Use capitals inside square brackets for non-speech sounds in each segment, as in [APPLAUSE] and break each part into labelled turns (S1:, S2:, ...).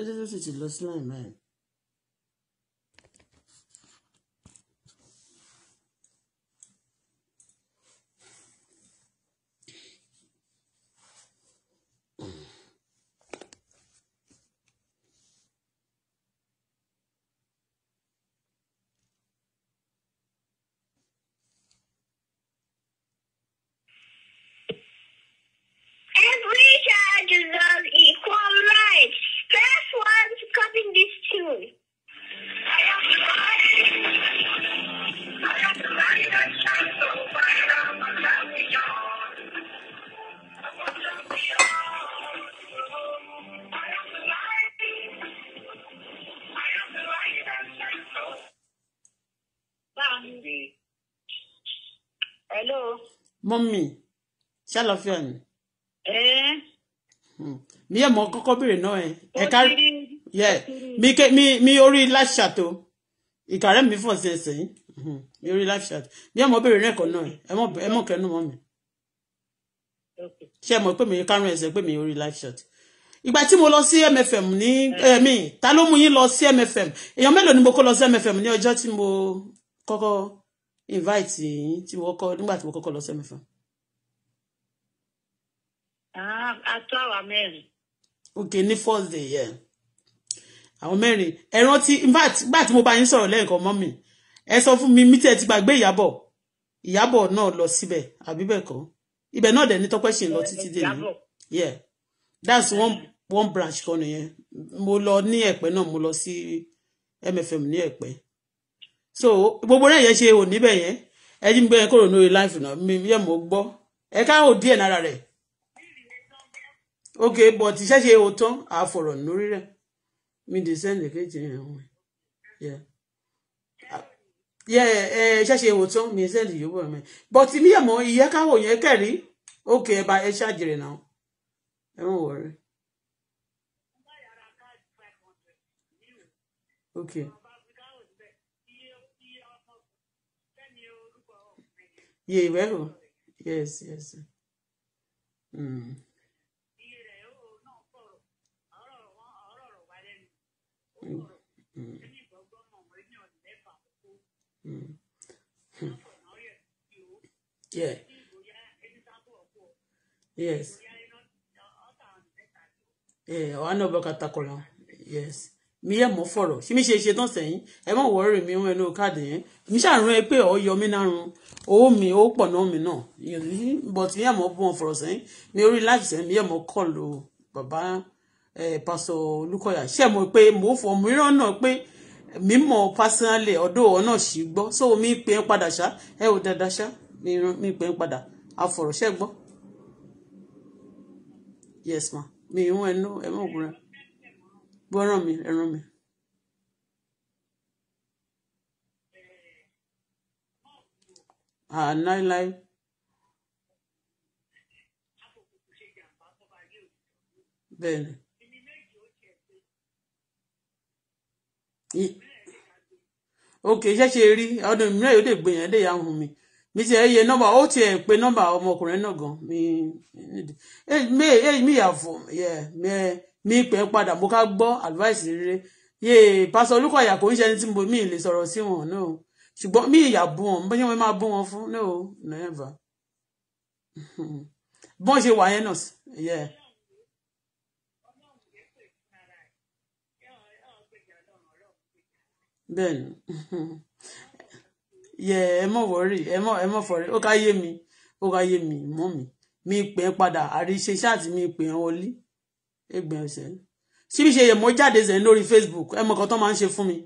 S1: ló dé tó sì ti lọ sí láì
S2: ṣàlàfíà ni. Hmm. mi ẹ̀ mọ kọ́kọ́ béèrè náà ẹ̀ ẹ̀ kárí mi orí live chat o ìkàrẹ́ mi fọ̀ sí ẹsẹ̀ yìí hmm. mi orí live chat mi ẹ̀ mọ béèrè náà ẹ̀kọ́ náà ẹ̀ ẹ̀ mọ̀ kẹ́nu mọ́ mi ṣe mọ̀ pé mi kárùn ẹsẹ̀ pé mi orí live chat ìgbà tí mo lọ sí MFM ní ẹ̀mí eh. eh, ta ló mú yín lọ sí MFM èèyàn mélòó ni mo kó lọ sí MFM ní ọjọ́ tí mo kọ́kọ́ invite yín tí mo kọ́kọ́ nígbà tí mo kọ́kọ́ lọ sí MFM
S1: a ah, tó àwa mẹ́rin.
S2: ok ní fourth day yeah. àwọn mẹ́rin ẹ rántí nígbà tí mo bá yín sọ̀rọ̀ lẹ́ẹ̀kan mọ́ mi ẹ sọ fún mi mítí ẹ ti gbàgbé ìyàbọ̀ ìyàbọ̀ náà lọ síbẹ̀ àbí bẹ́ẹ̀ kọ́ ibẹ̀ náà dẹ̀ ní tọ́pẹ́ sì ń lọ títí dé ní yeah that's one mm-hmm. one branch kan nìyẹn mo lọ ní ẹ̀pẹ́ náà mo lọ sí MFM ní ẹ̀pẹ́ so gbogbo náà yẹn ṣe òní bẹ́ẹ̀ yẹn ẹ jí mi gbé yẹn kúrò lórí láìfù náà mi yẹ mo gbọ́ ẹ káwọn nára rẹ̀ okay but iṣẹ́ ṣe òótán àfọ̀rọ̀ lórí rẹ̀ mi dey send èkejì yẹn wọn yẹ ẹ iṣẹ́ ṣe òótán mi send yóò bọ̀ mẹ́ but mi yẹ̀ mọ́ ìyẹ́ káwọ̀ yẹn kẹ̀rí okay ẹ bá ẹ ṣàjèrè náà ẹ wọ́n wọ̀ rẹ̀ okay. Yeah, well, yes, yes.
S1: Mm. Yeah.
S2: Yes. Eh, wa no boka takola. Yes. Mi ye mo fọ̀rọ̀. Si mi ṣe ṣe tán sẹ́yìn. Ẹ má worry mi wọ́n no card yẹn. Mi ṣá run ẹ pé o yọ mi na run. Owó mi o pọ̀ na mi na. But mi ye mo bo fọ̀rọ̀ sẹ́yìn. Mi orí life sẹ́yìn mi ye mo call o bàbá pásọ Olúkọ̀yà ṣe mọ̀ pe mò fọ mìíràn náà pé mímọ̀ personally ọ̀dọ̀ ọ̀ náà ṣì gbọ́ so mi pè n padà ṣá ẹ ò dáadáa ṣá mi pè n padà àfọ̀rọ̀ ṣẹ́ gbọ. yes ma mi mi mi. Ah, ok iṣẹ́ ṣe rí ọdún mìíràn yóò lè gbé yẹn lè yà hùn mi mi ti ẹ̀ yẹ nọ́mbà ó ti ẹ̀ pé nọ́mbà ọmọkùnrin náà gan mi mi mi yà fún mi pè é padà mo ká gbọ́ advice rere yé pásọ Olúkọ̀yà kò ń ṣe ẹni tí mo mi lè sọ̀rọ̀ sí wọn náà ṣùgbọ́n mi ìyà bú wọn bóyá wọn máa bú wọn fún náà never [LAUGHS] bọ́n ṣe wà yẹn náà bẹ́ẹ̀ ni [LAUGHS] yẹ ẹ mọ̀ wọ́rì ẹ mọ̀ ẹ mọ̀ fọ́rì ó ká yé mi ó ká yé mi mọ́ mi mi pè é padà àríṣe ṣáàtì mi pè é wọlé ẹgbẹ́ ọ̀sẹ̀ síbi ṣe yẹ̀mọ́ jáde sẹ́yìn lórí Facebook ẹ mọ̀ kan tó máa ń ṣe fún mi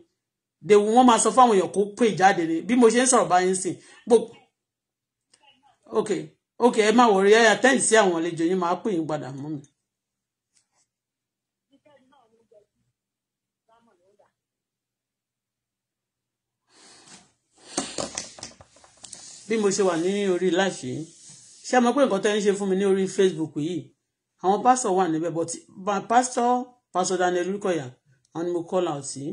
S2: dèwù wọ́n máa sọ fáwọn èèyàn kó pè jáde ni bí mo ṣe ń sọ̀rọ̀ báyìí ń sìn gbò ok ok ẹ má wọrí ẹ attend sí àwọn àlejò yín máa pè yín padà mọ́ mi. bí mo ṣe wà ní orí láṣẹ ṣé mo pé nǹkan tẹ́ ń ṣe fún mi ní orí Facebook yìí àwọn pásítọ̀ wà níbẹ̀ but pásítọ̀ pásítọ̀ Daniel Lukoya àwọn ni mo call out sí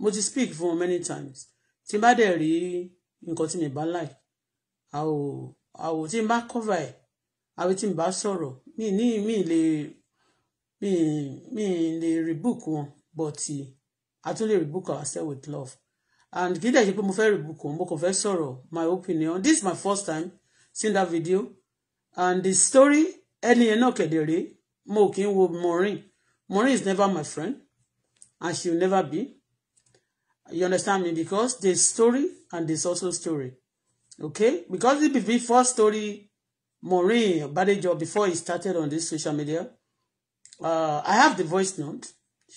S2: mo ti speak fún wọn many times tí n bá dẹ̀ rí nǹkan tí mi bá láì àwò àwò tí n bá cover ẹ̀ àwò tí n bá sọ̀rọ̀ mi ní mi lè mi mi lè rebook wọn but a tún lè rebook ourselves with love and kì í dẹ̀ ṣe pé mo fẹ́ rebuke mo kàn fẹ́ sọ̀rọ̀ my opinion this is my first time seeing that video and the story ẹni yẹn náà kẹ̀dẹ̀rẹ́ mo kì í wo Maureen Maureen is never my friend and she will never be you understand me because there's story and there's also story okay because it be first story Maureen Badejo before he started on this social media uh, I have the voice note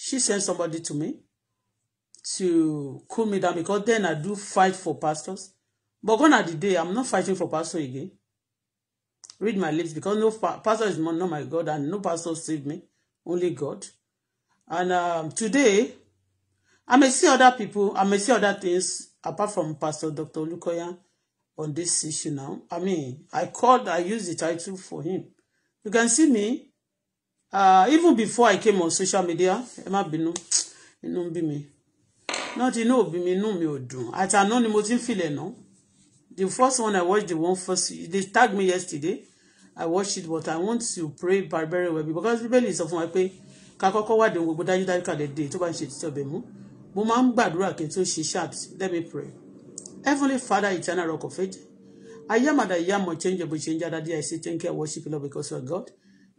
S2: she sent somebody to me to cool me down because then I do fight for pastors. But gone are the day, I'm not fighting for pastor again. Read my lips because no pastor is not my God and no pastor saved me, only God. And um, today, I may see other people, I may see other things apart from Pastor Dr. Lukoya, on this issue now. I mean, I called, I used the title for him. You can see me, uh, even before I came on social media, Emma Binu, Inú ń bí mi náà ti inú òbí mi inú mi ò dùn àti àná ni mo ti ń filẹ̀ náà the first one I watched the one first they tag me yesterday I watched it but I want to pray Barbara. well because bíbélì sọ fún wa pé ká kọ́kọ́ wádìí ohun gbogbo dájúdájú kàlẹ́ dé tó bá ń ṣe títí ọbẹ̀ mú mo máa ń gbàdúrà kí n tó ṣe ṣáàt let me pray heavenly father eternal rock of faith ayamada yamo changeable change daddy I say thank you I worship you Lord because you are God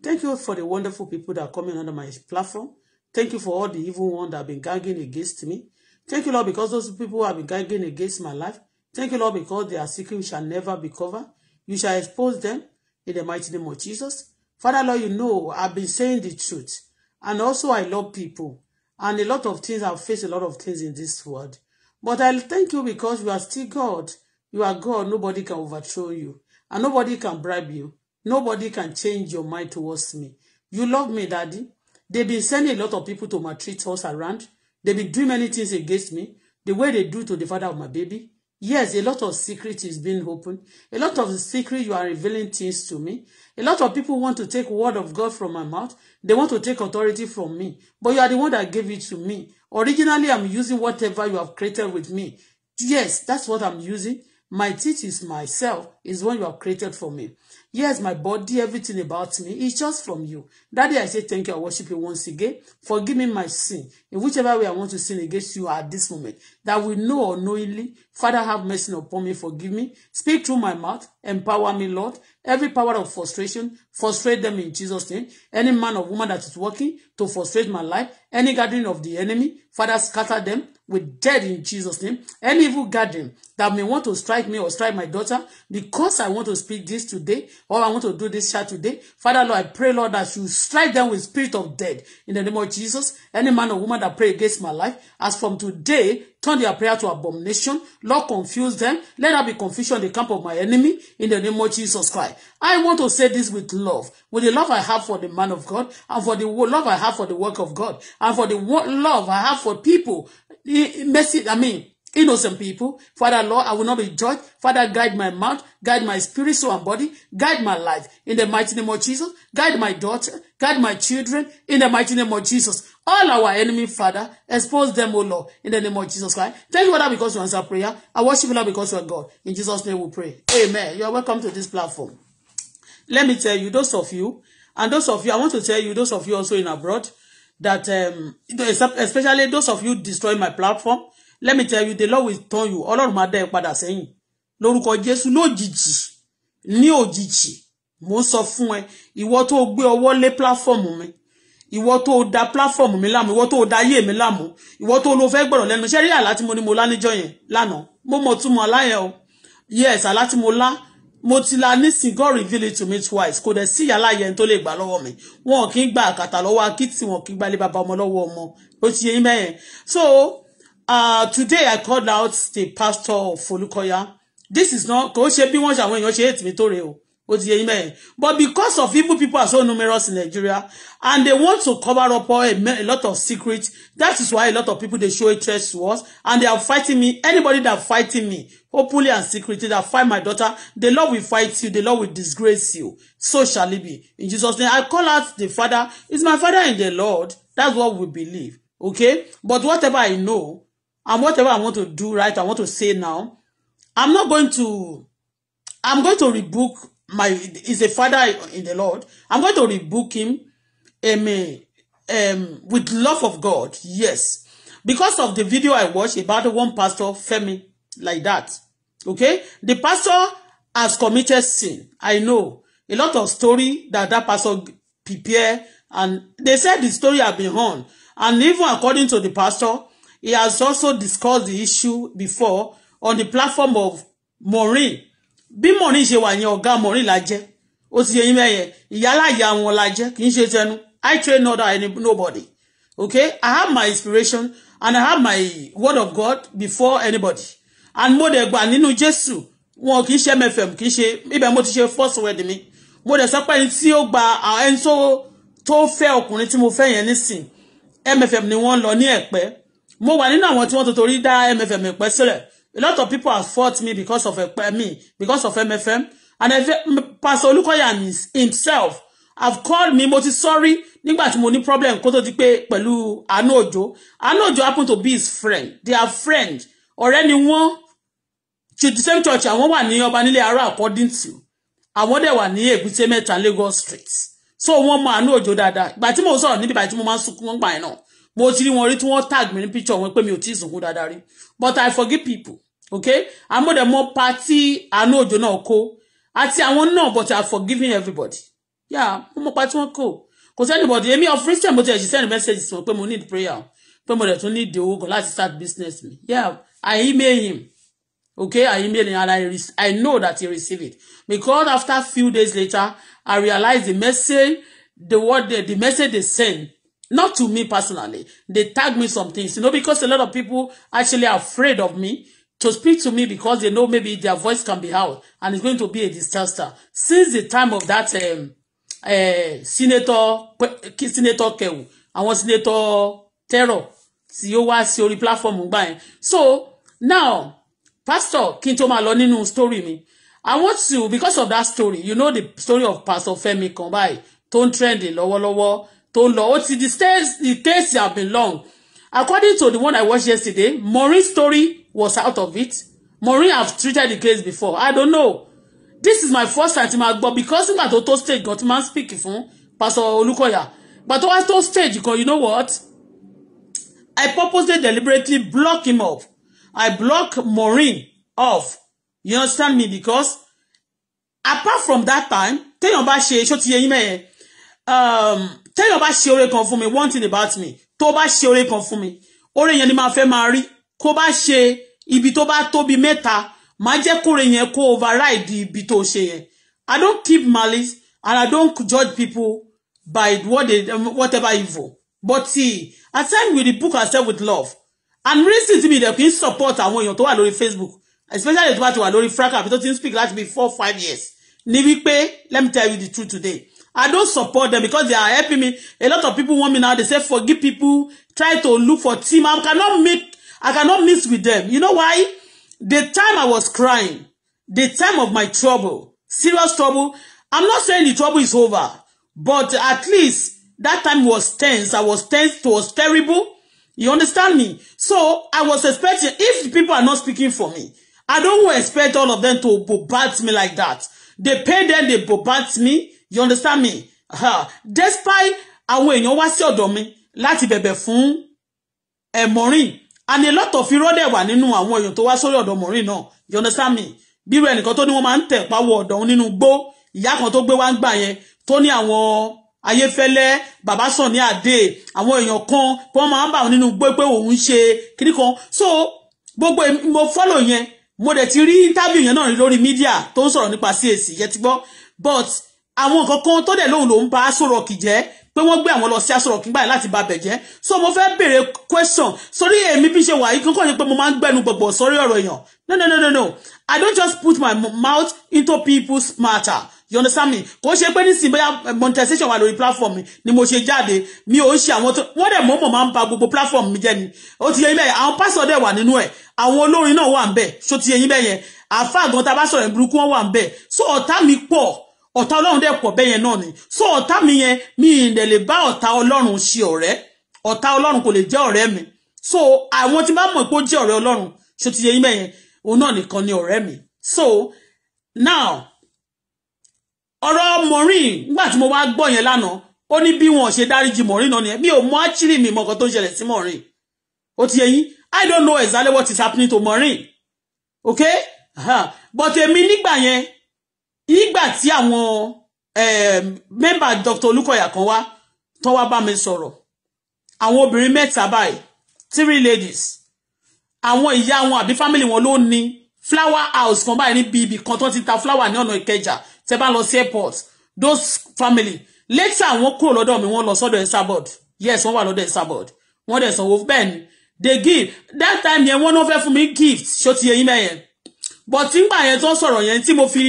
S2: thank you for the wonderful people that are coming under my platform thank you for all the evil ones that have been ganging against me Thank you, Lord, because those people have been gagging against my life. Thank you, Lord, because their secret shall never be covered. You shall expose them in the mighty name of Jesus. Father, Lord, you know I've been saying the truth. And also I love people. And a lot of things, I've faced a lot of things in this world. But I thank you because you are still God. You are God. Nobody can overthrow you. And nobody can bribe you. Nobody can change your mind towards me. You love me, Daddy. They've been sending a lot of people to maltreat us around. They be doing many things against me. The way they do to the father of my baby. Yes, a lot of secret is being opened. A lot of secret you are revealing things to me. A lot of people want to take word of God from my mouth. They want to take authority from me. But you are the one that gave it to me. Originally, I'm using whatever you have created with me. Yes, that's what I'm using. My teeth is myself, is what you have created for me. Yes, my body, everything about me, it's just from you. Daddy, I say thank you. I worship you once again. Forgive me my sin. In whichever way I want to sin against you at this moment, that we know or knowingly, Father, have mercy upon me. Forgive me. Speak through my mouth. Empower me, Lord. Every power of frustration, frustrate them in Jesus' name. Any man or woman that is working to frustrate my life, any guardian of the enemy, Father, scatter them We're dead in Jesus' name. Any evil gathering that may want to strike me or strike my daughter, because I want to speak this today, or I want to do this chat today, Father Lord, I pray, Lord, that you strike them with spirit of dead in the name of Jesus. Any man or woman that pray against my life, as from today, turn their prayer to abomination. Lord, confuse them. Let there be confusion in the camp of my enemy in the name of Jesus Christ. I want to say this with love, with the love I have for the man of God, and for the love I have for the work of God, and for the love I have for people mercy, I mean, innocent people. Father, Lord, I will not be judged. Father, guide my mouth, guide my spirit, soul, and body, guide my life. In the mighty name of Jesus, guide my daughter, guide my children. In the mighty name of Jesus, all our enemy, Father, expose them, O Lord, in the name of Jesus Christ. Thank you, Father, because you answer prayer. I worship you, Lord, because you are God. In Jesus' name we pray. Amen. You are welcome to this platform. Let me tell you, those of you, and those of you, I want to tell you, those of you also in abroad, that um, especially those of you destroy my platform let me tell you the Lord will turn you ọlọ́run máa dá ẹ padà sẹ́yìn lórúkọ jésù lójijì ní òjijì mo ń sọ fún ẹ ìwọ tó o gbé ọwọ́ lé platform mi ìwọ tó o da platform mi láàmú ìwọ tó o da ayé mi láàmú ìwọ tó o lo fẹ́ gbọ̀rọ̀ lẹ́nu ṣé rí àlá tí mo ní mo lá níjọ́ yẹn lánàá mo mọ̀ túmọ̀ aláyẹ̀ o yes àlá tí mo lá mo ti la nísìn God reveal it to me twice kò dẹ̀ sí ìyálà yẹn tó lè gbà lọ́wọ́ mi wọn kì í gba àkàtà lọ́wọ́ akitì wọn kì í gbalẹ̀ bàbá ọmọ lọ́wọ́ ọmọ ó ti yẹ yín bẹ́yẹn so uh, today I called out the pastor of Folukoya this is not kò ṣe bí wọ́n ṣe àwọn èèyàn ṣe ètì mi tó rè o ó ti but because of evil people are so numerous in Nigeria and they want to cover up all a, a lot of secrets that is why a lot of people they show interest to us and they are fighting me anybody that fighting me hopefully and secretly that fight my daughter the Lord will fight you the Lord will disgrace you so shall it be in Jesus name I call out the father is my father in the Lord that's what we believe okay but whatever I know and whatever I want to do right I want to say now I'm not going to I'm going to rebuke my is a father in the Lord. I'm going to rebuke him, amen, um, um, with love of God. Yes, because of the video I watched about one pastor Femi like that. Okay, the pastor has committed sin. I know a lot of story that that pastor prepare, and they said the story have been on, and even according to the pastor, he has also discussed the issue before on the platform of Maureen bí mọ̀rin ṣe wà yẹn ọ̀gá mọ̀rin la jẹ́ ó ti yẹyin mẹ́yẹ ìyálàyà wọn la jẹ́ kì í ṣe tẹnu I train not any nobody okay I have my inspiration and I have my word of God before anybody and mo dẹ̀ gbà nínú Jésù wọn kì í ṣe mfm kì í ṣe ibẹ̀ mo ti ṣe first word mi mo dẹ̀ sọ pé ẹni tí ó gba ẹni tó tó fẹ́ ọkùnrin tí mo fẹ́ yẹn nísìn mfm ni wọ́n lọ ní ẹ̀pẹ́ mo wà nínú àwọn tí wọ́n tó torí dá mfm ẹ̀pẹ́ sílẹ̀ A lot of people have fought me because of uh, me, because of MFM. And if, Pastor Olukoya himself have called me, but ti sorry, nígbà money problem koto tó di pé pẹ̀lú Anu Ojo. Anu to be his friend. They are friends. or anyone. wọ́n to the same church àwọn wà ní Ọbanilé Ara according to. Àwọn dẹ̀ wà ní Èbúté Mẹ́ta Lagos streets. So one man, anojo Ojo But Ìgbà tí mo sọ̀rọ̀ níbi ìgbà tí now mo ti rí wọn rí tí wọ́n tag mi ní picture wọn pé mi ò tí ì sunkún dáadáa rí but I forgive people okay amódẹ̀mọ́ pati àánú òjò náà kó àti àwọn náà but I forgiving everybody yeah mo mọ pati wọn kó kò sẹ́ni bọ̀dì èmi of christian mo ti ẹ̀jì send message sí wọn pé mo need prayer pé mo dẹ̀ tún need the kan láti start business mi yeah I email him okay I email him and I, I know that he receive it because after few days later I realize the message the word the, the message they send Not to me personally. They tag me some things, you know, because a lot of people actually are afraid of me to speak to me because they know maybe their voice can be heard and it's going to be a disaster. Since the time of that um, uh, Senator Senator and àwọn Senator Terror tí ó wá platform gbà So now, Pastor, kí n tó story me. I want to, because of that story, you know the story of Pastor Femi Kambai, tó ń lower lower tó ń lọ ó ti the states the days have been long according to the one I watched yesterday Maureen's story was out of it Maureen have treated the case before I don't know this is my first time ti ma gbọ́ because nígbà tó tó stage gan ti ma speak fún Pastor Olukoya gbà tó wá tó stage gan you know what I purposely deliberately block him off I block Maureen off you understand me because apart from that time téèyàn bá ṣe ṣó ti yẹ yín mẹ́yẹn Tell bá ṣe oore kan fún mi one thing about me tó bá ṣe oore kan fún mi oore yẹn ni ma fe máa rí kó bá ṣe ibi tó bá tóbi mẹ́ta máa jẹ́ kóore yẹn kó override ibi tó ṣe yẹn I don't keep malice and I don't judge people by what they, um, whatever evil but see I send with the book ourselves with love and reason ti mi dẹ̀ kì í support àwọn èèyàn tó wà lórí Facebook especially tó bá ti wà lórí fraka àbí tó ti ń speak láti bí four five years ní wípé let me tell you the truth today I don't support them because they are helping me. A lot of people want me now. They say forgive people. Try to look for team. I cannot meet. I cannot mix with them. You know why? The time I was crying, the time of my trouble, serious trouble. I'm not saying the trouble is over, but at least that time was tense. I was tense. It was terrible. You understand me? So I was expecting if people are not speaking for me, I don't expect all of them to bombard me like that. They pay them. They bombard me you understand me uh, despite àwọn èèyàn wá sí ọ̀dọ̀ mi láti bẹ̀bẹ̀ fún ẹ̀mọ́rìn eh, and a lot of irọ́ dẹ̀ wà nínú àwọn èèyàn tó wá sórí ọ̀dọ̀ mọ̀rìn náà you understand me bírò ẹnìkan tó ní wọ́n máa ń tẹ̀ pawọ́ ọ̀dọ̀ òun nínú gbó ìyá kan tó gbé wá ń gbà yẹn tó ní àwọn ayéfẹ́lẹ́ bàbá sàn ní àdé àwọn èèyàn kan pé wọ́n máa ń bà wọn nínú gbó pé òun ṣe kíní kan so gbogbo mo follow yẹn mo dẹ̀ ti rí interview yẹn náà lórí mídíà tó ń sọ̀rọ̀ nípa CAC yẹn ti gbọ́ but àwọn nǹkan kan tó dẹ̀ lóhùn ló ń ba Aṣọ Rock jẹ́ pé wọ́n gbé àwọn lọ sí Aṣọ Rock gbà láti ba bẹ̀ jẹ́ so mo fẹ́ béèrè question sórí èmi bí ṣe wà yìí kankan ni pé mo máa ń gbẹnu gbọ̀gbọ̀ sórí ọ̀rọ̀ èèyàn no no no no no I don't just put my mouth into people's matter you understand me kò ṣe pé nísìnyí bóyá monetization wà lórí platform mi ni mo ṣe jáde mi ò ṣe àwọn tó wọ́n dẹ̀ mọ́mọ́ máa ń ba gbogbo platform mi jẹ́ ni ó ti yẹ ibẹ̀ àwọn pásọ̀ dẹ̀ wà nínú ẹ̀ àwọn olórin náà wà ń bẹ̀ ṣó ti yẹ bẹ́ẹ̀ yẹn àfáà gan ìburúkú wọn wà ń bẹ̀ so ọ̀tá mi pọ̀ ọ̀tá ọlọ́run dẹ̀ pọ̀ bẹ́yẹn náà ni so ọ̀tá mi yẹn mi ìdẹ̀ lè bá ọ̀tá ọlọ́run ṣe ọ̀rẹ́ ọ̀tá ọlọ́run kò lè jẹ́ ọ̀rẹ́ mi so àwọn tí bá mọ̀ pé ó jẹ́ ọ̀rẹ́ ọlọ́run ṣe ti yẹ yín bẹ́yẹn òun náà nìkan ni ọ̀rẹ́ mi so now ọ̀rọ̀ Maureen nígbà tí mo wá gbọ́ yẹn lánàá ó ní bí wọn ṣe dáríjì Maureen náà nìyẹn mi ò mọ áchírì mi mọ̀ tó ń ṣẹlẹ̀ sí Maureen ó ti yẹ yín I don't know exactly what is happening to Maureen okay uh-huh. but èmi nígbà yẹn ìgbà tí àwọn mẹ́mbà Dr. Olúkọ̀yà kan wá tó wá bá mi sọ̀rọ̀ àwọn obìnrin mẹ́ta báyìí three ladies àwọn ìyá wọn àbí family wọn ló ní flower house kan báyìí níbi ibì kan tó ti ta flower ní ọ̀nà Ìkẹjà tẹ́ bá lọ sí airport those family later wọ́n kúrò lọ́dọ̀ mi wọ́n lọ sọ́dọ̀ Esabod yes wọ́n wà lọ́dọ̀ Esabod wọ́n dẹ̀ sanwó bẹ́ẹ̀ ni they give that time yẹn wọ́n náà fẹ́ fún mi gift ṣó ti yẹ yín mẹ́yẹn but nígbà yẹn tó sọ̀rọ̀ yẹn tí mo fi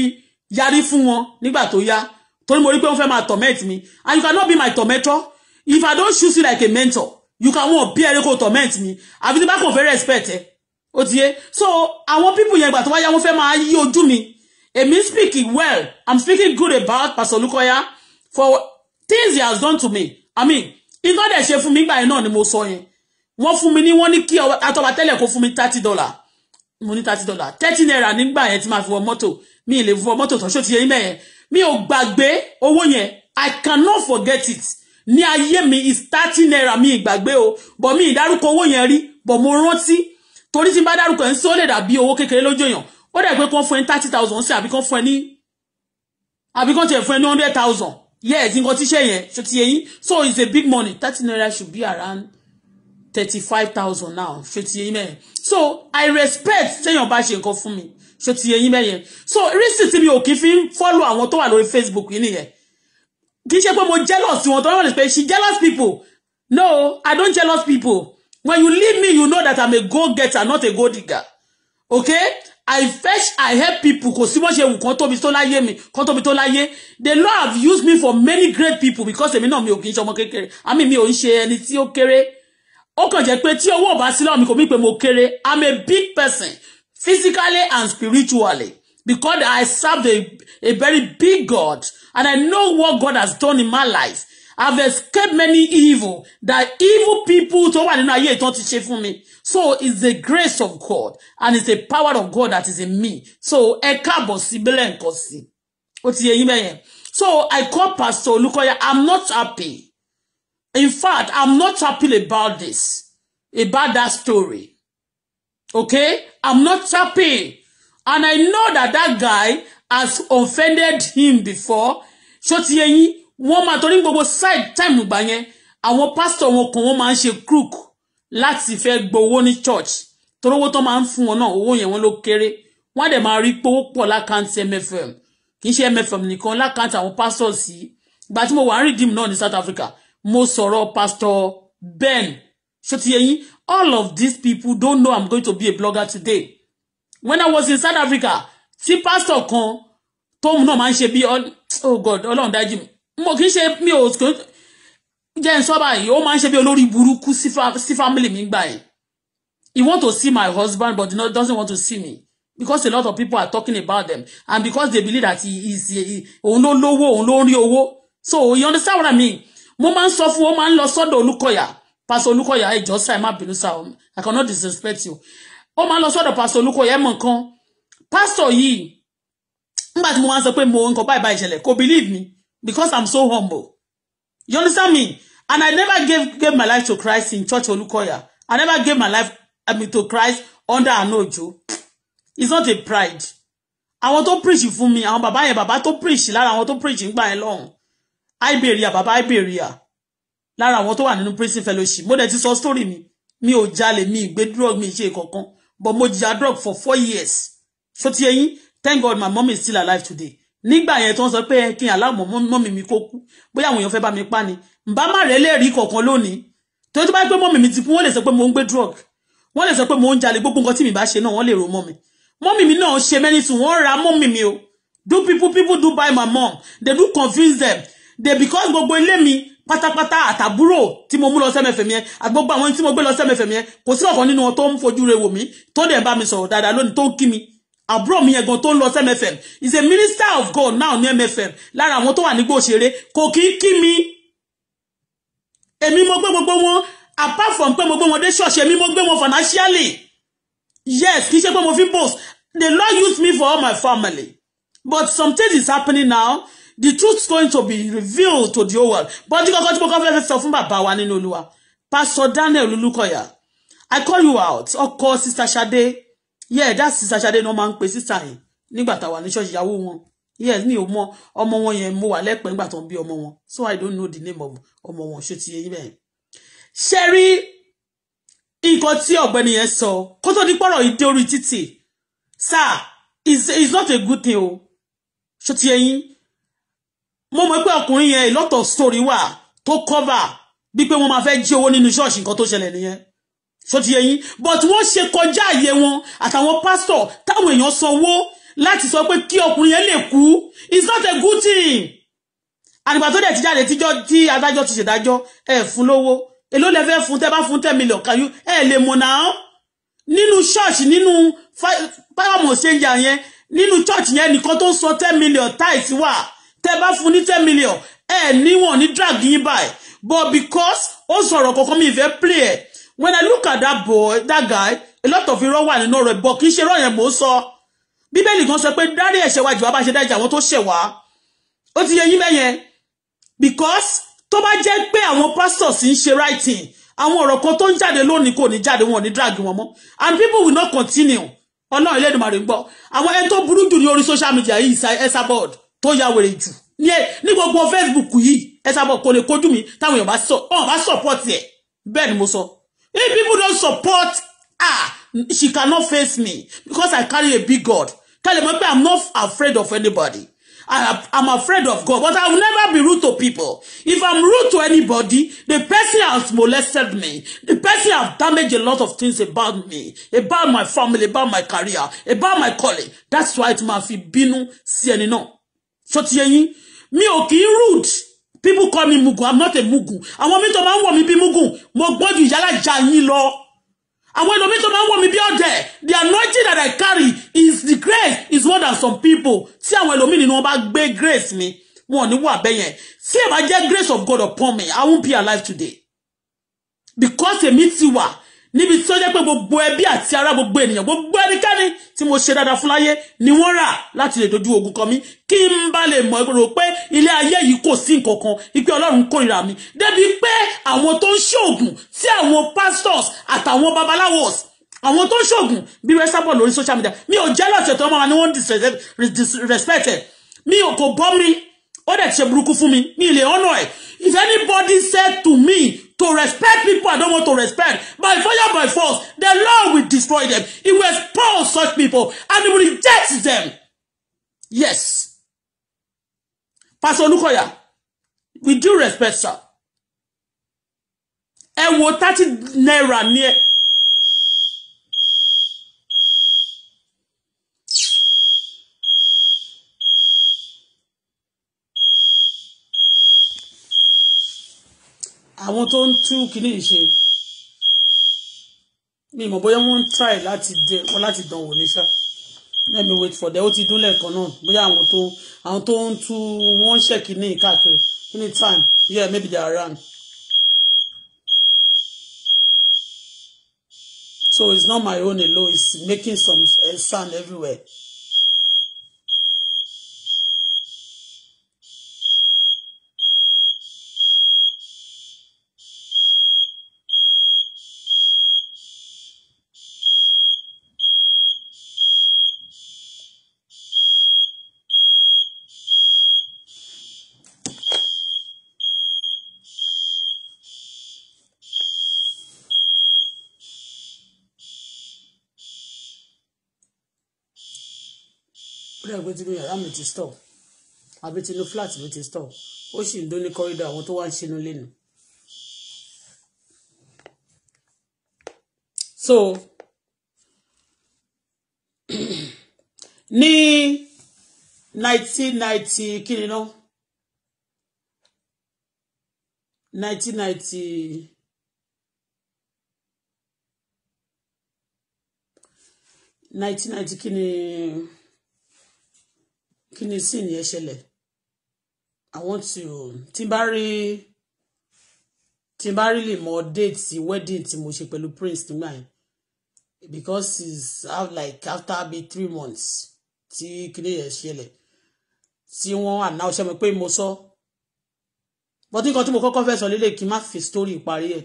S2: Yari fún wọn nígbà tó yá torí mo rí pé wọ́n fẹ́ máa torment mi and you cannot be my tormentor if I don't choose you like a mentor you can wan bí ẹrẹ kó torment mi àfi tí bá kàn fẹ́ respect ẹ ó ti yé so àwọn people yẹn ìgbà tó wá yá wọ́n fẹ́ máa yí ojú mi èmi speaking well I'm speaking good about Pastor Olukoya for things he has done to me I mean nǹkan dẹ̀ ṣe fún mi gbà yẹn náà ni mo sọ yẹn wọ́n fún mi ní wọ́n ní kí atọ́ba tẹ́lẹ̀ kó fún mi thirty dollar mo ní thirty dollar thirty naira nígbà yẹn tí máa fi wọ mọ́tò mi ì lè fọ mọ́tò tán ṣó ti yẹ ibẹ̀ yẹn mi ò gbàgbé owó yẹn i cannot forget it ní ayé mi is thirty naira mi ì gbàgbé o bọ̀ mi ì dárúkọ owó yẹn rí bọ̀ mo rántí torí tí n bá dárúkọ ẹ̀ ń sọ lè dàbí owó kékeré lójú èèyàn ó dẹ̀ pé kán fún ẹ ní thirty thousand sí àbí kán fún ẹ ní àbí kán tiẹ̀ fún ẹ ní hundred thousand yes nǹkan tíṣẹ́ yẹn ṣó ti yẹ yín so it's a big money thirty naira should be around thirty five thousand now ṣe ti yẹn mẹ́yẹn so i respect téèyàn bá ṣe nǹkan fún mi ṣe ti yẹn mẹ́yẹn so reason tí mi ò kí fi ń follow àwọn tó wà lórí facebook yìí nìyẹn kì í ṣe pé mo jealous wọn tó wọ́n lè pe she jealous people no i don't jealous people when you leave me you know that i'm a go getter not a go digger okay i fetch i help people kò sí wọ́n ṣe wù kán tóbi tó láyé mi kán tóbi tó láyé the Lord have used me for many great people because èmi náà mi ò kì í ṣe ọmọ kékeré àmì mi ò ń ṣe ẹni tí ó kéré ó kàn jẹ́ pé tí owó ò bá mi kò mí pé mo kéré i'm a big person physically and spiritually because I serve a, a very big God and I know what God has done in my life. I've escaped many evil that evil people tó wà nínú ayé ìtàn ti ṣe fún mi. So it's the grace of God and it's the power of God that is in me. So ẹ káàbọ̀ sí bílẹ̀ nǹkan sí. Ó ti yẹ yín bẹ́yẹn. So I call Pastor Olukoya, I'm not happy. In fact, I'm not happy about this, about that story. Okay? I'm not happy. And I know that that guy has offended him before. So ti one yín, wọ́n máa side time gbà and one pastor wọn kan wọ́n máa ń crook láti fẹ́ gbowó ní church. Torí owó tó máa ń fún wọn náà, owó yẹn wọ́n ló kéré. Wọ́n á dẹ̀ máa rí pé ó pọ̀ lákàntì MFM. Kì í ṣe MFM nìkan lákàntì àwọn pastors yìí. Ìgbà tí mo wà ń redeem náà ní South Africa mo sọ̀rọ̀ pastor ben sotiyeyin all of these people don't know i'm going to be a blogger today when i was in south africa tí pastor kan tóun náà máa ń ṣe bí oh god ọlọ́run dájú mo kì í ṣe mi ò jẹ́ ń sọ báyìí ó máa ń ṣe bí olórí burúkú sí family mi gbà yìí he want to see my husband but he doesn't want to see me because a lot of people are talking about them and because they believe that he is òun ló lówó òun ló rí owó so you understand what i mean mo máa ń sọ fún ó máa ń lọ sọ́dọ̀ Olúkọ̀yà pásọ Olúkọ̀yà ẹjọ́ sáì má bínú sáà I cannot disrespect you ó máa ń lọ sọ́dọ̀ pásọ Olúkọ̀yà ẹ̀mọ̀ kan pásọ yìí nígbà tí mo máa ń sọ pé mo nǹkan báyìí báyìí ṣẹlẹ̀ kò believe me because I'm so humble you understand me and I never gave gave my life to Christ in church Olúkọ̀yà I never gave my life I mean, to Christ under anojo it's not a pride àwọn tó preach fún mi àwọn bàbá yẹn bàbá tó preach lára àwọn tó preach ń gbà yẹn lọ́hùn Iberia bàbá Iberia lára àwọn tó wà nínú prison fellowship mo dẹ̀ ti sọ story mi mi ò jalè mi ìgbé drug mi ṣe kankan but mo jìyà drug for four years so ti ẹyin thank God my mom is still alive today nígbà yẹn tó ń sọ pé kí n aláàmọ mọ́mì mi kó kú bóyá àwọn èèyàn fẹ́ bá mi pa ni n bá má rẹ̀ lẹ́rìí kankan lónìí tó tó bá pé mọ́mì mi ti kú wọ́n lè sọ pé mo ń gbé drug wọ́n lè sọ pé mo ń jalè gbogbo nǹkan tí mi bá ṣe náà wọ́n lè rò mọ́mì mọ́mì mi náà ṣe mẹ́ni tù wọ́n ra mọ́mì mi o do people people do buy my mom they do convince them they because gbogbo ilé mi pátápátá àtàbúrò tí mo mú lọ sẹ́mẹ̀fẹ̀ mi yẹn àgbogbo àwọn tí mo gbé lọ sẹ́mẹ̀fẹ̀ mi yẹn kò sí ọ̀kan nínú wọn tó ń fojú rewò mí tó dẹ̀ bá mi sọ̀rọ̀ dáadáa lónìí tó ń kí mi àbúrò mi yẹn gan tó is a minister of God now ní MFM lára àwọn tó wà nígbò òṣèré kò kí kí mi mo gbé gbogbo wọn apart from pé mo gbé wọn dé ṣọ́ọ̀ṣì èmi mo gbé wọn financially yes kì í ṣe pé mo fi post the Lord use me for all my family but something is happening now the truth is going to be revealed to the whole world bọ́dí kọ́kọ́ tí mo kọ́ fẹ́ sọ fún bàbá wa nínú olúwa pastor daniel olùkọ́yà i call you out ọkọ sister sade yeah that sister sade ni wọ́n máa ń pe sister yẹn nígbà táwa ní ṣọ́ọ̀ṣì ìyàwó wọn yes mi ò mọ ọmọ wọn yẹn mo wà lẹ́pẹ̀ẹ́ nígbà tó ń bí ọmọ wọn so i don't know the name of ọmọ wọn ṣó ti yẹ yín bẹ́ẹ̀. ṣe rí nǹkan tí ọ̀gbẹ́ni yẹn sọ kó tó di pọ̀rọ̀ yìí dé orí títì sir it's, it's not a good thing o ṣó ti yẹ yín mo mọ̀ pé ọkùnrin yẹn a lot of story wà tó cover bí pé wọ́n máa fẹ́ jí owó nínú ṣọ́ọ̀ṣì nǹkan tó ṣẹlẹ̀ nìyẹn so ti yẹyin but wọ́n ṣe kọjá àyè wọn àtàwọn pásítọ̀ táwọn èèyàn sanwó láti sọ pé kí ọkùnrin yẹn lè kú it's not a good thing àgbà tó dẹ̀ ti jáde tí adájọ́ ti ṣèdájọ́ ẹ̀ fún lówó èló lẹ fẹ́ fún tẹ́ bá fún tẹ́ mílíọ̀n kàyú ẹ̀ lè mọ̀ náà nínú ṣọ́ọ̀ṣì nínú fáwọn ọmọ ṣẹ́ńjà yẹn nínú ṣọ́ọ̀ṣì yẹn nìkan tó sọ tẹ́ mílíọ̀n táìsì wà tẹ́ bá fún ní ten million ẹ níwọ̀n ní drag yín báyìí but because ó sọ̀rọ̀ kankan mi ìfẹ́ play ẹ̀ when I look at that boy that guy a lot of irọ́ wà nínú rẹ̀ but kì í ṣe irọ́ yẹn mò ń sọ bíbélì kan sọ pé dárí ẹ̀ṣẹ̀ wa jù wá bá ṣe dájà àwọn tó ṣẹ̀ wá ó ti yẹ yín bẹ́yẹn because tó bá jẹ́ pé àwọn pastors ń ṣe right thing àwọn ọ̀rọ̀ kan tó ń jáde lónìí kò ní jáde wọn ò ní drag wọn mọ́ and people will not continue ọlọ́run ilé ìdùnmọ̀ rẹ̀ ń gbọ́ àwọn ẹni tó burú jù ní orí social media yìí ẹ̀sà board tó ya wèrè jù ní gbogbo Facebook yìí ẹ sábà kò lè kojú mi táwọn èèyàn bá sọ ọ̀n bá support ẹ̀ bẹ́ẹ̀ ni mo sọ if people don support ah, she cannot face me because I carry a big God kálí mọ̀ pé I'm not afraid of anybody I, I'm afraid of God, but I will never be rude to people. If I'm rude to anybody, the person has molested me. The person has damaged a lot of things about me, about my family, about my career, about my colleague. That's why tí màá fi bínú sí ẹni náà so ti yín mi ò kì í rude people call me mugu i'm not a mugu àwọn mi tó máa ń wò mí bí mugu mo gbọ́dọ̀ yálà ja yín lọ àwọn ẹlòmí tó máa ń wò mí bí ọ̀dẹ̀ the anointing that i carry is the grace is more than some people tí àwọn ẹlòmí nínú wọn bá gbé grace mi wọn ò ní wà bẹ́ẹ̀ yẹn tí ẹ bá jẹ́ grace of God upon me i won't be alive today because èmi ti wà níbi tí ó jẹ́ pé gbogbo ẹbí àti ará gbogbo ènìyàn gbogbo ẹnikẹ́ni tí mo ṣe dáadáa fún láyé ni wọ́n rà láti lè dojú ogun kọ mí kí n bá lè mọ̀ rò pé ilé ayé yìí kò sí nǹkan kan ipe ọlọ́run kórìíra mi débi pé àwọn tó ń ṣoògùn tí àwọn pastors àtàwọn babaláwos àwọn tó ń ṣoògùn bí rẹ sábọ̀ lórí social media mi ò jẹ́ lọ́sẹ̀ tó máa ní wọ́n disrespected mi ò kò bọ́ mi ó dẹ̀ ṣe burúkú fún mi mi lè honour ẹ̀ if anybody said to me to respect people I don't want to respect by fire by force the Lord will destroy them he will expose such people and he will reject them yes Pastor Olukoya with due respect sir ẹ wo thirty naira ní àwọn tó ń tú kìíní ṣe mi mọ̀ bóyá wọ́n ń try láti dẹ wọ́n láti dán wò ní ṣá let me wait for them ó ti dún lẹ́ẹ̀kan náà bóyá àwọn tó àwọn tó ń tú wọ́n ń ṣe kìíní káàkiri anytime yeah maybe they are around. So it's not my own alone. It's making some uh, sound everywhere. bí yàrá mi ti stọ̀ àbí flat mi ti stọ̀ ó sì ń dó ní kọ́rídọ̀ àwọn tó wá ń ṣinú lẹ́nu. so ní nineteen ninety kí ni náà nineteen ninety. nineteen ninety kí ni kí ni sin yẹn ṣẹlẹ̀ àwọn tí o tí bá rí tí bá rí lè mọ date wedding tí mo ṣe pẹ̀lú prince nígbà yẹn because it's like after be three months tí kíni yẹn ṣẹlẹ̀ tí wọ́n announce ṣe mi pé mo sọ but nǹkan tí mo kọ́kọ́ fẹ́ sọ lélẹ̀ kí n má fi story parí ẹ̀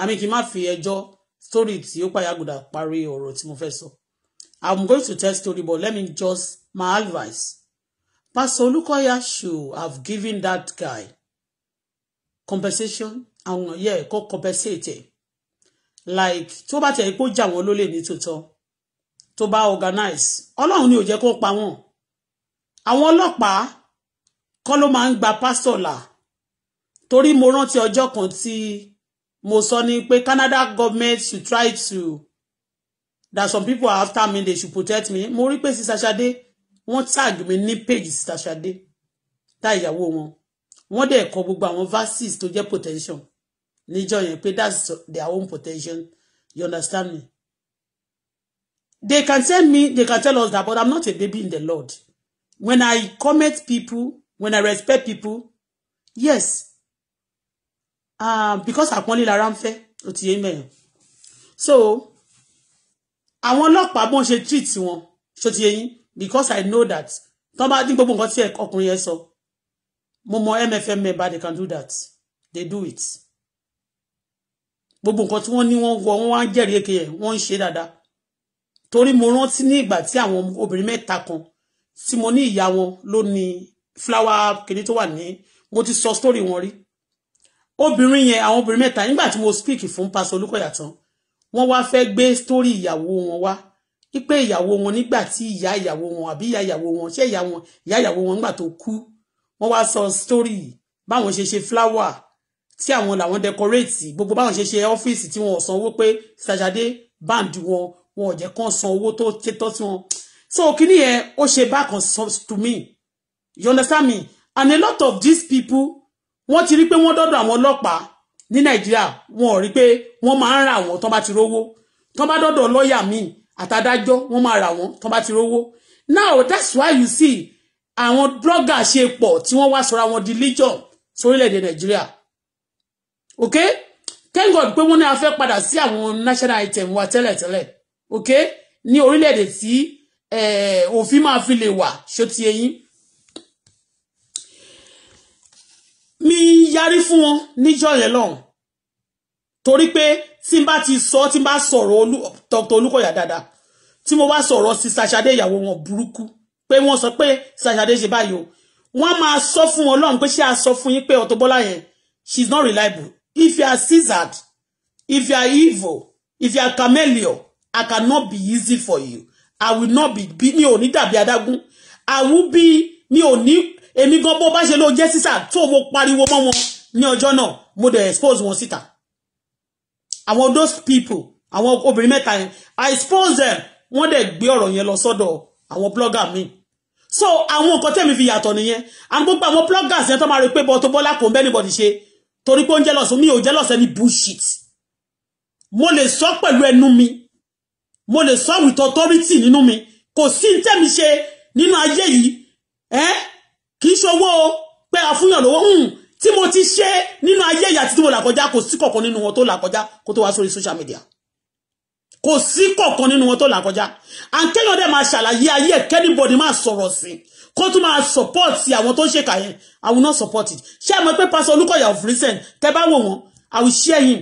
S2: àmì kí n má fi ẹjọ́ story tí ó pàyàgùdà parí ọ̀rọ̀ tí mo fẹ́ sọ I'm going to tell story but let me just my advice Pastor Olukoya should have given that guy compensation àwọn yẹ kó compensate like tó bá tẹ̀ pé ó jà wọ́n lólè ní tòótọ́ tó organize ọlọ́run ni ò jẹ́ kó pa wọ́n àwọn ọlọ́pàá kọ́ ló máa ń gba pásítọ̀ là torí mo rántí ọjọ́ kan tí mo sọ ni pé Canada government should try to that some people are after me they should protect me mo rí pé sísá Ṣadé. Si wọ́n tag mi ní page sitashade tá ìyàwó wọn wọ́n dẹ̀ kọ gbogbo àwọn verses tó jẹ́ potential níjọ yẹn pé that's their own potential you understand me they can tell me they can tell us that but i'm not a baby in the lord when i comment people when i respect people yes um, because àpọ́nlé lára ń fẹ́ ó ti yé mẹ́yàn so àwọn ọlọ́pàá bọ́n ṣe treat wọn ṣó ti yé yín because I know that tọ́ bá dín gbogbo nǹkan tí ọkùnrin yẹn sọ mo mọ MFM member they can do that they do it gbogbo nǹkan tí wọ́n ní wọ́n wọ́n wá jẹ́rìí èké yẹn wọ́n ń ṣe dáadáa torí mo rántí ní ìgbà tí àwọn obìnrin mẹ́ta kan tí mo ní ìyá wọn ló ní fúláwà kìíní tó wà ní mo ti sọ sítórì wọn rí obìnrin yẹn àwọn obìnrin mẹ́ta nígbà tí mo speak fún pásọ Olúkọ̀yà tán wọ́n wá fẹ́ gbé sítórì ìyàwó wọn wá wípé ìyàwó wọn nígbà tí ìyá ìyàwó wọn àbí ìyá ìyàwó wọn ṣé ìyá wọn ìyá ìyàwó wọn nígbà tó kú wọn wá sọ story báwọn ṣe ṣe flower tí àwọn làwọn decorate gbogbo báwọn ṣe ṣe ọ́fíìsì tí wọn ò san owó pé sàṣàdé band wọn wọn ò jẹ́ kán san owó tó tẹ́tọ́ sí wọn so kíní yẹn ó ṣe bákan to me you understand me and a lot of these people wọ́n ti rí pé wọ́n dọ́dọ̀ àwọn ọlọ́pàá ní nàìjíríà wọn ò rí pé wọ́n máa ń ra àwọn tó bá ti rówó tó bá dọ́dọ̀ lọ́ọ̀yà míì àtàdájọ́ wọ́n máa rà wọ́n tó bá ti rówó now that's why you see àwọn blọ́gà ṣe pọ̀ tí wọ́n wá sọra wọn di legion sórílẹ̀-èdè nàìjíríà ok thank God pé wọ́n ní a fẹ́ padà sí àwọn national item wa tẹ́lẹ̀tẹ́lẹ̀ ok ní orílẹ̀-èdè tí eh, òfin máa fi lè wà ṣó ti eyín mi yarí fún wọn níjọ́ yẹn lọ́hùn torí pé tí n bá ti sọ tí n bá sọ̀rọ̀ Dr. Olúkọ̀yà dáadáa tí mo bá sọ̀rọ̀ sí sàṣàdé ìyàwó wọn burúkú pé wọ́n sọ pé sàṣàdé ṣe báyìí o wọ́n máa sọ fún Ọlọ́run pé ṣé a sọ fún yín pé Auto Bola yẹn she is not reliable if you are scissored if you are evil if you are chameleon I cannot be easy for you I will not be bí mi ò ní dàbí adágún I will be mi ò ní èmi gan bó bá ṣe ló jẹ́ sísà tó mo pariwo mọ́ wọn ní ọjọ́ náà mo dẹ̀ expose wọn síta àwọn those people àwọn obìnrin mẹ́ta yẹn i expose them wọ́n dẹ̀ gbé ọ̀rọ̀ yẹn lọ sọ́dọ̀ àwọn blogger mi so àwọn nǹkan tẹ̀mí fi yàtọ̀ nìyẹn and gbogbo àwọn bloggers yẹn tó máa rí pé Auto Bola kò ń bẹ́ẹ̀ anybody ṣe torí pé ó ń jealous mi ò jealous ẹni bullshit mo lè sọ pẹ̀lú ẹnu mi mo lè sọ with authority nínú mi kò sí tẹ̀mí ṣe nínú ayé yìí ẹ́ kì í ṣowó pé àfúnyàn lówó hmm tí mo ti ṣe nínú ayé ìyà tí mo là kọjá kò sí kọ̀ọ̀kan nínú wọn tó là kọjá kó tó wá sórí social media kò sí kọ̀ọ̀kan nínú wọn tó là kọjá àǹkẹ́yàn dẹ̀ máa ṣàlàyé ayé kẹ́nìbọ̀dì máa sọ̀rọ̀ sí kó tún máa support àwọn tó ń ṣèkà yẹn I will not support it ṣé ẹ mọ̀ pé pastor Olúkọ̀yà of recent tẹ́ bá wò wọ́n I will share him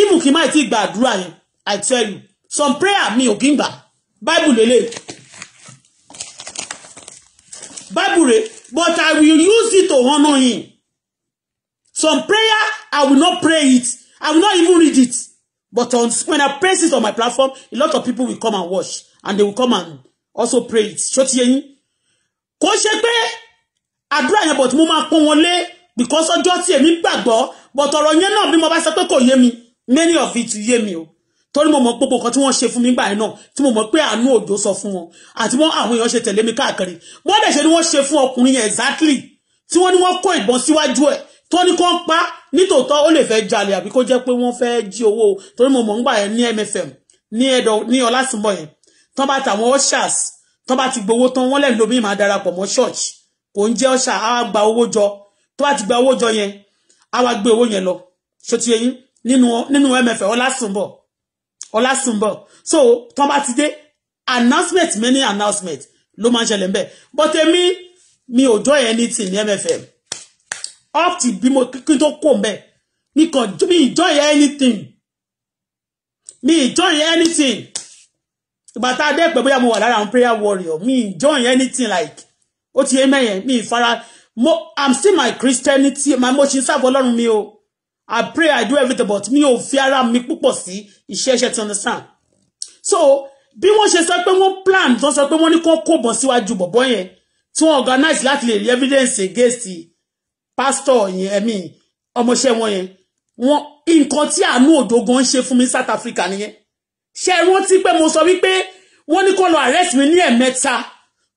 S2: even kì í má ti gba àdúrà yẹn I tell you some prayer mi ò kí ń gbà Bible lélẹ̀ Bible rẹ̀ but I will use it to honour him Some prayer, I will not pray it. I will not even read it. But on, when I praise it on my platform, a lot of people will come and watch. And they will come and also pray it. Ṣó ti yé yín? Kò ṣe pé àdúrà yẹn but mo máa pọ́n wọn lé because ọjọ́ tí èmi gbàgbọ́ but ọ̀rọ̀ yẹn náà bí mo bá sọ pé kò yé mi many of it yé mi o torí mo mọ gbogbo nǹkan tí wọ́n ṣe fún mi gbà yẹn náà tí mo mọ pé àánú òjò sọ fún wọn àti wọn àwọn èèyàn ṣe tẹ̀lé mi káàkiri bọ́dẹ̀ ṣe ni wọ́n ṣe fún ọkùnrin yẹn exactly tí wọ́n ní wọ́n kó ìbọn síwájú ẹ̀ tó ní kó ń pa nítòótọ́ ó lè fẹ́ jalè àbí kó jẹ́ pé wọ́n fẹ́ jí owó torí mo mọ̀ ń gbà yẹn ní MFM ní ẹ̀dọ̀ ní ọlásùnbọ̀ yẹn tán bá tàwọn ushers tán bá ti gbowó tán wọ́n lẹ́nu lómi máa darapọ̀ mọ́ church kò ń jẹ́ usher á gba owó jọ tó bá ti gba owó jọ yẹn á wá gbé owó yẹn lọ ṣó ti nínú nínú MFM ọlásùnbọ̀ ọlásùnbọ̀ so tán bá ti dé announcement many announcement ló máa ń ṣẹlẹ̀ ń bẹ̀ but èmi mi ò jọ anything ní MFM off ti bí mo kí tó kò mbẹ mi kàn mi enjoy anything mi enjoy anything ìgbà tá a dé pé bóyá mo wà lára àwọn prayer warrior mi enjoy anything like ó ti yé mẹ́yẹn mi ìfara mo i'm still my christianity my mo ṣe ń sáfọ ọlọ́run mi o i pray i do everything but mi ò fi ara mi púpọ̀ sí iṣẹ́ iṣẹ́ ti understand so bí wọ́n ṣe sọ pé wọ́n plan tó sọ pé wọ́n ní kó kó bọ̀ síwájú bọ̀bọ́ yẹn tí wọ́n organize láti lè rí evidence against pásítọ̀ yẹn ẹ̀mí ọmọọṣẹ́ wọn yẹn wọn nǹkan tí àánú òdògan ń ṣe fún mi South Africa nìyẹn ṣe rántí pé mo sọ wípé wọ́n ní kó lọ arrest mi ní ẹ̀mẹ́ta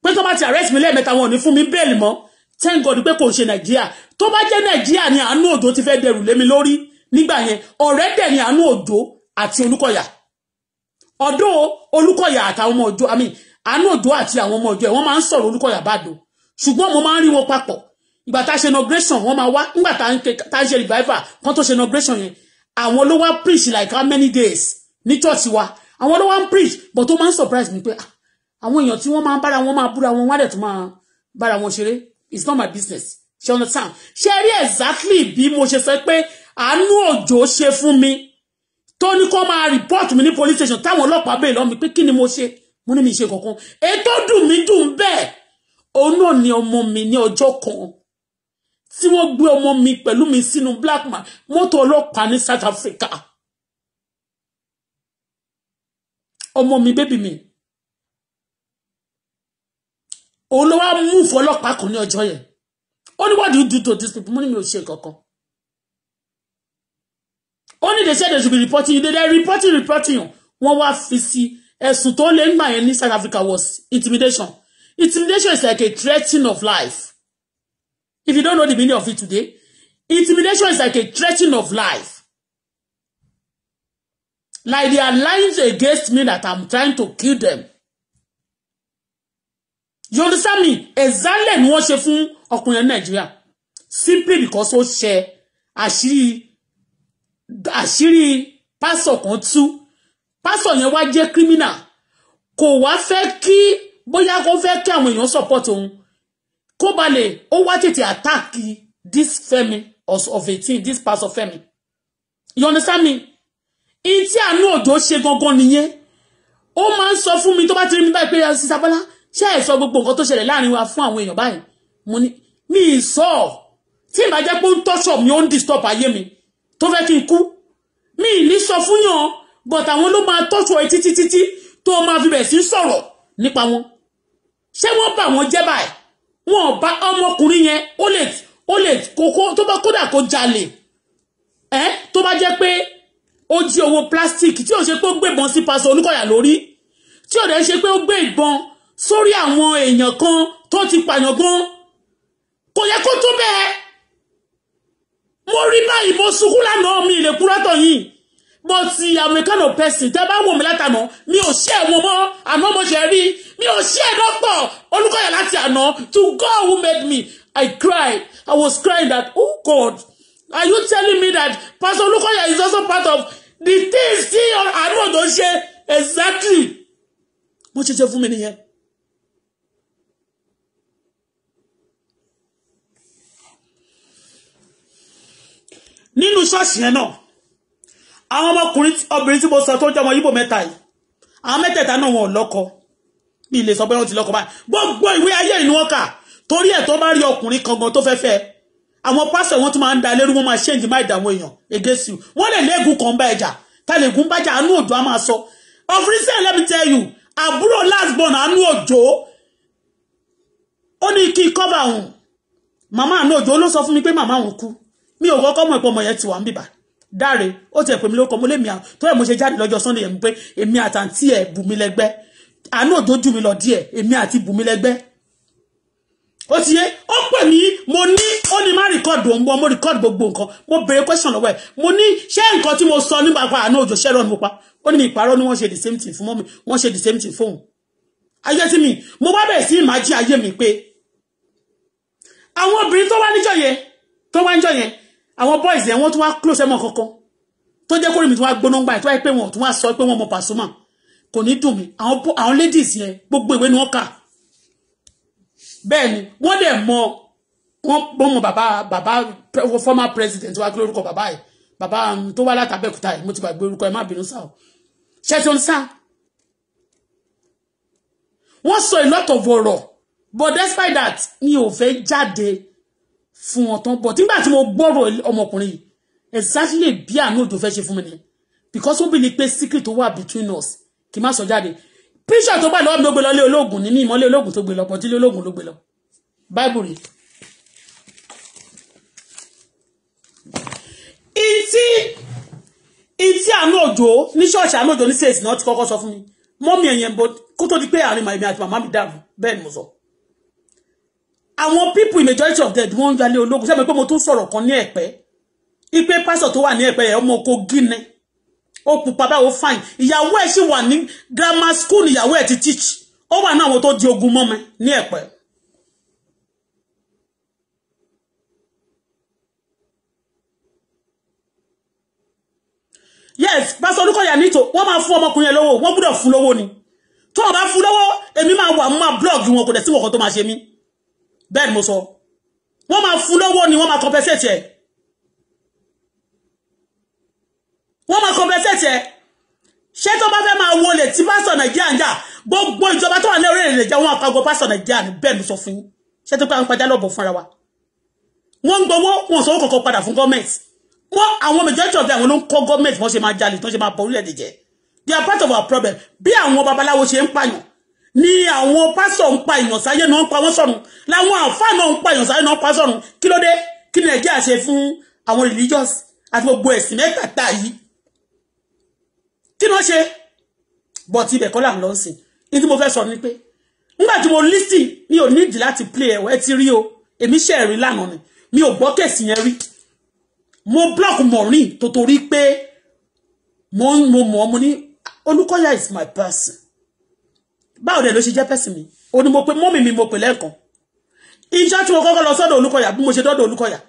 S2: pé tó bá ti arrest mi lẹ́ẹ̀mẹ́ta wọn ò ní fún mi bẹ́ẹ̀lì mọ́ thank God pé kò ń ṣe nàìjíríà tó bá jẹ́ nàìjíríà ni àánú òdò ti fẹ́ dẹrù lé mi lórí nígbà yẹn ọ̀rẹ́ dẹ̀ ni àánú òdò àti olúkọ̀yà ọ̀dọ́ olúkọ̀yà àtàwọn ọmọ ọjọ́ àmì àánú òdò àti àwọn ọmọ ọjọ́ ẹ̀ wọ́n máa ń sọ̀rọ̀ olúkọ̀yà bàdó ṣùgbọ́n mo máa ń rí wọn papọ̀ ìgbà tá a ṣe inauguration wọ́n máa wá nígbà tá a ṣe revival kan tó ṣe inauguration yẹn àwọn ló wá preach like how many days ní church wa àwọn ló wá ń preach but ó máa ń surprise mi pé ah, àwọn èèyàn tí wọ́n máa ń bára wọn máa búra wọn wá dẹ̀ tó máa bára wọn ṣeré it's not my business ṣe ọ̀nà sam ṣe rí exactly bí mo ṣe sọ pé àánú òjò ṣe fún mi tó ní kó máa report mi ní police station táwọn ọlọ́pàá bèèrè lọ́mi pé kí ni mo ṣe mo ní mi ṣe kankan èyí tó dùn mí dùn bẹ́ẹ̀ òun náà ni ọmọ mi ní ọjọ́ kan tí wọ́n gbé ọmọ mi pẹ̀lú mi sínú black man mọ́tò ọlọ́pàá ní South Africa ọmọ mi bébì mi òun ló wá mú fọlọ́pàá kan ní ọjọ́ yẹn ó ní what do you do to these people mo ní mi ò ṣe kankan ó ní they said they should be reporting you they dey reporting reporting you wọ́n wá fi sí ẹ̀sùn tó lé ńgbà yẹn ní South Africa was intimidation intimidation is like a threatening of life If you don't know the meaning of it today, intimidation is like a threatening of life. Like they are lying against me that I'm trying to kill them. You understand me? Exactly What wọ́n ṣe fún ọkùnrin Simply because ó ṣe Ashiri, àṣírí pásọ̀ kan tú. Pásọ̀ yẹn wá jẹ́ criminal. Kò wá fẹ́ kí bóyá kó fẹ́ kí àwọn èèyàn support òun kó ba lè ó wá tètè attack this Fẹ́mi of eighteen this of Fẹ́mi you understand me in tí àánú òjò ṣe gangan nìyẹn ó máa ń sọ fún mi tó bá ti rí mi báyìí pé ah, sísá bọ́lá ṣé ẹ sọ gbogbo nǹkan tó ṣẹlẹ̀ láàrin wa fún àwọn èèyàn báyìí mo ní mi ì sọ ọ tí ìbá jẹ́ pé ó ń tọ́ṣọ̀ mi ó ń disturb ayé mi tó fẹ́ kí n kú mi ì ní sọ fún yàn but àwọn ló máa tọ́ṣọ̀ ẹ títí títí tó máa fi bẹ̀ sí sọ̀rọ̀ nípa wọn ṣé wọ́n bà wọ́n jẹ́ báyìí wọn bá ọmọkùnrin yẹn ó lè ó lè kókó tó bá kódà kó jalè ẹ tó bá jẹ́ pé ó jí owó plastic tí ò ṣe pé ó gbébọn sí pásọ Olúkọ̀yà lórí tí ò dẹ̀ ṣe pé ó gbé ìbọn sórí àwọn èèyàn kan tó ti pààyàn gan kò yẹ kó tó bẹ́ẹ̀ mo rí báyìí mo sunkún lánàá mi ìlẹ̀kúrọ́tọ̀ yìí mo ti àwọn ìkànnà pẹ̀sìn tẹ́ bá wò mí látànà mi ò ṣe ẹ̀wọ̀n mọ́ àmọ́ mo ṣe rí mi ò ṣe ẹ̀dọ́pọ̀ olùkọ́yà láti àná to God who made me I cried I was crying that oh God are you telling me that Pastor Olukoya is also part of the things tí àánú òdò ṣe exactly bó ṣe ṣe fún mi nìyẹn. nínú ṣọ́ọ̀ṣì yẹn náà àwọn ọmọkùnrin obìnrin tí mo sọ tó jẹ́ ọmọ yíbò mẹ́ta yìí àwọn mẹ́tẹ̀ẹ̀ta náà wọn ò lọ́kọ mi lè sọ pé wọ́n ti lọ́kọ báyìí gbogbo ìwé ayé ìnú ọkà torí ẹ̀ tó bá rí ọkùnrin kangan tó fẹ́ fẹ́ àwọn pásítọ̀ wọn tún máa ń da lérú wọn máa ṣéǹjì má ìdààmú èèyàn against you wọ́n lè léegun kan bá ẹja ta lè gun bájà àánú òjò á máa sọ of recent let me tell you àbúrò last born àánú òjò ó ní kí cover òun màmá àánú òjò ló sọ fún mi pé màmá òun kú mi ò kọ́kọ́ mọ̀ pé ọmọ yẹn ti wà ń bìbà dáre ó ti ẹ̀ pè mí lórúkọ mo lé mi tó ẹ̀ mo ṣe jáde lọ́jọ́ sunday yẹn pé èmi àtàntí ẹ̀ bùnmi lẹ́gbẹ́ àánú òjò jù mí lọ díẹ̀ èmi àti bùnmi lẹ́gbẹ́ ó ti yé ó pè mí mo ní ó ní má rìkọ́ọ̀dù òun bọ́ mo rìkọ́ọ̀dù gbogbo nǹkan mo béèrè question lọ́wọ́ ẹ̀ mo ní ṣé nǹkan tí mo sọ nípa pa àánú òjò ṣẹ́rọ̀ ni mo pa ó ní ìparọ́ ni wọ́n ṣe the same thing fún mọ́mi wọ́n ṣe the same thing fóun ayé tí mi mo bá bẹ̀rẹ̀ sí ìmájí ayé mi pé àwọn obìnrin tó wá níjọ́ yẹn tó wá níjọ́ yẹn àwọn boys yẹn wọ́n tún wá close ẹmọ kankan tó jẹ́ kórìmì tó wá gbóná gbà tó wáyé pé wọn tó wá sọ pé wọn mọ Pasuma kò ní dùn mí àwọn ladies yẹn gbogbo ìwé ni wọ́n kà bẹ́ẹ̀ ni wọ́n dẹ̀ mọ wọ́n bọ́ mọ bàbá bàbá former president wa kí lórúkọ bàbá yìí bàbá um, tó wá látàbẹ́kúta yìí mo ti gbàgbé orúkọ ẹ má bínú sáà ṣẹ́tún sáà wọ́n sọ a lot of ọ̀rọ̀ but despite that mi ò fẹ́ jáde fún wọn tán but nígbà tí mo gbọ́rọ̀ ọmọkùnrin yìí exactly bí àánú òjò fẹ́ ṣe fún mi ni because ó bí ni pé secret tó wà between us kì í má sọ jáde píṣà tó bá lọ́wọ́ mi ló gbé lọ lé olóògùn ní ní ìmọ̀lé olóògùn tó gbé lọ pọ̀jù lé olóògùn ló gbé lọ bible rèé. ìtí ìtí àánú òjò ní ṣọ́ọ̀ṣì àánú òjò ní sèǹtì náà ti kọ́kọ́ sọ fún mi mọ́mí ẹ̀yẹn bó kó tó di pé àárín màmí àti màmá mi dàrú bẹ́ẹ̀ ni mo sọ àwọn people in majority of them wọ́n ń yalé ológun sẹ́mi pé mo tún sọ̀rọ̀ kan ní ẹ̀pẹ́ ipe pásọ̀ tó wà ní ẹ̀pẹ́ yẹn ọmọ kogi ni ó pupa báwo fine ìyàwó ẹ̀ sì wà ní grammar school ìyàwó ẹ̀ ti teach ó wà náà àwọn tó di ogun mọ́ mi ní ẹ̀pẹ́. yes pásọ̀ olúkọ̀yà nítò wọ́n máa fún ọmọkùnrin yẹn lówó wọ́n gbúdọ̀ fún lówó ni tó o bá fún lówó èmi máa wà mú máa blog wọn kò dẹ̀ sí wọ̀kọ̀ tó máa ṣe mí bẹ́ẹ̀ ni mo sọ wọ́n máa fún lọ́wọ́ ni wọ́n máa compensate ẹ̀ wọ́n máa compensate ẹ̀ ṣé tó bá fẹ́ máa wọlé tí pásítọ̀ nàìjíríà ń jà gbogbo ìjọba tó wà ní orílẹ̀ èdè wọn àpagbo pásítọ̀ nàìjíríà ni bẹ́ẹ̀ mo sọ fún yín ṣé tó bá ń padà lọ́bọ̀ fúnra wa wọ́n ń gbowó wọn sọ kọ̀ọ̀kan padà fún gọ́ọ̀mẹ̀ntì wọ́n àwọn majority of them àwọn ló ń kọ́ gọ́ọ̀mẹ̀ntì wọ́n ṣe máa jalè tó ṣe máa bọ̀ orílẹ̀ èdè jẹ́ they are part of our problem bí àwọn babaláwo ṣe ń pààyàn ni àwọn pásọ̀ ń pa èèyàn sáyé náà ń pa wọ́n sọ̀run làwọn àfáà náà ń pa èèyàn sáyé náà ń pa sọ̀run kí ló dé kí nàìjíríà ṣe fún àwọn religious àti gbogbo ẹ̀sìn mẹ́tàtà yìí kí ni wọ́n ṣe bọ̀ tí ibẹ̀ kọ́ là ń lọ sìn ní tí mo fẹ́ sọ ni pé nígbà tí mo listen mi ò nídìí láti play ẹ̀wọ̀ ẹ ti rí o èmi ṣe ẹ̀rí lánàá ni mi ò gbọ́ kẹ̀sì yẹn rí mo block mọ̀rin tó torí pé mo mọ̀ ọ́ mo ní Olúkọ́yà is my person báwo dẹ̀ ló ṣe jẹ́ pẹ̀sì mi o ni mo pe mọ́mì mi mo pè lẹ́ǹkan ìjọ tí mo kọ́kọ́ lọ sọ́dọ̀ olúkọ̀yà bí mo ṣe dọ́dọ̀ olúkọ̀yà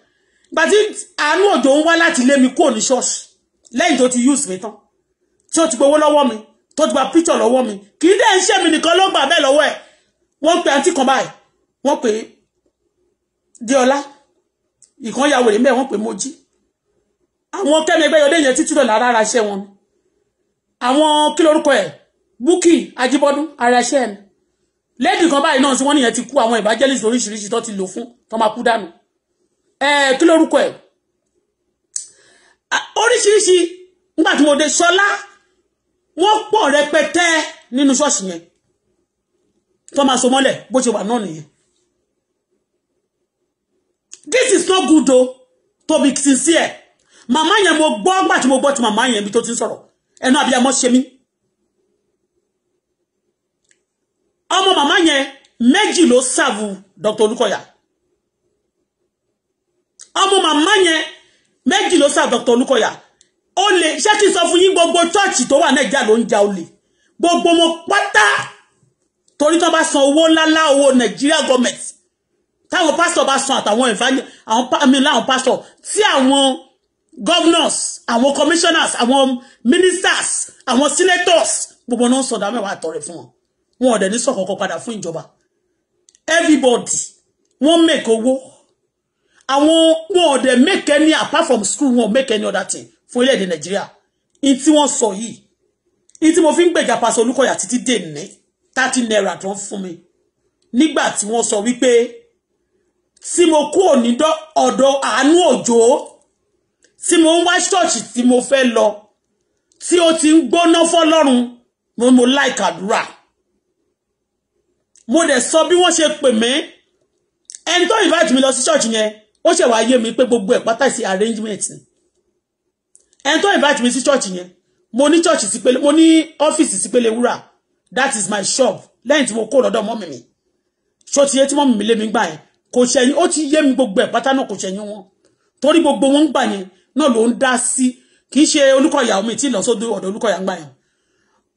S2: gbàtí àánú òjò ń wá láti lé mi kúrò ní ṣọ́ọ̀ṣì lẹ́yìn tó ti use mi tán tí ó ti gbowó lọ́wọ́ mi tó ti gba píṣọ̀ lọ́wọ́ mi kì í dẹ̀ ń mi nìkan ló gbà bẹ́ẹ̀ lọ́wọ́ ẹ̀ wọ́n pe àǹtí kan báyìí wọ́n pe Deola ìkan ya wèrè mẹ́ẹ̀ wọ́n pe Mojí àwọn kẹ́mi ẹgbẹ́ yọdé yẹn títí lọ́la rárá iṣẹ́ wọn àwọn kí lorúkọ ẹ̀ Bukky Ajibọdún ara iṣẹ́ mi lẹ́dì kan báyìí náà sí wọ́n nìyẹn ti kú àwọn evangelist oríṣiríṣi tó ti lò fún tó máa kú dànù ẹ̀ kí lórúkọ ẹ̀ oríṣiríṣi nígbà tí mo dé Ṣọlá wọ́n pọ̀ rẹpẹtẹ nínú ṣọ́ọ̀ṣì yẹn tó máa so mọ́lẹ̀ bó ṣe wà náà nìyẹn this is not good o to be sincere màmá yẹn mo gbọ́ gbà tí mo gbọ́ ti màmá yẹn bí tó ti ń sọ̀rọ̀ a àbíyamọ ṣe mí ọmọ màmá yẹn méjì ló sàvù Dr. Olúkọ̀yà ọmọ màmá yẹn méjì ló sàvù Dr. Olúkọ̀yà olè ṣé kí n sọ fún yín gbogbo chọ́ọ̀chì tó wà nàìjíríà ló ń ja olè gbogbo wọn pátá torí tó bá san owó ńláńlá owó nàìjíríà gọọmẹ̀tì táwọn pásítọ̀ bá san àtàwọn ìfáyẹ àwọn àmì láwọn pásítọ̀ tí àwọn governors àwọn commissioners àwọn ministers àwọn senators gbogbo náà sọdọ mẹwàá àtọrẹ fún wọn wọn ò dẹ̀ ní sọ̀kọ̀kọ̀ padà fún ìjọba everybody wọ́n make owó àwọn wọn ò dẹ̀ make any apart from school wọn ò make any other thing fún orílẹ̀-èdè nàìjíríà in tí wọ́n sọ yìí in tí mo fi ń gbèjà pàṣẹ olúkọ̀yà títí dè ní thirty naira tó ń fún mi nígbà tí wọ́n sọ wípé tí mo kú òní ọ̀dọ̀ àánú òjò tí mo ń wá ṣọ́ọ̀ṣì tí mo fẹ́ lọ tí ó ti ń gbóná fọ́lọ́run mo mo láìkàdúrà mo dẹ̀ sọ bí wọ́n ṣe pè mí ẹni tó invite mi lọ sí church yẹn ó ṣe wá yé mi pé gbogbo ẹ̀ pátá sí arrangement ni ẹni tó invite mi sí church yẹn mo ní church sí pele mo ní ọ́fíìsì sí pele wúrà that is my shop lẹ́yìn tí mo kó lọ́dọ̀ mọ́mì mi ṣó ti yé tí mọ́mì mi lé mi gbà yẹn kò ṣẹ̀yìn ó ti yé mi gbogbo ẹ̀ pátá náà kò ṣẹ̀yìn wọn torí gbogbo wọn ń gbà yẹn náà ló ń dá sí kì í ṣe olùkọ́yà omi tí ìlọsọdọ ọ̀dọ̀ olùkọ́yà ń gbà yẹn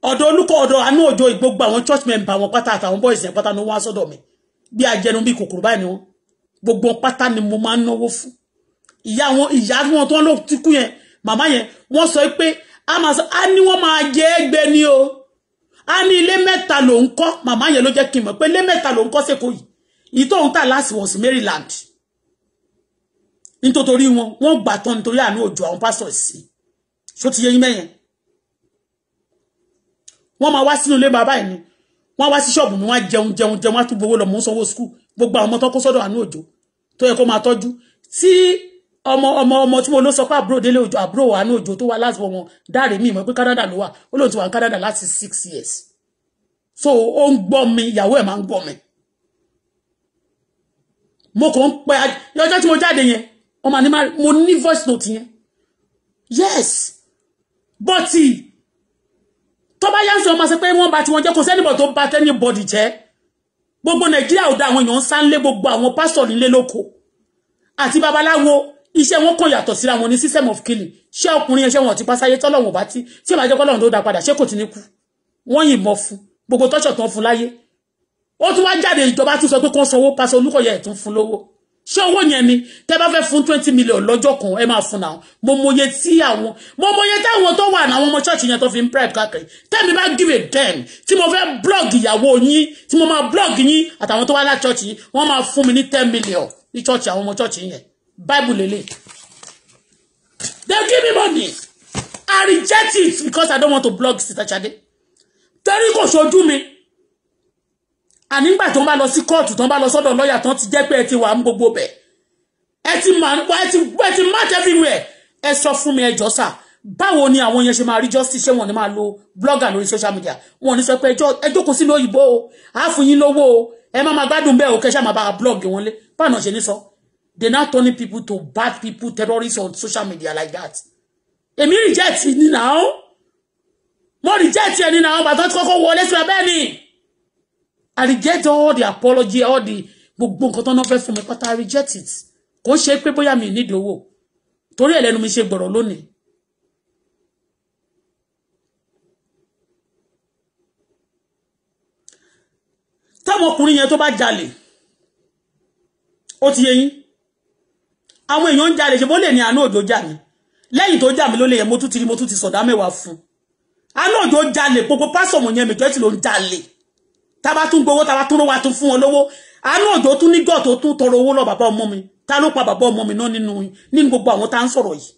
S2: ọ̀dọ̀ olúkọ ọ̀dọ̀ àánú òjò gbogbo àwọn church member àwọn pátá àtàwọn boys yẹn pátá ni wọ́n wá sọ́dọ̀ mi bí ajẹnu bí kòkòrò báyìí ni wọ́n gbogbo pátá ni mo máa ń náwó fún ìyá wọn ìyá wọn tó ń lò ti kú yẹn màmá yẹn wọ́n sọ pé a máa sọ a ní wọ́n máa jẹ ẹ́ gbé ni o a ní ilé mẹ́ta ló ń kọ́ màmá yẹn ló jẹ́ kí n mọ̀ pé ilé mẹ́ta ló ń kọ́ sẹ́kọ̀ọ́ yìí ìyí tó ń tà láti wọ̀ sí Maryland nítorí wọn wọ́n gbà tán nítorí àánú òjò àwọn pásítọ̀ sí ṣó ti yẹ yín mẹ́yẹn wọ́n máa wá sínú ilé bàbá ẹ̀ ni wọ́n wá sí ṣọ́ọ̀bù mi wọ́n á jẹun jẹun jẹun wọ́n á tún gbowó lọ mò ń sanwó skul gbogbo àwọn ọmọ tó kó sọ́dọ̀ àánú òjò tó yẹ kó máa tọ́jú tí ọmọ ọmọ ọmọ tí mo lọ sọ pé àbúrò délé òjò àbúrò àánú òjò tó wá láti wọ́n dáre mi mọ̀ pé Canada ló wà ó lóun ti wà ní Canada láti six years so ó ń gbọ́ mi ìyàwó ẹ̀ máa ń gbọ́ mi mo kàn ń pẹ́ ọjọ́ tí mo jáde yẹn ọmọ ànímọ́ mo ní voice note yẹn yes bọ́tì tó bá yánsọ ọmọ sọ pé wọ́n bá ti wọn jẹ́ kò sẹ́nìbọ̀ tó ń bá tẹ́nìbọ̀dì jẹ́ gbogbo nàìjíríà ò dá àwọn èèyàn ń sánlé gbogbo àwọn pásọ̀ nílé lóko àti babaláwo iṣẹ́ wọn kàn yàtọ̀ síra wọn ní system of killing ṣé ọkùnrin ẹṣẹ́ wọn ti pásáyé tọ́lọ́wọ̀n bá ti tí ìbá jẹ́ kọ́lọ́run tó dá padà ṣé kò ti ní kú wọ́n yìnbọn fún gbogbo tọ́ṣọ̀ tán fún láyé ó tún wá jáde ìjọba tún sọ pé kán sanwó pásọ olúkọ̀yà ẹ̀ tún fún lówó ṣé owó yẹn ni tẹ́ bá fẹ́ fún twenty million lọ́jọ́ kan ẹ máa fún náà mo mọye tí àwọn mo mọye táwọn tó wà náà wọn ọmọ ṣọ́ọ̀ṣì yẹn tó fi ń prep káàkiri tẹ́mi bá give a damn tí mo fẹ́ blog ìyàwó yín tí mo máa blog yín àtàwọn tó wá lá ṣọ́ọ̀ṣì yín wọ́n máa fún mi ní ten million ní ṣọ́ọ̀ṣì àwọn ọmọ ṣọ́ọ̀ṣì yẹn bible lele they give me money I reject it because I don't want to blog Sister Shade torí kò ṣojú mi ànígbà tó ń bá lọ sí kóòtù tó ń bá lọ sọ́dọ̀ lọ́ọ̀yà tán ti jẹ́ pé ẹ ti wà ń gbogbo bẹ̀ ẹ ti mà ń ẹ ti ẹ ti má tẹ́ everywhere ẹ sọ fún mi ẹjọ́ sà báwo ni àwọn yẹn ṣe máa rí justice ṣé wọn ni máa lo blogger lórí social media wọn ní sọ pé ẹ jókòó sínú òyìnbó o àáfù yín lówó o ẹ má máa gbádùn bẹ́ẹ̀ o kẹ́ ṣá máa bá a blog wọn lé báwọn ṣe ní sọ they now turning people to bad people terrorists on social media like that èmi reject ni now mo reject ẹni now bàtọ́ ti kọ́kọ́ wọlé sí abẹ́ ni. I reject all the apology all the gbogbo nǹkan tó ń fẹ́ mi pátá I reject it kò ṣe pé bóyá mi nídìí owó torí ẹ̀ lẹ́nu mi ṣe gbọ̀rọ̀ lónìí. táwọn ọkùnrin yẹn tó bá jalè ó ti yé yín àwọn èèyàn ń jalè ṣe bó lè ní àánú òjò jà mí lẹ́yìn tó jà mí ló lè yẹ mo tún ti rí mo tún ti sọ̀dá mẹ́wàá fún un àánú òjò jalè gbogbo pásọ̀mù yẹn mẹjọ́ tí ló ń jalè tá a bá tún gbowó tá a bá tún rówó a tún fún wọn lówó àánú òjò tún ní gọ́ọ̀ tó tún tọrọ owó lọ mi ta ló pa bàbá ọmọ mi náà nínú nínú gbogbo àwọn tá à ń sọ̀rọ̀ yìí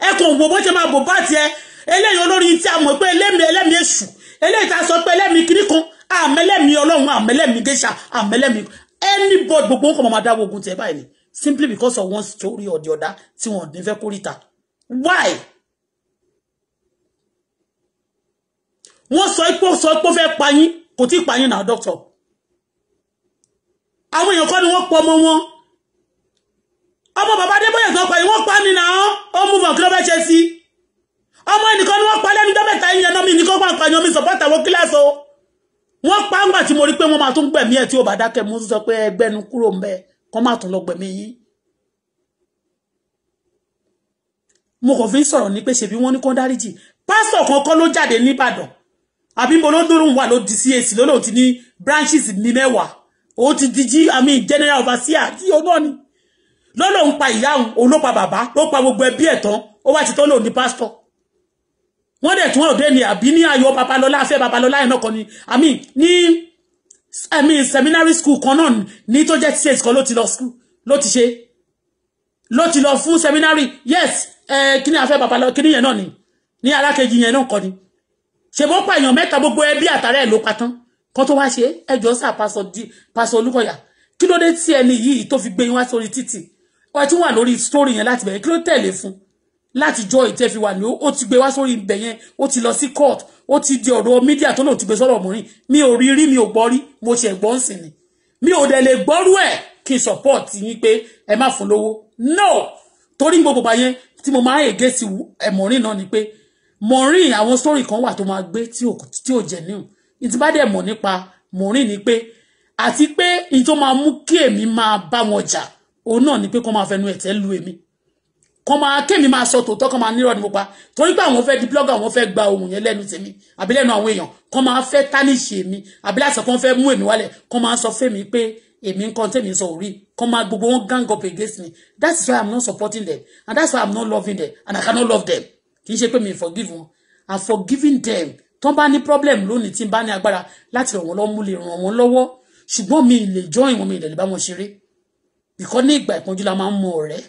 S2: ẹ kò wò bó ṣe máa bò bá tiẹ̀ eléyìí olórí tí a mọ̀ pé ẹlẹ́mìí ẹlẹ́mìí èṣù eléyìí tá a sọ pé ẹlẹ́mìí kiri kan àmẹ́lẹ́mìí ọlọ́run àmẹ́lẹ́mìí gẹ́ṣà àmẹ́lẹ́mìí anybody gbogbo nǹkan máa dáwọ́ ogun tiẹ̀ báyìí ni simply because of one story or the other tí wọn ò ní fẹ́ why wọ́n so pé ó sọ pé pa yín kò tí ì pààyàn náà doctor àwọn èèyàn kọ́ ni wọ́n pọ̀ ọmọ wọn ọmọ bàbá adébóyè kan pààyàn wọ́n pa ni náà ó mú bọ̀ kí ló fẹ́ ṣe sí ọmọ ẹnìkan ni wọ́n pa lẹ́nu dọ́mẹ́ta yìí yẹn mi nìkan wọ́n pààyàn mi sọ̀pọ̀tà wọ kíláàsì o wọ́n pa ńgbà tí mo rí pé wọ́n máa tún gbẹ̀mí ẹ̀ tí ò bá dákẹ́ mú sọ pé ẹgbẹ́nu kúrò ń bẹ kọ́ máa tún lọ gbẹ̀mí yín mo kàn fi ń sọ̀rọ̀ ní pé ṣèbí wọ́n ní kọ́ńdárìjì pásítọ̀ kan kọ́ ló jáde níbàdàn àbí mo ló dúró wà ló di CAC lọ́nà ti ní branches ní mẹ́wàá ó ti di jí àmì general overseer tí ó náà ni lọ́nà ń pa ìyá òun òun ló pa bàbá ló pa gbogbo ẹbí ẹ̀ tán ó wá ti tán lòun ní pásítọ̀ wọ́n dẹ̀ tún ọ̀dẹ́ ni àbí ní ayọ̀ babalọ́lá afẹ́ babalọ́lá ẹ̀ náà kan ni àmì ní àmì seminary school kan náà ní tó jẹ́ CAC kan ló ti lọ school ló ti ṣe ló ti lọ fún seminary yes eh, kí ni afẹ́ babalọ́lá kí ni yẹn náà ni ní alákejì yẹn náà kan ni ṣe bó pààyàn mẹ́ta gbogbo ẹbí àtàrà ẹ̀ ló pa tán kan tó wá ṣe ẹjọ́ sà pásọ Olúkọ̀yà kí ló dé tí ẹni yìí tó fi gbé yín wá sórí títì wọ́n ti wà lórí sítórì yẹn láti bẹ̀rẹ̀ kí ló tẹ̀lé fún láti jọ ìtẹ́ fi wà ní ó ti gbé wá sórí ibẹ̀ yẹn ó ti lọ sí court ó ti di ọ̀rọ̀ mídíà tó lòun ti gbé sọ́rọ̀ ọmọrin mi ò rí rí mi ò gbọ́ rí mo ṣe gbọ́n sì ni mi ò dẹ̀ lè gbọ́rú ẹ̀ kí n support yín pé ẹ má fún lówó no torí gbogbo bá yẹn tí mo máa ń ègé sí ẹ̀mọ́rin ni pé Maureen àwọn story kan wà tó máa gbé tí ò jẹ́ níhùn ìtì bá dẹ̀ mọ̀ nípa Maureen ni pé àti pé n tó máa mú kí èmi máa bá wọn jà òun náà ni pé kó máa fẹnu ẹ̀tẹ́ lu èmi kó máa kémi máa sọ tòótọ́ kó máa nírọ̀ ní pupa torí pé àwọn fẹ́ di blogger àwọn fẹ́ gba ohun yẹn lẹ́nu tèmi àbí lẹ́nu àwọn èèyàn kó máa fẹ́ tánìṣì èmi àbí láti sọ kó fẹ́ mú èmi wálẹ̀ kó máa sọ fẹ́mi pé èmi nǹkan tèmi sọ orí kó máa gbogbo wọn gang up against me that's why i'm not supporting them and that's why i'm not loving them and i cannot love them kì ṣe pé mi forgive wọn i'm forgiving them tó bá ní problem lónìí tí n bá ní agbára láti ràn wọ́n lọ́wọ́ mú lè ràn wọ́n lọ́wọ́ ṣùgbọ́n mi lè join wọn mi lè bá wọn ṣeré bìkọ́ ní ìgbà ìpọ́njú la máa ń mọ ọ̀rẹ́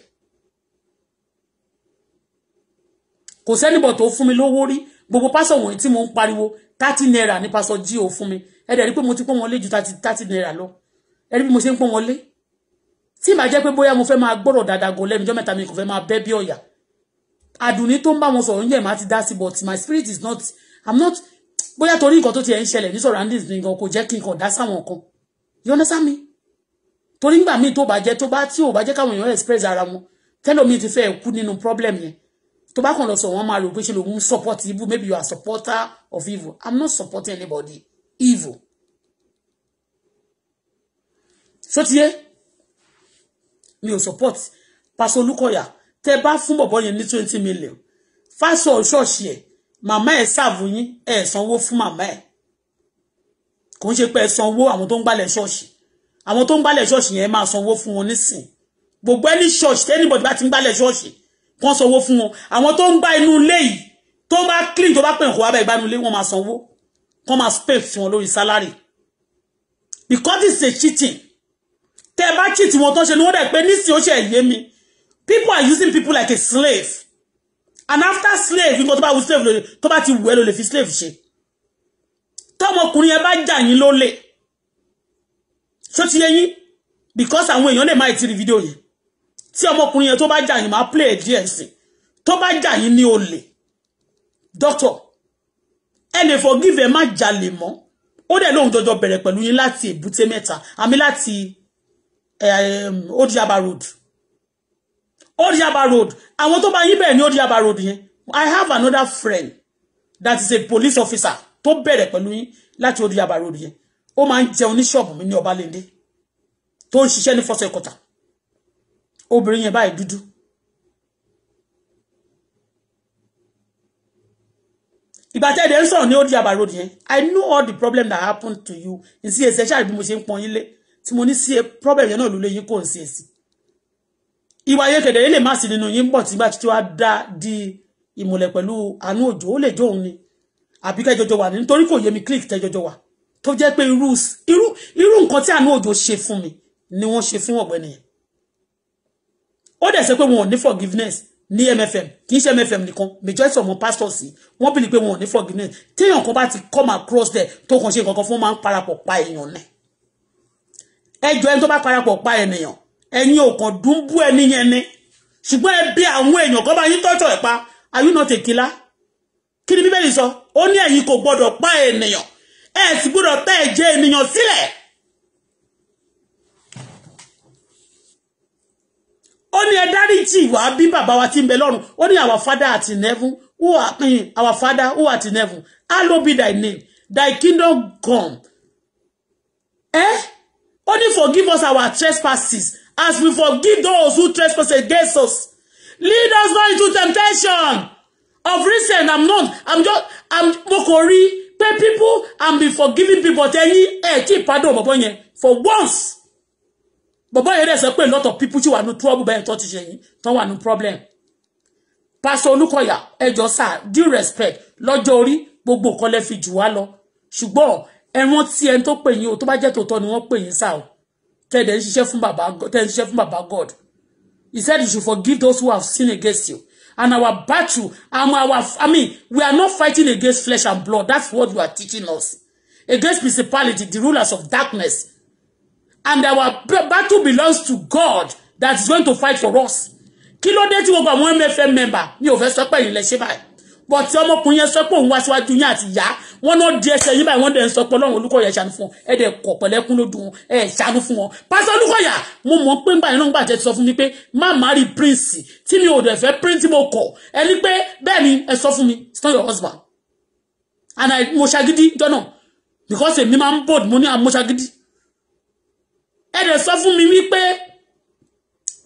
S2: kò sẹ́nìbọ̀ tó fún mi lówó rí gbogbo pásọ̀ wọ̀nyí tí mo ń pariwo thirty naira ní pásọ̀ jí o fún mi ẹ dẹ̀ rí pé mo ti pọ́n wọn ju thirty naira lọ ẹ rí bí mo ṣe ń pọ́n wọn tí màá pé bóyá mo fẹ́ máa gbọ́rọ̀ dáadáa gan lẹ́nu jọ́ mẹ́ta mi kò fẹ́ máa bẹ́ bí ọ̀yà àdùnní tó ń bá wọn sọ̀rọ̀ ń yẹ̀ máa ti dá sí but my spirit is not i'm not bóyá torí nǹkan tó ti ẹ̀ ń ṣẹlẹ̀ ní surroundings mi gan kò jẹ́ kí n kàn dá sáwọn kan you understand me torí ngbà míì tó bá jẹ́ tó bá tí ò bá jẹ́ káwọn èèyàn express ara wọn tẹ́lómi ti fẹ́ kú nínú problem yẹn tó bá kàn lọ sọ wọn máa rò pé ṣe lòun support evil maybe you are supporter of evil i'm not supporting anybody evil sotiye mi ò support Pastor Olukoya tẹ́ bá fún bọ̀bọ́ yẹn ní twenty million fásọ ṣọ́ọ̀ṣì ẹ̀ màmá ẹ̀ ṣàbù yín ẹ̀ sanwó fún màmá ẹ̀ kò ń ṣe pé ẹ sanwó àwọn tó ń gbálẹ̀ ṣọ́ọ̀ṣì àwọn tó ń gbálẹ̀ ṣọ́ọ̀ṣì yẹn máa sanwó fún wọn nísìn gbogbo ẹni ṣọ́ọ̀ṣì tẹ́nìbọ̀dì bá ti ń gbálẹ̀ ṣọ́ọ̀ṣì kàn sanwó fún wọn àwọn tó ń bá inú ilé yìí tó bá clean tó bá pè nǹkan wá bá ìbánu ilé wọn máa sanwó kàn máa spay fún wọn lórí salary because it's a cheating tẹ́ ẹ bá cheat wọn tó ṣe ni wọ́n dẹ̀ pé nísìn ó ṣe ẹ̀yẹ mi people are using people like a slave and after slave nǹkan tó bá wù slave lò tó bá ti wù ẹ́ lò fi slave ṣe tọmọkùnrin yẹn bá jà yín ló lè ti yé yín because àwọn èèyàn lè má ti rí fídíò yẹn tí ọmọkùnrin yẹn tó bá jà yín máa play díẹ̀ sí tó bá jà yín ní olè doctor ẹ lè forgive ẹ má jalè mọ́ ó dẹ̀ lóhun jọjọ bẹ̀rẹ̀ pẹ̀lú yín láti èbúté mẹ́ta àmì láti eh, um, odiaba road Odiaba road àwọn tó bá yín bẹ̀rẹ̀ ní Odiaba road yẹn I have another friend that is a police officer tó bẹ̀rẹ̀ pẹ̀lú yín láti Odiaba road yẹn ó máa ń jẹun ní ṣọ́ọ̀bù mi ní Ọbalẹ́ndé tó ń ṣiṣẹ́ ní fọ́sẹ̀ kọta obìnrin yẹn báyìí dúdú ìgbà tẹ́ ẹ̀dẹ̀ ń sọ̀rọ̀ ní Odiaba road yẹn I know all the problem that happened to you n sí èsì ẹ̀ṣáà bí mo ṣe ń pọn yín lé tí mo ní sí problem yẹn náà ló lé yín kò ń sí èsì ìwà ayékèdè yìí lè má sí nínú yín bọ̀ tígbà tí wàá dá di ìmùlẹ̀ pẹ̀lú àánú òjò ó lè jó òun ni àbí kẹjọjọ wà ní nítorí kò yé mi click tẹjọjọ wà tó jẹ́ pé irú irú irú nǹkan tí àánú òjò ṣe fún mi ni wọ́n ṣe fún ọ̀gbẹ́ni yẹn ó dẹ̀ sọ pé wọn ò ní forgiveness ní MFM kì í ṣe MFM nìkan majority of pastors sí wọ́n bìlì pé wọn ò ní forgiveness téèyàn kan bá ti come across there tó kàn ṣe nǹkan kan fún wọn máa ń parapọ̀ pa èèyàn náà ẹjọ́ ẹni tó bá parapọ̀ pa ènìyàn ẹ̀yin ò kàn dún bú ẹ yẹn ni ṣùgbọ́n ẹ bí àwọn èèyàn kan bá yín tọ́jọ́ ẹ̀ pa are you kí ni bíbélì sọ ó ní ẹ̀yin kò gbọ́dọ̀ pa ènìyàn ẹ sì gbọ́dọ̀ tẹ́ ẹ̀jẹ̀ ènìyàn sílẹ̀ ó ní ẹ dáríjì wá bí bàbá wa ti ń bẹ lọ́run ó ní our father at in who art our father who be thy name thy kingdom come eh ó ní forgive us our trespasses as we forgive those who trespass against us. Lead us not into temptation. Of recent, I'm not, I'm just, I'm mokori, pay people and be forgiving people. Tell you, eh, keep pardon, bàbá for once. Bàbá yẹn dẹ̀ sọ a lot of people tí wà no trouble bẹ́ẹ̀ tó ti ṣe yín, tó wà ní problem. Pastor Olúkọ̀yà, ẹ jọ̀ọ́ due respect, Lord orí, gbogbo nǹkan lẹ Shubo. jù wá lọ. Ṣùgbọ́n, ẹ rántí ẹni tó pè yín o, tó bá jẹ́ tẹ́ẹ̀dẹ̀ ń ṣiṣẹ́ fún bàbá tẹ́ẹ̀ ń ṣiṣẹ́ fún bàbá God he said you should forgive those who have sinned against you and our battle and um, our I mean we are not fighting against flesh and blood that's what you are teaching us against principality the rulers of darkness and our battle belongs to God that is going to fight for us kí ló dé tí gbogbo àwọn MFM member mi ò fẹ́ sọ pé ìyìnlẹ̀ ṣe báyìí bọ̀ tí ọmọkùnrin yẹn sọ pé òun wá síwájú yín àti ìyá wọn náà di ẹsẹ̀ yín báyìí wọ́n dẹ̀ ń sọ pé ọlọ́run olúkọ̀yà ṣàánú fún wọn ẹ dẹ̀ kọ̀ pẹ̀lẹ́kún lódùn wọn ẹ ṣàánú fún wọn pásítọ̀ olúkọ̀yà mo mọ̀ pé nígbà yẹn náà gbà tẹ́ ti sọ fún mi pé má má rí prince tí mi ò dẹ̀ fẹ́ prince tí mo kọ̀ ẹni pé bẹ́ẹ̀ ni ẹ sọ fún mi it's not your husband and I mo ṣagídí jọ́nà because èmi máa ń bold mo ní àmọ́ ṣagídí ẹ dẹ̀ sọ fún mi wípé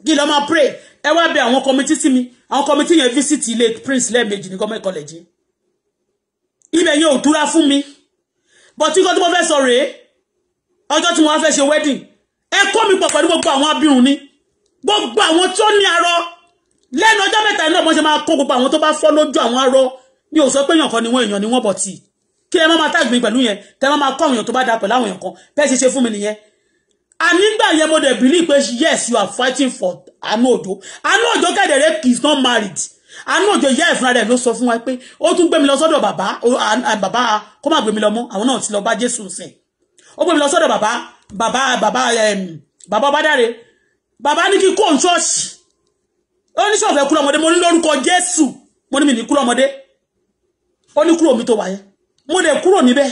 S2: kí lọ́ máa pray ẹ wá bẹ àwọn committee sí mi àwọn kọmitì yẹn visit ilé prince lẹ́ẹ̀mejì ní gọ́mẹ̀ kọlẹ̀jì ibẹ̀ yẹn ò dúra fún mi but tí kò tí mo fẹ́ sọ rèé ọjọ́ tí mo wá fẹ́ ṣe wedding ẹ kó mi pọ̀ pẹ̀lú gbogbo àwọn abirùn ni gbogbo àwọn tó ní arọ lẹ́nu ọjọ́ mẹ́ta iná ọmọ ṣe máa kó gbogbo àwọn tó bá fọ́ lójú àwọn arọ mi ò sọ pé èèyàn kan ni wọ́n èèyàn ni wọ́n bọ̀ tì kí ẹ má máa tàgbé pẹ̀lú yẹn tẹ má máa kọ́ àwọn èèyàn tó bá da pẹ̀lú àwọn èèyàn kan bẹ́ẹ̀ ṣe ṣe fún mi nìyẹn ànígbà yẹn mo dẹ̀ believe pé yes you are fighting for àánú òjò àánú òjò kẹ̀dẹ̀rẹ́ is not married àánú òjò ìyá ìfúnra rẹ̀ ló sọ fún wa pé ó tún gbé mi lọ sọ́dọ̀ bàbá bàbá kó má gbé mi lọ mọ́ àwọn náà ti lọ bá Jésù sìn ó gbé mi lọ sọ́dọ̀ bàbá bàbá bàbá bàbá bádáre bàbá ní kí kó n ṣọ́ọ̀ṣì ó ní ṣọ́ọ̀fẹ́ kúrò ọmọdé mo ní lórúkọ Jésù mo ní mi ní kúrò ọmọdé ó ní kúrò mi tó wáyé mo dẹ̀ kúrò níbẹ̀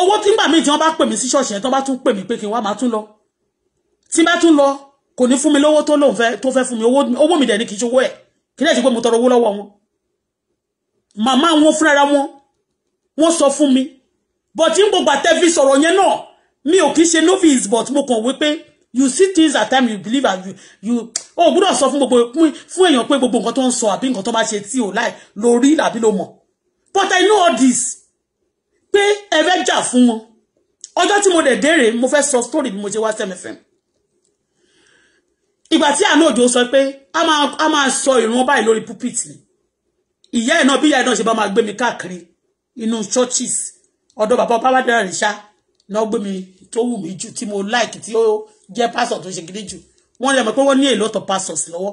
S2: owó tí ń gbà mí tí wọ́n bá pè mí sí ṣọ́ọ̀ṣì yẹn tí wọ́n bá tún pè mí pé kí n wá máa tún lọ tí n bá tún lọ kò ní fún mi lówó tó lóun fẹ́ tó fẹ́ fún mi owó mi dẹ̀ ní kì owó ẹ̀ kí lẹ́yìn pé mo tọrọ owó lọ́wọ́ wọn màmá wọn fúnra wọn wọ́n sọ fún mi but n gbogbo àtẹ́fí sọ̀rọ̀ yẹn náà mi ò kì ṣe novice but mo kàn wí pé you see things at time you believe as you o gbọ́dọ̀ sọ fún gbogbo fún èèyàn pé gbogbo nǹkan tó ń sọ àbí nǹkan tó bá ṣe tí ò láì lo rí àbí lo mọ̀ but i know all this pé ẹ fẹ́ jà fún wọn ọjọ́ tí mo dẹ̀ dére mo fẹ́ sọ story bí mo ṣe wá sẹ́mi fẹ́mi ìgbà tí àánú òjò sọ pé a máa sọ ìrun báyìí lórí pulpit ni ìyá ẹ̀ náà bí ìyá ẹ̀ náà ṣe bá máa gbé mi káàkiri inú churches ọ̀dọ̀ bàbá bàbá dára rìṣà náà gbé mi tó wù mí jù tí mo like tí ó jẹ́ pásọ̀ tó ṣe gidi jù wọ́n lè mọ̀ pé wọ́n ní èlò ọ̀tọ̀ pastors lọ́wọ́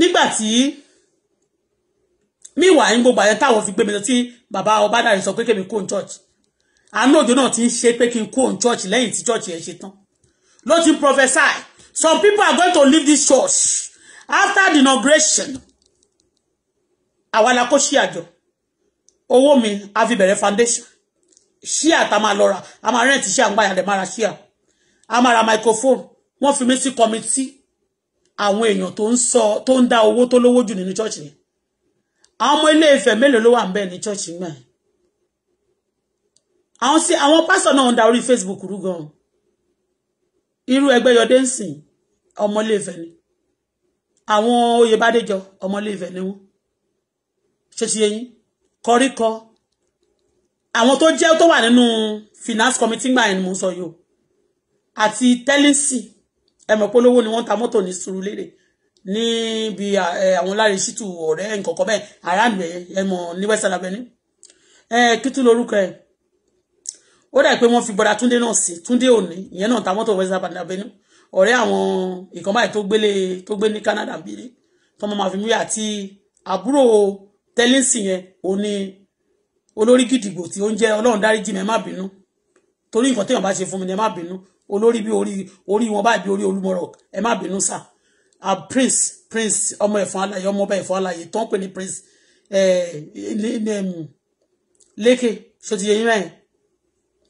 S2: nígbà tí míwà ń gbogbo àyẹ̀ táwọn fi gbé mi lọ tí bàbá ọba dàrí sọ pé kèmi kó church àánú òjò náà ti ń ṣe pé kí n kó church lẹ́yìn tí church yẹn ṣe tán ló ti prophesy Some people are going to leave this church after the inauguration. Àwa la kó sí àjọ. Owó mi, a fi bẹ̀rẹ̀ foundation. She ta máa lọ ra. A máa rent ṣíà ń gbáyà dẹ̀ máa ra A microphone. Wọ́n fi mí sí committee. Àwọn èèyàn tó ń sọ tó ń dá owó tó lówó jù church ni. Àwọn ọmọ ilé Ifẹ̀ mélòó ló wà ń bẹ̀ church ni. Àwọn sí àwọn pásọ̀ náà ń da orí Facebook rú gan-an. Irú ẹgbẹ́ yọdé ń ọmọléèfẹ̀ ni àwọn oyè bádéjọ ọmọléèfẹ̀ ni wọ́n ṣe ti yẹyin kọríkọ àwọn tó jẹ́ tó wà nínú finance committee gbà ẹni mò ń sọ yìí o àti tẹ́lẹ̀sì ẹ̀mọ̀ ni wọ́n ta mọ́tò ní Sùúrùlérè níbi àwọn láre ṣítù ọ̀rẹ́ nǹkankan bẹ́ẹ̀ aráàlú ẹ̀mọ̀ ní west alabẹ́ni kí tún lorúkọ ẹ̀ ó dà pé wọ́n fi bọ́dà Túndé náà sí Túndé òní ìyẹn náà ta mọ́tò west alabẹ́ni ọ̀rẹ́ àwọn ìkan báyìí tó gbélé tó gbé ní Canada bíi tọmọ máa fi mí àti àbúrò tẹ́lẹ̀sì yẹn ò ní olórí gidigbo tí ó ń jẹ́ ọlọ́run dáríjì mi ẹ má bínú torí nǹkan téèyàn bá ṣe fún mi ni ẹ má bínú olórí bí orí orí wọn báyìí bí orí olúmọrọ ẹ má bínú sà a prince prince ọmọ ẹ̀fọn alààyè ọmọ ọba ẹ̀fọn alààyè tó ń pè ní prince ẹ̀ eh, lékè ṣòtìyẹ yín mẹ́rin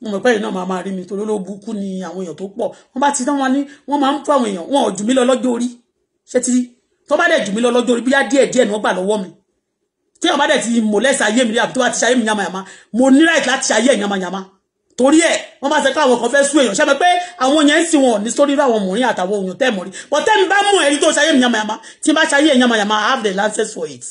S2: mo mọ̀ pé ẹ̀yin náà máa máa rí mi torí olóòbù kú ni àwọn èèyàn tó pọ̀ wọ́n bá ti tán wọn ní wọ́n máa ń fún àwọn èèyàn wọn ò jù mí lọ lọ́jọ́ orí ṣé ti tó bá dẹ̀ jù mí lọ lọ́jọ́ orí bíyá díẹ̀ díẹ̀ ni wọ́n gbà lọ́wọ́ mi tí wọ́n bá dẹ̀ ti mọ̀lẹ́sà ayé mi àbí tó bá ti ṣayé mi yamayama mo ní right láti ṣayé yamayama torí ẹ̀ wọ́n bá ṣe pé àwọn kan fẹ́ sú èèyàn ṣe pé àwọn yẹn ń sìn wọn ní sórí àwọn mòrin àtàwọn èèyàn tẹ́ mọ̀rí but tẹ́mi bá mú ẹ̀rí tó ṣayé mi yamayama tí bá ṣayé yamayama I have the lances for it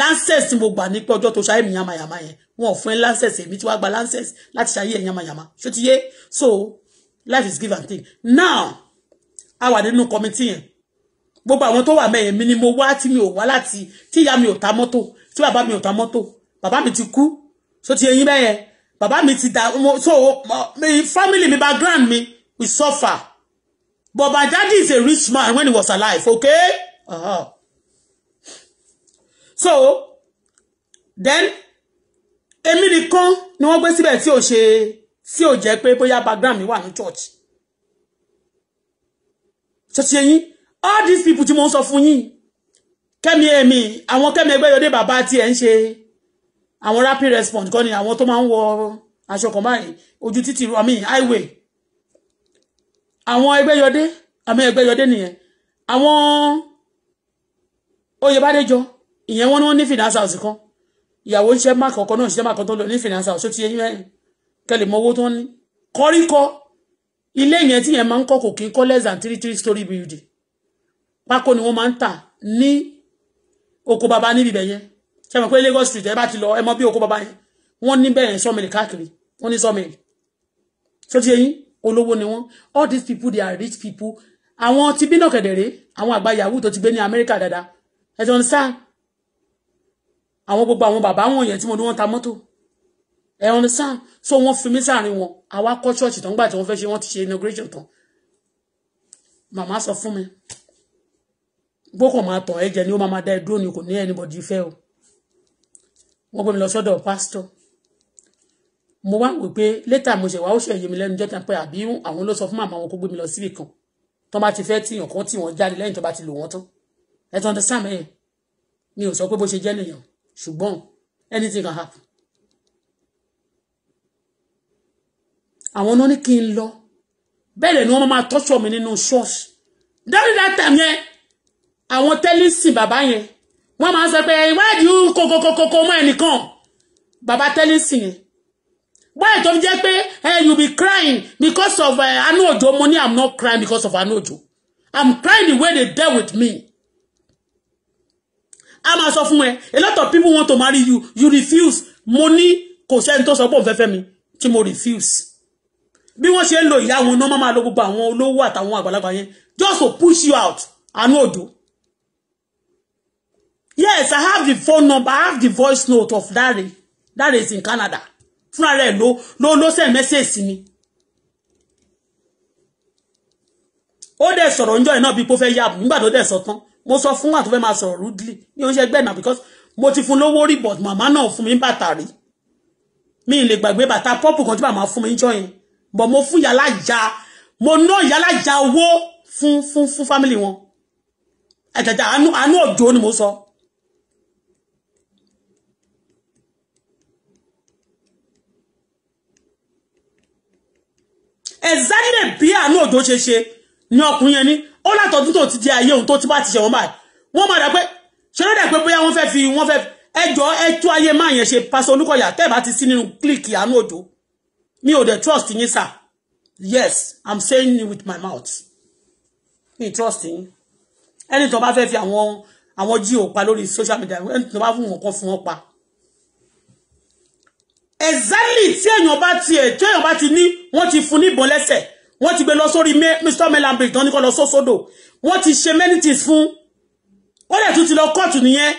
S2: lances tí mo gbà ní pé ọjọ́ tó ṣayé mi yamayama yẹn wọn ò fún ẹ lancers èmi tí wàá gba lancers láti ṣayé ẹ yamayama ṣó ti yé so life is give and take now a wà nínú committee yẹn gbogbo àwọn tó wà mẹ́yẹn mi ni mo wá tí mi ò wá láti tí ìyá mi ò ta mọ́tò tí bàbá mi ò ta mọ́tò bàbá mi ti kú ṣó ti eyín bẹ́yẹn bàbá mi ti da so mi family mi background mi we suffer but my daddy is a rich man when he was alive okay uh -huh. so then èmi nìkan ni wọ́n gbé síbẹ̀ tí ò ṣe tí ò jẹ́ pé bóyá background mi wà ní church church yẹn all these people tí mo ń sọ fún yín kẹ́mi èmi àwọn kẹ́mi ẹgbẹ́ yọdé bàbá tí ẹ̀ ń ṣe àwọn rapid response kan ni àwọn tó máa ń wọ aṣọ kan báyìí ojú títì i mean highway àwọn ẹgbẹ́ yọdé àmì ẹgbẹ́ yọdé nìyẹn àwọn oyè bá dé jọ ìyẹn wọn ni wọn ní finance house kan ìyàwó ń ṣe má kọ̀ọ̀kan náà ń ṣe má kọ̀ọ̀kan tó lọ ní finance house ó ti yẹ yín mẹ́rin kẹlẹ̀ mọ owó tó ń ní kọ́ríkọ́ ilé yẹn tí yẹn máa ń kọ́ kò kí ń kọ́ less than three three story building pákó ni wọ́n máa ń tà ní oko baba níbi ibẹ̀ yẹn ṣe mọ̀ pé Lagos street ẹ bá ti lọ ẹ mọ bí oko baba yẹn wọ́n ní bẹ́ẹ̀ yẹn sọ́mìlì káàkiri wọ́n ní sọ́mìlì ṣó ti yẹ yín olówó ni wọ́n all these people they are rich people àwọn ti bí náà kẹ̀dẹ̀ rèé àwọn àgbà yahoo tó ti gbé ní Amẹ́ríkà dáadáa ẹ̀jọ̀ ń sáà àwọn gbogbo àwọn bàbá wọn yẹn tí mo ní wọ́n ta mọ́tò ẹ understand so wọ́n fi mí sáàrin wọn àwa kọ́ ṣọ́ọ̀ṣì tán gbà tí wọ́n fẹ́ ṣe wọ́n ti ṣe inauguration tán màmá sọ fún mi gbókò máa tàn ẹ jẹ ni ó máa máa dá ẹ dúró ni kò ní anybody fẹ́ o wọ́n gbé mi lọ sọ́dọ̀ pásítọ̀ mo wá wò pé létà mo ṣe wá ó ṣe yé mi lẹ́nu jọ́ta pé àbí àwọn ló sọ fún màmá wọn kó gbé mi lọ síbì kan tó bá ti fẹ́ tìyàn kan tì wọ́n jáde lẹ́yìn tó bá ti lò wọ́n tán ẹ tó understand mẹ́yẹn mi ò sọ pé bó ṣe jẹ́ nìyàn ṣùgbọ́n anything can happen. àwọn náà ní kí n lọ bẹ́ẹ̀ ni wọ́n máa tọ́sọ̀ mi nínú ṣọ́ọ̀ṣì dárí dáta yẹn àwọn tẹ́lísì bàbá yẹn wọ́n máa ń sọ pé ìwádìí kòkòkòkò mọ́ ẹnìkan bàbá tẹ́lísì yẹn why tó fi jẹ́ pé hey, you be crying because of uh, Anu Ojo money I'm not crying because of Anu Ojo I'm crying the way they dealt with me a máa sọ fún ẹ a lot of people want to marry you you refuse mo ní kò sẹ́ni tó sọ pé òun fẹ́ fẹ́ mi tí mo refuse bí wọ́n ṣe ń lo ìyá wọn náà máa lo gbogbo àwọn olówó àtàwọn àgbàlagbà yẹn just to push you out àánú òdo yes i have the phone number i have the voice note of dare dare is in Canada fúnra rẹ̀ ló ló ló send message sí mi ó dẹ̀ sọ̀rọ̀ ńjọ́ ẹ̀ náà bí pé ó fẹ́ yàbù nígbà tó dẹ̀ sọ tán mo sọ fún wa tó fẹ́ máa sọ̀rọ̀ rudely ní oúnjẹ ẹgbẹ́ náà because mo ti fún lówó rí but màmá náà fún mi bàtà rí mi lè gbàgbé bàtà pọ́pù kan tí màmá fún mi jọ yẹn but mo fún yàrá ìjà mo ná yàrá ìjà owó fún fún fún family wọn àjàjà àánú àánú òjò ni mo sọ. ẹ̀zánilẹ̀ bí àánú òjò ṣe ṣe ni ọkùnrin yẹn ní ó látọ̀dún tó ti di ayé òun tó ti bá ti ṣe wọn báyìí wọ́n máa dà pé ṣọlọ́dà pé bóyá wọ́n fẹ́ fi wọ́n fẹ́ ẹjọ́ ẹtú ayé máa yẹn ṣe pásọ Olúkọ̀yà tẹ́ẹ̀ bá ti sí nínú kílíkì àánú òjò mi ò dẹ̀ trust yín sir yes i'm saying it with my mouth mi trust yín ẹni tó bá fẹ́ fi àwọn àwọn jí òpa lórí social media ẹni tó bá fún wọn kan fún wọn pa exactly tí èèyàn bá ti ẹ̀ tí èèyàn bá ti ní wọ́n ti fún níbọn lẹ́sẹ̀ wọ́n ti gbé lọ sórí mr melambrick tán ní kọ́ lọ sósódò wọ́n ti ṣe many things fún ó dẹ̀ tún ti lọ kóòtù nìyẹn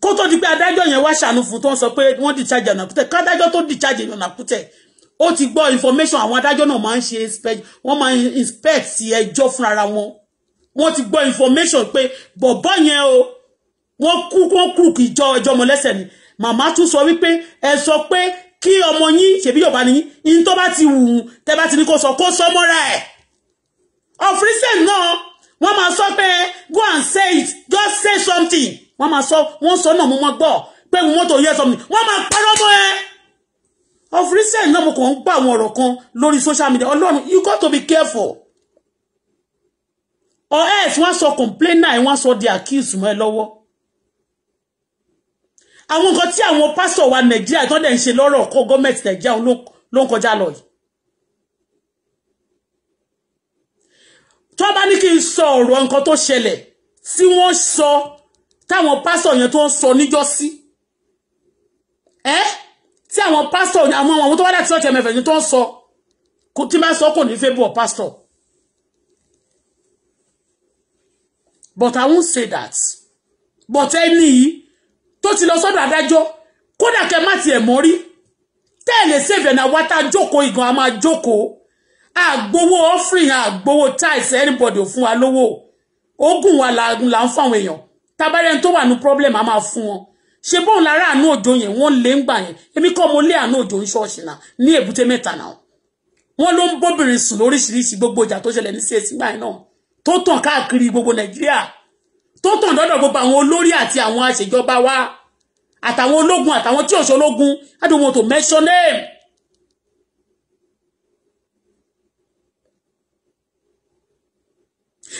S2: kó tó di pé adájọ́ yẹn wá ṣàánú fún tó ń sọ pé wọ́n discharge ọ̀nàkútẹ̀ kádájọ́ tó discharge ọ̀nàkútẹ̀ ó ti gbọ́ information àwọn adájọ́ náà máa ń ṣe wọ́n máa ń inspect ẹjọ́ fúnra wọn wọ́n ti gbọ́ information pé bọ̀bọ́ yẹn o wọ́n kú wọ́n kú kì í jọ ẹjọ́ ọmọ lẹ́sẹ̀ ni màmá tún sọ wípé ẹ sọ pé kí ọmọ yín ṣèbí yorùbá ni yín tó bá ti wù tẹ bá ti ní kó sọ kó sọ mọ́ra ẹ̀ ọ̀fíìsẹ̀ náà wọ́n máa sọ pé go and say it just say something wọ́n máa sọ wọ́n sọ náà mo máa gbọ́ pé mo mọ́tò yẹ something wọ́n máa parọ́ mọ́ ẹ ọ̀fíìsẹ̀ náà mo kàn ń gbọ́ àwọn ọ̀rọ̀ kan lórí social media ọlọ́run you got to be careful or else wọ́n sọ complainer ẹ̀ wọ́n sọ the accused mọ́ ẹ lọ́wọ́ àwọn nǹkan tí àwọn pásítọ̀ wa nàìjíríà tó dẹ̀ ń ṣe lọ́rọ̀ kó gọ́ọ̀mẹ̀tì nàìjíríà ló ń kọjá lọ yìí tó bá ní kí n sọ ọ̀rọ̀ nǹkan tó ṣẹlẹ̀ tí wọ́n sọ táwọn pásítọ̀ yẹn tó ń sọ níjọ́sí ẹ́ tí àwọn pásítọ̀ àwọn àwọn tó wá láti ṣọ́ọ̀ṣì ẹ̀mẹ̀fẹ̀ ni tó ń sọ tí máa sọ kò ní favour pásítọ̀ but I won't say that but ẹni yìí tó ti lọ sọ́dọ̀ adájọ́ kódà kẹ má tiẹ̀ mọ́ rí tẹ́ẹ̀lẹ̀ sèvè náà wá tá a jókòó ìgàn a máa jókòó àgbowó offering àgbowó tithes anybody ò fún wa lówó wa là ń fáwọn èèyàn tabarẹ́ni tó wà ní a máa fún wọn ṣe bóun lára àánú òjò yẹn wọ́n lé ń gbà yẹn èmi kọ́ mo lé àánú òjò ń ṣọ́ọ̀ṣì náà ní èbúté mẹ́ta náà wọ́n ló ń bóbìnrin tó tàn dọ́dọ̀ gbogbo àwọn olórí àti àwọn àṣejọba wa àtàwọn ológun àtàwọn tí òṣò ológun I don't want mention name.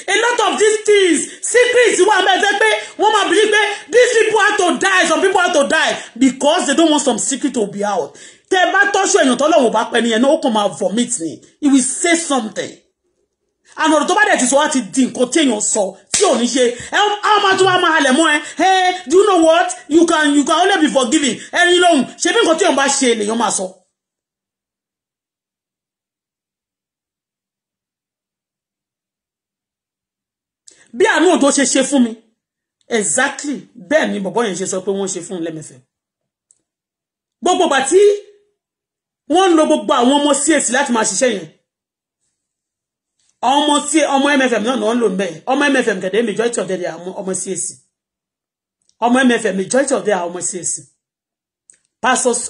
S2: a lot of these things secrets wà mẹ́sẹ̀ pé wọ́n máa believe pé these people have to die some people have to die because they don't want some secret to be out tẹ bá tọ́ṣù èèyàn tọ́lọ́wọ́ bá pẹ́ nìyẹn náà ó kàn máa vomit ni he will say something àná ọ̀rọ̀ tó bá dẹ̀ ti sọ wá ti di nǹkan tí sọ tí ò ní ṣe a máa tún wá máa halẹ̀ mọ́ ẹ ẹ do you know what you can you can only be forgiving ẹni lóhùn ṣe bí nǹkan tí òun bá ṣe lèèyàn máa sọ. bí àánú òjò ṣe ṣe fún mi exactly bẹ́ẹ̀ ni bọ̀bọ́ yẹn ṣe sọ pé wọ́n ṣe fún un lẹ́mẹ̀fẹ́ gbogbo bàtí wọ́n ń lo gbogbo àwọn ọmọ sí láti máa ṣiṣẹ́ yẹn ọmọ tí ọmọ MFM náà náà ń lò ń bẹ́ẹ̀ ọmọ MFM kẹ̀dẹ́ majority of them are ọmọ CAC ọmọ MFM majority of them are ọmọ CAC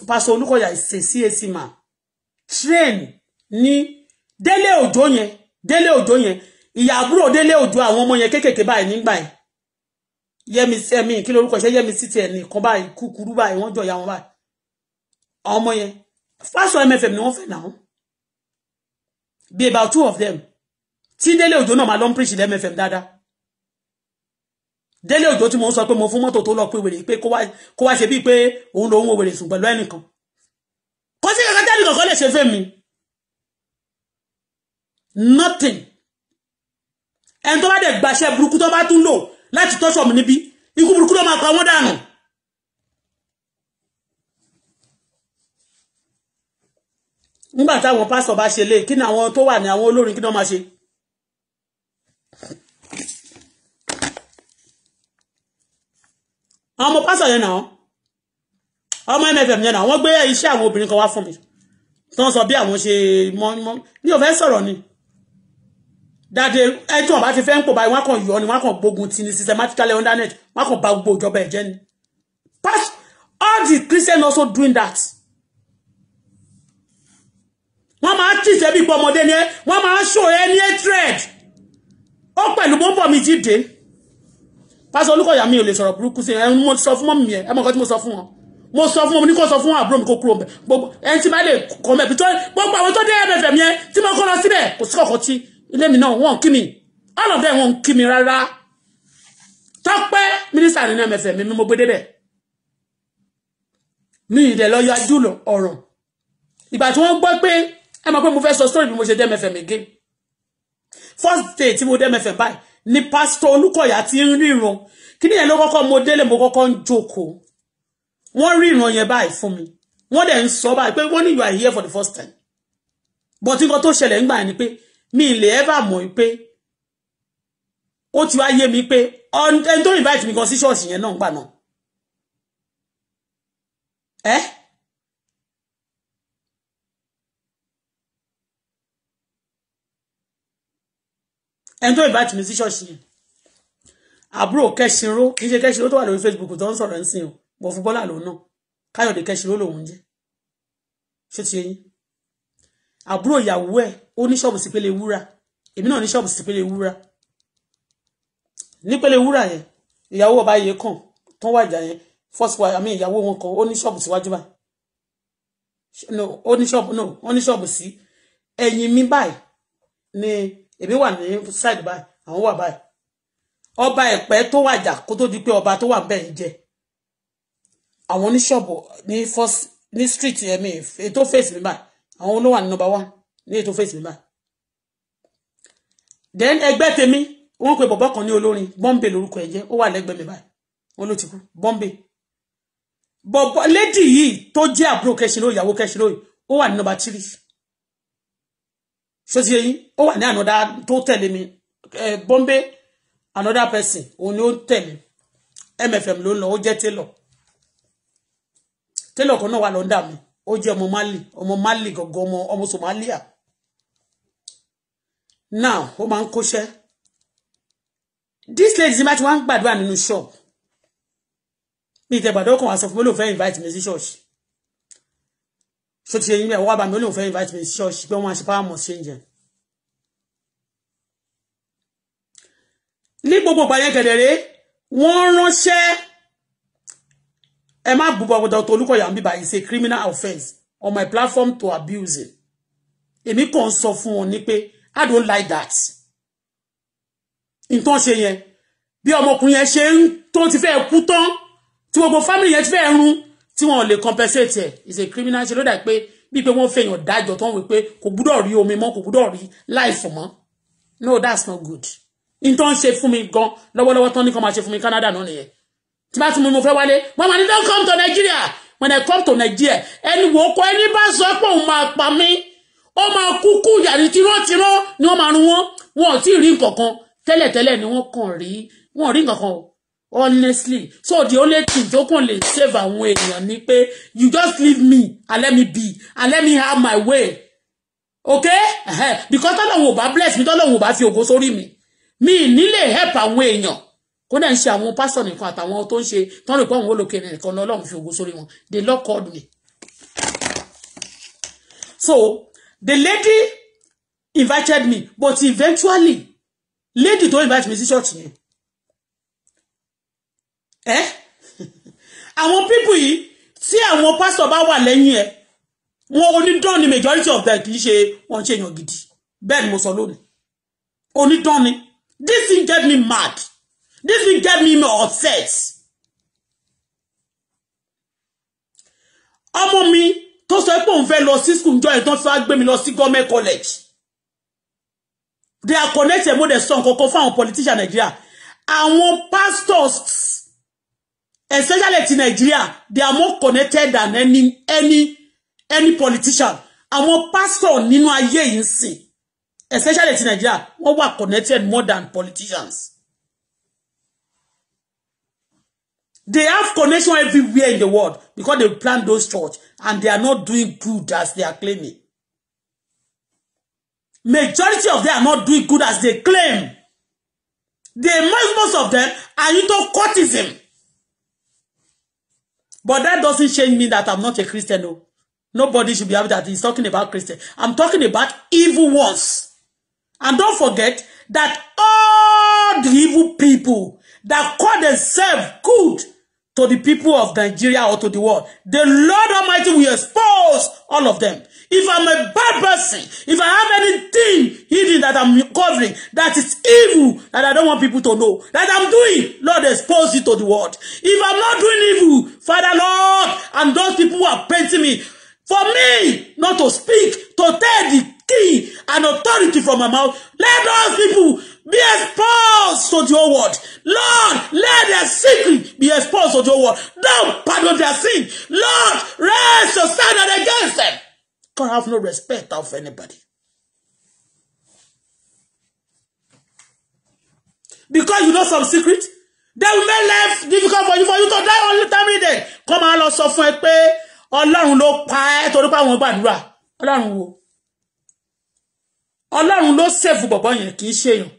S2: pásọ Olúkọ̀yà ṣe CAC ma train ní délé òjò yẹn délé òjò yẹn ìyá àbúrò délé òjò àwọn ọmọ yẹn kéékèèké báyìí nígbà yẹn yẹmi ẹmi kí lorúkọ ṣe yẹmi sí tiẹ̀ nìkan báyìí kúkúrú báyìí wọ́n jọ ìyá wọn báyìí ọmọ yẹn pásọ MFM ni wọ́n fẹ́ náà be about two of them tí délé òjò náà máa lọ ń preach ilẹ̀ mfm dáadáa délé òjò tí mo ń sọ pé mo fún mọ́tò tó lọ pé wèrè pé kó wá ṣe bíi pé òun lòun wo wèrè sùn pẹ̀lú ẹnìkan kò sí kankan tẹ́lẹ̀ kankan lè ṣe fẹ́ mi nothing ẹni tó bá dẹ̀ gbàṣẹ burúkú tó bá tún lò láti tọ́sọ̀ mi níbí ikú burúkú ló máa pa wọ́n dànù. nígbà táwọn pásítọ̀ bá ṣe lé kí ni àwọn tó wà ní àwọn olórin kí ni wọ́n máa ṣe àwọn ọmọ pásọ yẹn náà ọmọ mfm yẹn náà wọ́n gbé iṣẹ́ àwọn obìnrin kan wá fún mi tí wọ́n sọ bí àwọn ṣe mọ ní òfẹ́ sọ̀rọ̀ ni dáadé ẹjọ́ ọba ti fẹ́ ń pò báyìí wọ́n kàn yọ ni wọ́n kàn gbógun ti ni systematically under net wọ́n kàn bà gbogbo ìjọba ẹ̀jẹ̀ ni all the Christians also doing that wọ́n máa ń tìṣẹ́ bí pọ̀ ọmọdé ni wọ́n máa ń ṣòro ẹni hatred ó pẹ̀lú bó ń bọ̀ mi jíde pásọ Olúkọ̀yà mi ò lè sọ̀rọ̀ burúkú sí ẹni mo sọ fún mọ́ mi ẹ ẹ mọ̀ nǹkan tí mo sọ fún wọn mo sọ fún wọn mo ní kó sọ fún àbúrò mi kó kúrò gbogbo ẹni tí bá lè kọ́ mẹ́bi tó gbogbo àwọn tó dé ẹ̀fẹ̀fẹ̀ mi yẹn tí mo kọ́ lọ síbẹ̀ kò sí kọ̀ọ̀kan tí ilé mi náà wọ́n kí mi all of them wọ́n kí mi rárá tọ́pẹ́ mínísítà nínú ẹ̀mẹ̀fẹ̀ mi mo gbé débẹ̀ mi ìdẹ̀ lọ yọ ajú ọ̀rọ̀ ìgbà tí wọ́n gbọ́ pé ẹ mọ̀ pé mo fẹ́ sọ story bí mo ṣe dé ẹ̀mẹ̀fẹ̀ mi game first day tí mo dé mẹ́fẹ̀ báyìí ni pásítọ̀ Olúkọ̀yà ti ń ríran kí ni yẹn ló kọ́kọ́ mo délé mo kọ́kọ́ ń jókòó wọ́n ríran yẹn báyìí fún mi wọ́n dẹ̀ ń sọ báyìí pé wọ́n ní you are here for the first time but nǹkan tó ṣẹlẹ̀ ńgbà ni pé mi ì lè ever mọ̀ pé ó ti wá yé mi pé ẹni tó invite mi gan sí ṣọ́ọ̀ṣì yẹn náà ń gbà náà ẹ́ eh? ẹni tó invite mi sí ṣọ́ọ̀ṣì yẹn àbúrò kẹsìnró kì í ṣe kẹsìnró tó wà lórí Facebook tó ń sọ̀rọ̀ ń sìn o bọ̀ fún bọ́lá lòun náà káyọ̀dé kẹsìnró lòun jẹ́ ṣó ti yẹn àbúrò ìyàwó ẹ̀ ó ní ṣọ́ọ̀bù sí pélé wúrà èmi náà ní ṣọ́ọ̀bù sí pélé wúrà ní pélé wúrà yẹn ìyàwó ọba yẹn kàn tó wàjà yẹn first wife àmì ìyàwó wọn kan ó ní ṣọ́ọ̀bù síwájú báyìí no ó ní no ó ní ṣọ́ọ̀bù sí ẹ̀yìn mi báyìí ni èmi wà ní side báyìí àwọn wà báyìí ọba ẹ̀pẹ́ tó wàjà kó tó di pé ọba tó wà ń bẹ̀ yìí jẹ àwọn oníṣọ́ọ̀bù ní first ní street ẹ̀mí ètò fèsì mi báyìí àwọn olówà ní number one ní ètò face mi báyìí then ẹgbẹ́ tèmi wọ́n pe bọ̀bọ́ kan ní olórin bọ́m̀bẹ̀ lórúkọ ẹ̀ jẹ́ ó wà lẹ́gbẹ̀ẹ́ mi báyìí wọ́n ló ti kú bọ́m̀bẹ̀ bọ̀bọ́ lédì yìí tó jẹ́ àbúrò kẹ́sìlóyè ìyàwó kẹ́sìlóyè ó wà ní number three ṣé ti yẹyin ó wà ní ànádá tó tẹ̀lé mi Bombay another person òun ni ó tẹ̀lé MFM ló ń lọ ó jẹ́ tailor tailor kan náà wà lọ́ndà mi ó jẹ́ ọmọ Mali ọmọ Mali gangan ọmọ ọmọ Somalia now ó máa ń kóṣẹ́ this lady zimba ti wá ń gbàdúrà nínú shop mi ìtẹ̀gbàdọ́ kan wá sọ fún mi ló fẹ́ invite me sí ṣọ́ọ̀ṣì So ti ṣe yín bẹ́ẹ̀ wá bá mi ó lóun fẹ́ invite me ṣọ́ọ̀ṣì pé wọ́n á ṣe power must change yẹn. ní gbogbo ìgbà yẹn kẹ̀dẹ̀rẹ́ wọ́n ránṣẹ́ ẹ má bùbọ̀ ọ̀dọ̀ tó olúkọ̀yà ń bíbá it's a criminal offence on my platform to abuse Emi èmi kàn ń sọ fún wọn I don't like that nǹkan ṣe yẹn bí ọmọkùnrin yẹn ṣe ń tó ti fẹ́ kú tán tí gbogbo family yẹn ti fẹ́ run tí wọn lè compensate ẹ̀ is a criminal ṣe ló dà pé bíi pé wọ́n fẹ̀yàn dájọ́ tó ń wí pé kò gbúdọ̀ rí omi mọ́ kò gbúdọ̀ rí life mọ́ no that's not good n tó ń ṣe fún mi gan lọ́wọ́lọ́wọ́ tán ní kan máa ṣe fún mi Canada náà nìyẹn tí bá ti mú mi fẹ́ wálé wọ́n máa ní don't come to Nigeria when I come to Nigeria ẹni wò ó kọ ẹni bá sọ pé òun máa pa mí ó máa kúkú yàrá tirọ́tirọ́ ni wọ́n máa run wọn wọn ò tí ì rí nǹkan kan tẹ́lẹ̀tẹ́lẹ̀ ni wọ́n kàn rí wọn ò rí nǹkan kan o honestly so the only thing tó kàn lè save àwọn èèyàn ni pé you just leave me and let me be and let me have my way okay uh-huh. because tọ́lọ́wọ́ ò bá bless mi tọ́lọ́wọ́ ò bá fi ògo sórí mi mi nílè help àwọn èèyàn kódà ń ṣe àwọn pásítọ̀ nìkan àtàwọn tó ń ṣe tán rè pé àwọn olókè nìkan náà ọlọ́run fi ògo sórí wọn the Lord called me so the lady invited me but eventually lady tó invite me sí church yẹn ẹ́ àwọn pípù yìí tí àwọn pásítọ̀ bá wà lẹ́yìn ẹ̀ wọn onídán ni majority of them kì í ṣe wọn ṣe èèyàn gidi bẹ́ẹ̀ ni mo sọ lónìí onídán ni this thing get me mad this thing get me upset. ọmọ mi tó sọ pé òun fẹ́ lọ sí school njọ́ ẹ̀ tán fẹ́ gbé mi lọ sí government college they are connected mo dẹ̀ sọ nǹkan kan fún àwọn politician Nigeria àwọn pastors especially in Nigeria they are more connected than any any any politician àwọn pastor nínú ayé yìí ń sìn especially in Nigeria we are connected more than politicians they have connection everywhere in the world because they plant those church and they are not doing good as they are claiming majority of them are not doing good as they claim The most of them are into cultism But that doesn't change me that I'm not a Christian. No. Oh. Nobody should be happy that he's talking about Christian. I'm talking about evil ones. And don't forget that all the evil people that call themselves good to the people of Nigeria or to the world. The Lord Almighty will expose all of them. If I'm a bad person, if I have anything hidden that I'm covering, that is evil, that I don't want people to know, that I'm doing, Lord, expose it to the world. If I'm not doing evil, Father, Lord, and those people who are painting me, for me not to speak, to tell the king and authority from my mouth. Let those people be exposed to your word. Lord, let their secret be exposed to your word. Don't pardon their sin. Lord, raise your standard against them. God have no respect of anybody. Because you know some secret, they will make life difficult for you for you to die only time in there. Kọ́ máa lọ sọ fún ẹ pé Ọlọ́run ló pa ẹ́ torí pé àwọn gbàdúrà. Ọlọ́run wo? ọlọ́run ló sèfù bọ̀bọ̀ yẹn kì í ṣe èèyàn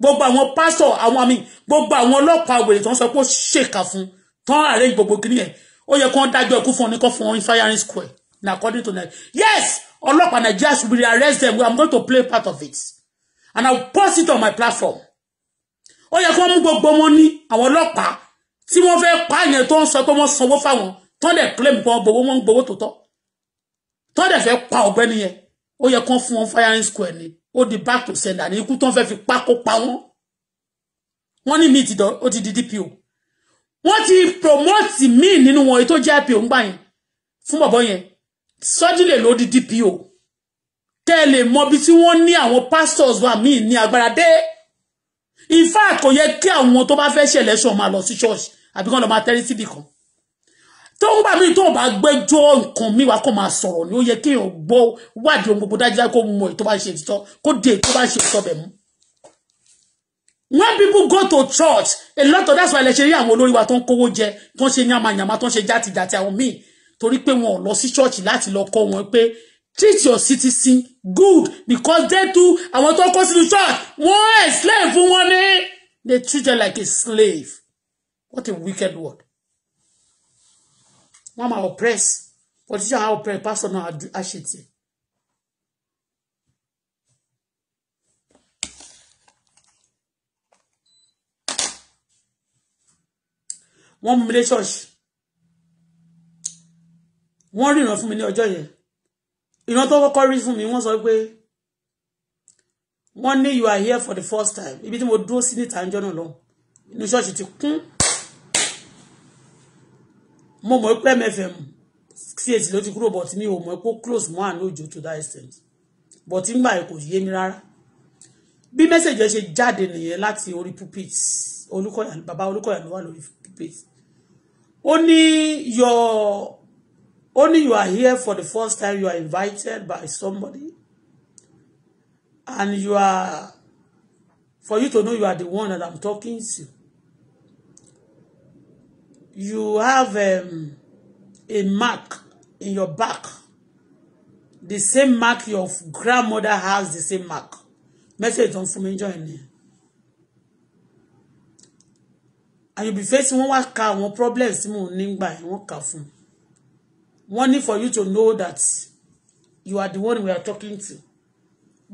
S2: gbogbo àwọn pásítọ̀ àwọn àmì gbogbo àwọn ọlọ́pàá wèrè tó ń sọ pé ó ṣèkà fún tán àárẹ̀ gbogbo kìíní yẹn ó yẹ kó ń dájọ́ ikú fún ọ fún ọ firing square na according to Nigeria yes ọlọ́pàá Nigeria should be arrest them I'm going to play part of it and I will post it on my platform ó yẹ kó mú gbogbo wọn ní àwọn ọlọ́pàá tí wọ́n fẹ́ pa yẹn tó ń sọ pé wọ́n sanwó fáwọn tán dẹ̀ claim pé wọ́n gbowó wọ́n gbowó tó tọ́ tán dẹ̀ fẹ́ pa ọ̀gbẹ́ni yẹn ó yẹ kán fún wọn firing square ni ó di back to sender ní ikú tó ń fẹ́ fi pákó pa wọ́n wọ́n ní mi ti dọ̀ ó ti di DPO wọ́n ti promote mi nínú wọn ètò jẹ́ IPO ńgbà yẹn fún bọ̀bọ̀ yẹn suddenly ló di DPO tẹ́ ẹ lè mọ bí tí wọ́n ní àwọn pastors wa míì ní agbára dé in fact kò yẹ kí àwọn tó bá fẹ́ ṣe election máa lọ sí church àbí kán lọ máa tẹ́rí síbì kan tó ń gbà mí tó ń bá gbẹ́jọ́ nǹkan mi wá kó máa sọ̀rọ̀ ni ó yẹ kí èèyàn gbọ́ wádìí ohun gbogbo dájúdájú kó mọ ètò bá ṣe ìtọ́ kó dé ètò bá ṣe ìtọ́ bẹ̀ mú. when people go to church a lot of that's why ẹlẹ́ṣẹ̀ rí àwọn olórí wa tó ń kówó jẹ tó ń ṣe yamayama tó ń ṣe játijàti àwọn míì torí pé wọn ò lọ sí church láti lọ kọ́ wọn pé treat your citizen good because they too àwọn tó kó sínú church wọ́n ẹ̀ slave fún wọn ní they treat them like a slave what a wicked word wọ́n máa oppress politician á oppress pastor náà á ṣe tiẹ̀. wọ́n mú mi dé ṣọ́ọ̀ṣì wọ́n ríran fún mi ní ọjọ́ yẹn ìran tó kọ́kọ́ rí fún mi wọ́n sọ pé wọ́n ní you are here for the first time ibi tí mo dúró sí níta ń jọ́nà lọ inú ṣọ́ọ̀ṣì ti kún mo mọ̀ pé mfm ch ló ti kúrò but mi ò mọ̀ pé close mọ́ àná òjò to that extent but nígbà yẹn kò yé mi rárá bí mẹ́sẹ̀jì ẹ ṣe jáde nìyẹn láti orí pulpit olùkọ́yà bàbá olùkọ́yà ló wà lórí pulpit ó ní your ó ní you are here for the first time you are invited by somebody and you are for you to know you are the one that I'm talking to you have um, a mark in your back the same mark your grandmother has the same mark message don fún mi join and you'll be facing one car, one problem. problems tí mò ń nígbà yẹn for you to know that you are the one we are talking to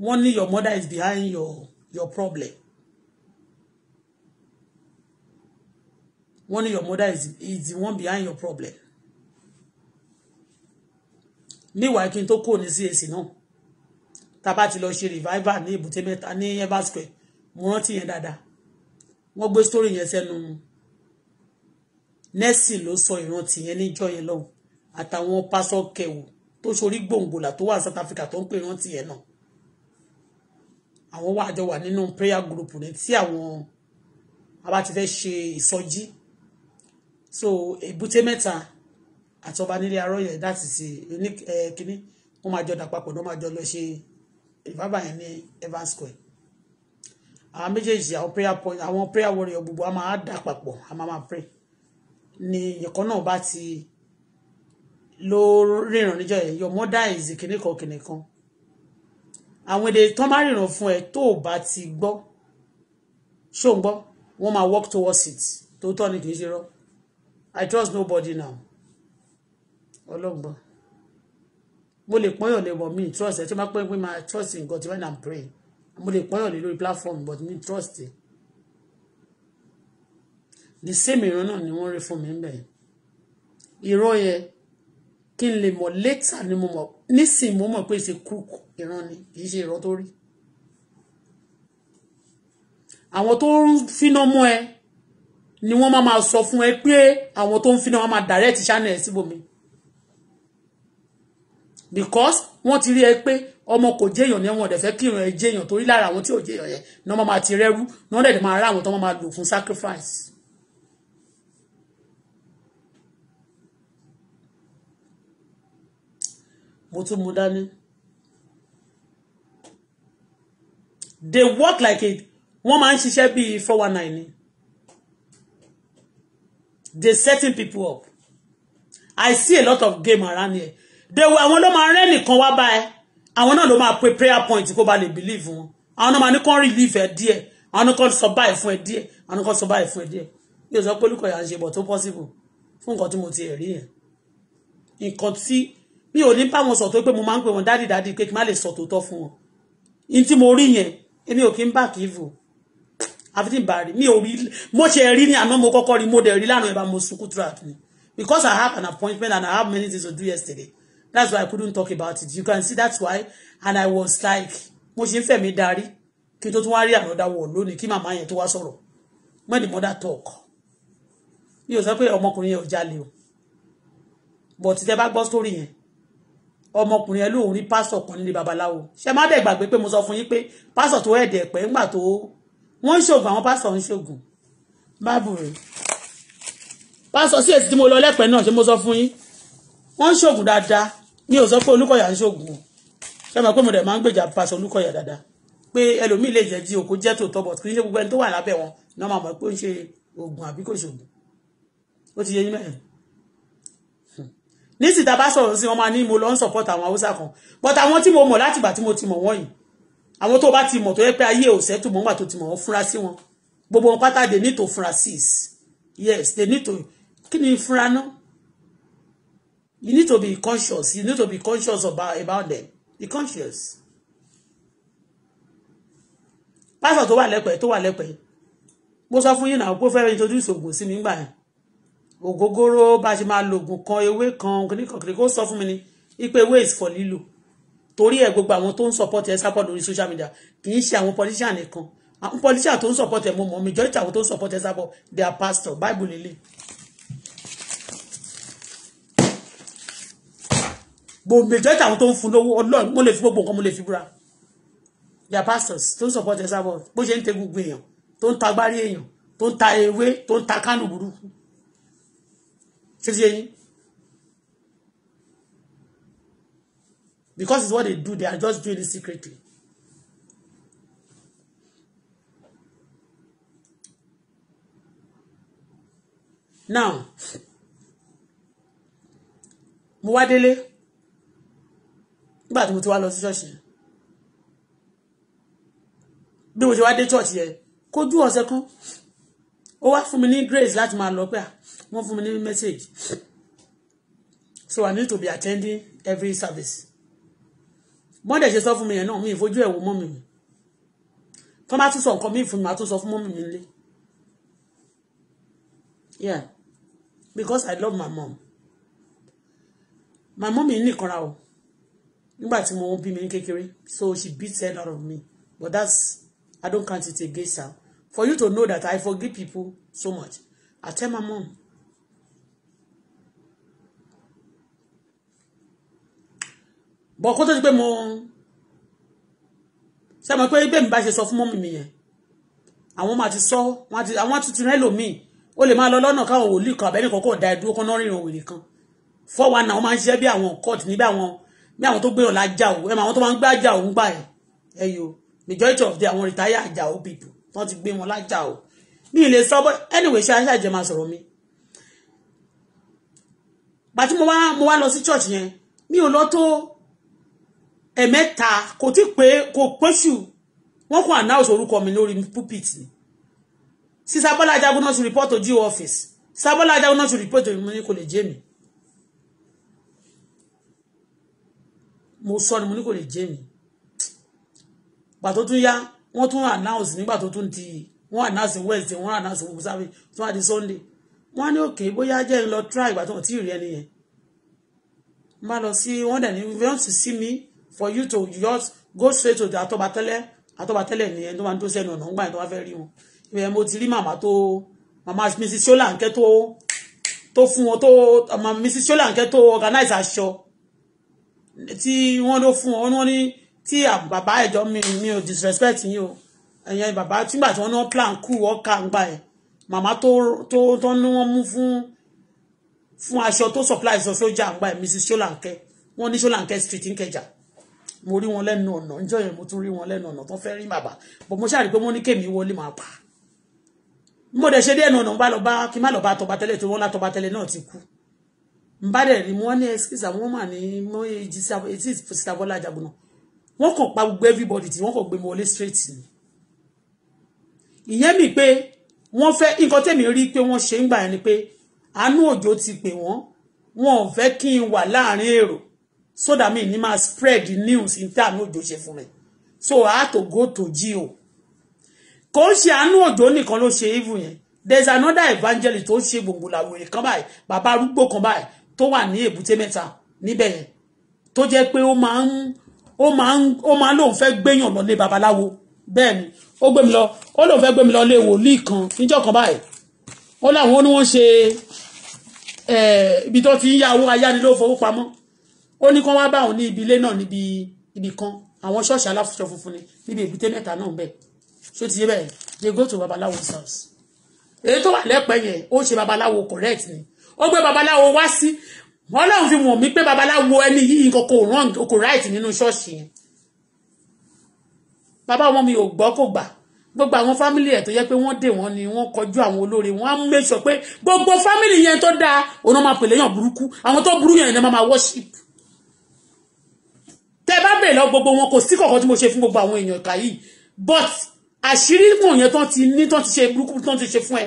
S2: wọn your mother is behind your your problem warning your mother is, is the one behind your problem. Meanwhile, kí n tó kúrò ní CAC náà, tá a bá ti lọ ṣe revival ní Èbúté Mẹ́ta ní Evans Square, mo rántí yẹn dáadáa. Wọ́n gbé story yẹn sẹ́nu. Nẹ́sì ló sọ ìrántí yẹn níjọ́ yẹn lọ́hùn. Àtàwọn pásọ kẹwò tó ṣorí gbòǹgbòlà tó wà South Africa tó ń pè ìrántí yẹn náà. Àwọn wà àjọ wà nínú prayer group ní tí àwọn a bá ti fẹ́ ṣe ìsọjí. So so èbúté mẹ́ta àtọba nílé arọ́yẹ láti ṣe oní kínní wọ́n máa jọ dàpapọ̀ náà máa jọ lọ ṣe ìfábà yẹn ní Evans Square àwọn méjèèjì àwọn prayer point àwọn prayer warrior gbogbo a máa dà papọ̀ a máa máa pray ni ìkan náà bá ti ló ríran níjọ yẹn your mother is kìnìkan kìnìkan àwọn èdè tán máa ríran fún ẹ tó o bá ti gbọ́ ṣó ń gbọ́ wọ́n máa work towards it tó tọ́ ni kì í ṣe rọ́ọ́. I trust nobody now ọlọ́gbọ́n mo lè pọ́nyàn lè wọ̀ mí trust ẹ̀ tí wọ́n pẹ́ pé trust in God when I'm praying mo lè pọ́nyàn lè lórí platform but me, trust ẹ̀ the same ìran náà ni wọ́n rí fún mi ń bẹ̀ ìran yẹn kí n lè mọ̀ later ni mo mọ̀ nísìnyí mo mọ̀ pé ṣe crook
S1: ìran ni kì í ṣe ìran tó rí
S2: àwọn tó ń finá mọ́ ẹ ni wọ́n máa sọ fún ẹ pé àwọn tó ń fi náà máa direct channel síbòmí because wọ́n ti rí ẹ pé ọmọ kò jéèyàn ní ẹ̀wọ̀n ọ̀dẹ̀fẹ́ kí ìrìn ẹ jéèyàn torí lára àwọn tí ò jéèyàn yẹn náà máa ti rẹ́rú náà dẹ̀ máa rá àwọn tó máa lò fún sacrifice. mo tún mu dání. they work like it wọ́n máa ń ṣiṣẹ́ bíi four one nine ni they setting people up I see a lot of game around here they were àwọn ló máa rẹ́ nìkan wá báyìí àwọn náà ló máa pe prayer point kó ba lè believe wọn àwọn náà máa ní kán relief ẹ díẹ̀ àwọn náà kán sọ báyìí fún ẹ díẹ̀ àwọn náà kán sọ báyìí fún ẹ díẹ̀ yóò sọ pé olùkọ́ yà ń ṣe bọ̀ tó possible fún nǹkan tí mo ti rí yẹn nǹkan tí mi ò ní bá wọn sọ tó pé mo máa ń pè wọn dádì dádì pé kí n má lè sọ tòótọ́ fún wọn ní tí mo rí yẹn èmi ò kí ń back evil Everything tí n bá rí mi ò rí mo ṣe rí ní àná mo kọ́kọ́ rí mo dẹ̀ rí lánàá ìbá mo sunkún ni because I have an appointment and I have many things to do yesterday that's why I couldn't talk about it you can see that's why and I was like mo ṣe ń fẹ̀mí darí kí n tó tún wá rí another word lónìí kí màmá yẹn tó wá when the mother talk mi ò sọ pé ọmọkùnrin yẹn ò jalè o but tẹ bá gbọ́ story yẹn ọmọkùnrin yẹn lóun rí pásọ̀ kan nílé babaláwo ṣe má dẹ̀ gbàgbé pé mo sọ fún yín pé pásọ̀ tó ẹ̀dẹ̀ pẹ́ ńgbà tó wọ́n ń ṣògùn àwọn pásọ̀ ń ṣògùn báàbù rẹ̀ pásọ̀ sí èsì tí mo lọ lẹ́pẹ̀ẹ́ náà ṣe mo sọ fún yín wọ́n ń ṣògùn dáadáa mi ò sọ pé Olúkọ̀yà ń ṣògùn o ṣé mo pé mo dẹ̀ máa ń gbèjà pásọ̀ Olúkọ̀yà dáadáa pé ẹlòmíì lè jẹ́ tí òkú jẹ́ tòótọ́ bọ̀ kì í ṣe gbogbo ẹni tó wà lábẹ́ wọn náà máa mọ̀ pé ó ń ṣe oògùn àbí kò ṣògùn ó ti yé yín mẹ́rin nísìta bá sọ̀rọ̀ sí wọn máa ní mo lọ ń support àwọn haúsá kan but àwọn tí mo mọ̀ látìgbà tí mo ti mọ̀ wọ́n yìí àwọn tó bá ti mọ̀ tó yẹ pé ayé ò sẹ́tù mọ́ngbà tó ti mọ̀ wọ́n fúnra sí wọn gbogbo wọn pátá they need to fúnra six yes they need to kí ni fúnra náà you need to be conscious you need to be conscious about about them be conscious pásọ̀ tó wà lẹ́pẹ́ tó wà lẹ́pẹ́ mo sọ fún yín náà pé fẹ́ẹ́ introduce oògùn sí mi gbà yẹn ògógóró bá ṣe máa lo oògùn kan ewé kan kìnnìkan kìnnìkan ó sọ fún mi ni ipe ewé for lílò torí ẹ gbogbo àwọn tó ń support ẹ sápọ̀ lórí social media kì í ṣe àwọn politician nìkan àwọn politician tó ń support ẹ mo mọ̀ majority àwọn tó ń support ẹ sápọ̀ they are pastor bible lélẹ̀. gbogbo majority àwọn tó ń fún lówó ọlọ́run mo lè fi gbogbo nǹkan mo lè fi búra they pastors tó ń support ẹ sápọ̀ bó ṣe ń tẹ gbogbo èèyàn tó ń ta agbárí èèyàn tó ń ta ewé tó ń ta kánù burúkú ṣe ti yín Because it's what they do, they are just doing it secretly. Now, mo wá délé nígbà tí mo ti wá lọ sí ṣọ́ọ̀ṣì bí mo ti wá dé ṣọ́ọ̀ṣì yẹn kó dú ọ̀sẹ̀ kan ó wá fún mi ní grace láti máa lọ pé à wọ́n fún mi ní message so I need to be attending every service bọ́ndẹ̀ ṣe sọ fún mi yẹn náà mi ìfojú ẹ̀ wò mọ́ mi tó bá tún sọ nǹkan míì fún mi màá tún sọ fún mọ́mì mi nílé yeah because I love my mom my mom nìkan ra o nígbà tí mo bí mi ní kékeré so she beat hell out of me but that's I don't count it against her for you to know that I forgive people so much I tell my mom bọ̀ kó tó di pé mo ṣe mọ̀ pé bẹ́ẹ̀ mi bá ṣe sọ fún mọ́mì mi yẹn àwọn máa ti sọ àwọn ti tún ẹlòmíì ó lè máa lọ lọ́nà káwọn wòlíì kan àbẹ́ni kọ́kọ́ da ẹ̀dúró kan náà rìnrìn òwìrì kan four one náà wọ́n máa ń ṣiṣẹ́ bí àwọn court ní bí àwọn bí àwọn tó gbé ọ̀la jà ó ẹ̀ mọ̀ àwọn tó máa ń gbá jà ó ń gbà ẹ̀ ẹ̀ yo majority of the àwọn retire àjà ó people wọ́n ti gbé wọn lájà ó mi ì lè sọ bọ́ anyway ṣe aṣáájẹ máa sọ̀rọ̀ mi gbàtí mo wá lọ sí church yẹn mi ò lọ tó ẹ̀mẹ́ta kò tí pé kò pọ́ṣù wọ́n kò announce orúkọ mi lórí pulpit ni sísá bọ́lá ajagun náà ti report to due office sísá bọ́lá ajagun náà ti report to mi ní kò lè jẹ́ mi mo sọ ni mo ní kò lè jẹ́ mi gbà tó tún yá wọ́n tún announce nígbà tó tún di wọ́n announce wednesday wọ́n announce gbogbo sáré tó wá sunday wọ́n á ní òkè bóyá jẹ́ ń lọ try ìgbà tó wọ́n ti rí ẹni yẹn má lọ sí wọ́n dẹ̀ ní wọ́n sì sí mi for you to just go straight to atọ́batẹ́lẹ̀ atọ́batẹ́lẹ̀ ni ẹni tó máa ń dó sẹ́nu ọ̀nà ńgbà tó wá fẹ́ rí wọn ibẹ̀ mo ti rí màmá tó màmá mrs ṣọ́làǹkẹ́ tó tó fún wọn tó màmá mrs ṣọ́làǹkẹ́ tó organize aṣọ tí wọ́n ló fún wọn wọ́n ní tí bàbá ẹ̀jọ́ mi mi ò disrespect yín o ẹ̀yẹn bàbá tígbà tí wọ́n ní wọ́n plan kú ọ̀ka ńgbà ẹ̀ màmá tó tó tó ní wọ́n mú fún fún aṣọ tó supply sọ sójà ńgbà ẹ̀ mrs ṣọ́làǹkẹ́ wọ́n ní ṣọ́làǹkẹ́ street ńkẹjà mo rí wọn lẹ́nu ọ̀nà níjọ́ yẹn mo tún rí wọn lẹ́nu ọ̀nà tó fẹ́ rí bàbá bọ̀ mo ṣàrí pé wọ́n ní kémi wọlé máa pa mo dẹ̀ ṣe dé ẹnu ọ̀nà ń bá lọ bá kí n má lọ bá tọba tẹ́lẹ̀ tó wọ́n lá tọba tẹ́lẹ̀ náà ti kú n bá dẹ̀ rí wọ́n ní excuse àwọn mà ní mọ́ èjì sísá bọ́lá àjàgbọ́n wọ́n kàn pa gbogbo everybody tí wọ́n kàn gbé mi wọlé straight ni ìyẹn mi pé wọ́n fẹ́ nǹkan tẹ̀mí rí pé wọ́n ṣe ń gbà yẹn ni pé àánú òjò ti pè wọ́n wọn ò fẹ́ kí n wà láàrin èrò so that mean ni ma spread the news in town òjò ṣe fún mi so i had to go to geo kò ṣe àánú òjò nìkan ló ṣe even yẹn there's another evangelist tó ṣe gbogbo làwèrè kan báyìí Baba. arúgbó kan báyìí tó wà ní èbúté mẹ́ta níbẹ̀ yẹn To je pé o máa o ó o ń lo máa ń lóun fẹ́ gbéyàn lọ lé babaláwo ni ó gbé mi lo. O lo fẹ́ gbe mi lọ lé wòlíì kan níjọ́ kan báyìí ó láwọn won ní wọ́n ṣe eh, ibi tó ti ń ni lo ayánilówó fowópamọ́ ó ní kán wá bá òun ní ibi ilé náà níbi ibì kan àwọn ṣọ́ọ̀ṣì aláfọṣọ funfun ni níbi èbúté mẹ́ta náà bẹ́ẹ̀ ṣó ti yé bẹ́ẹ̀ they go to babaláwo house èyí tó wà lẹ́pẹ́ yẹn ó ṣe babaláwo correct ni ó gbé babaláwo wá sí ọlọ́run fi mọ̀ mí pé babaláwo ẹni yìí nǹkan kò wrong kò right nínú ṣọ́ọ̀ṣì yẹn bàbá ọmọ mi ò gbọ́ kò gbà gbogbo àwọn fámìlì ẹ̀ tó yẹ pé wọ́n dè wọ́n ni wọ́n kọjú àwọn olóore wọ́n á make sure pé gbogbo fámìlì yẹn tó dáa òun máa pèlè yàn burúkú àwọn tó burú yẹn ni wọ́n máa worship tẹ bá bẹ̀rẹ̀ lọ gbogbo wọn kò sí kọ̀ọ̀kan tí mo ṣe fún gbogbo àwọn èèyàn ìka yìí but àṣírí wọ̀nyẹn tán ti ní tán ti ṣe burúkú tán ti ṣe fún ẹ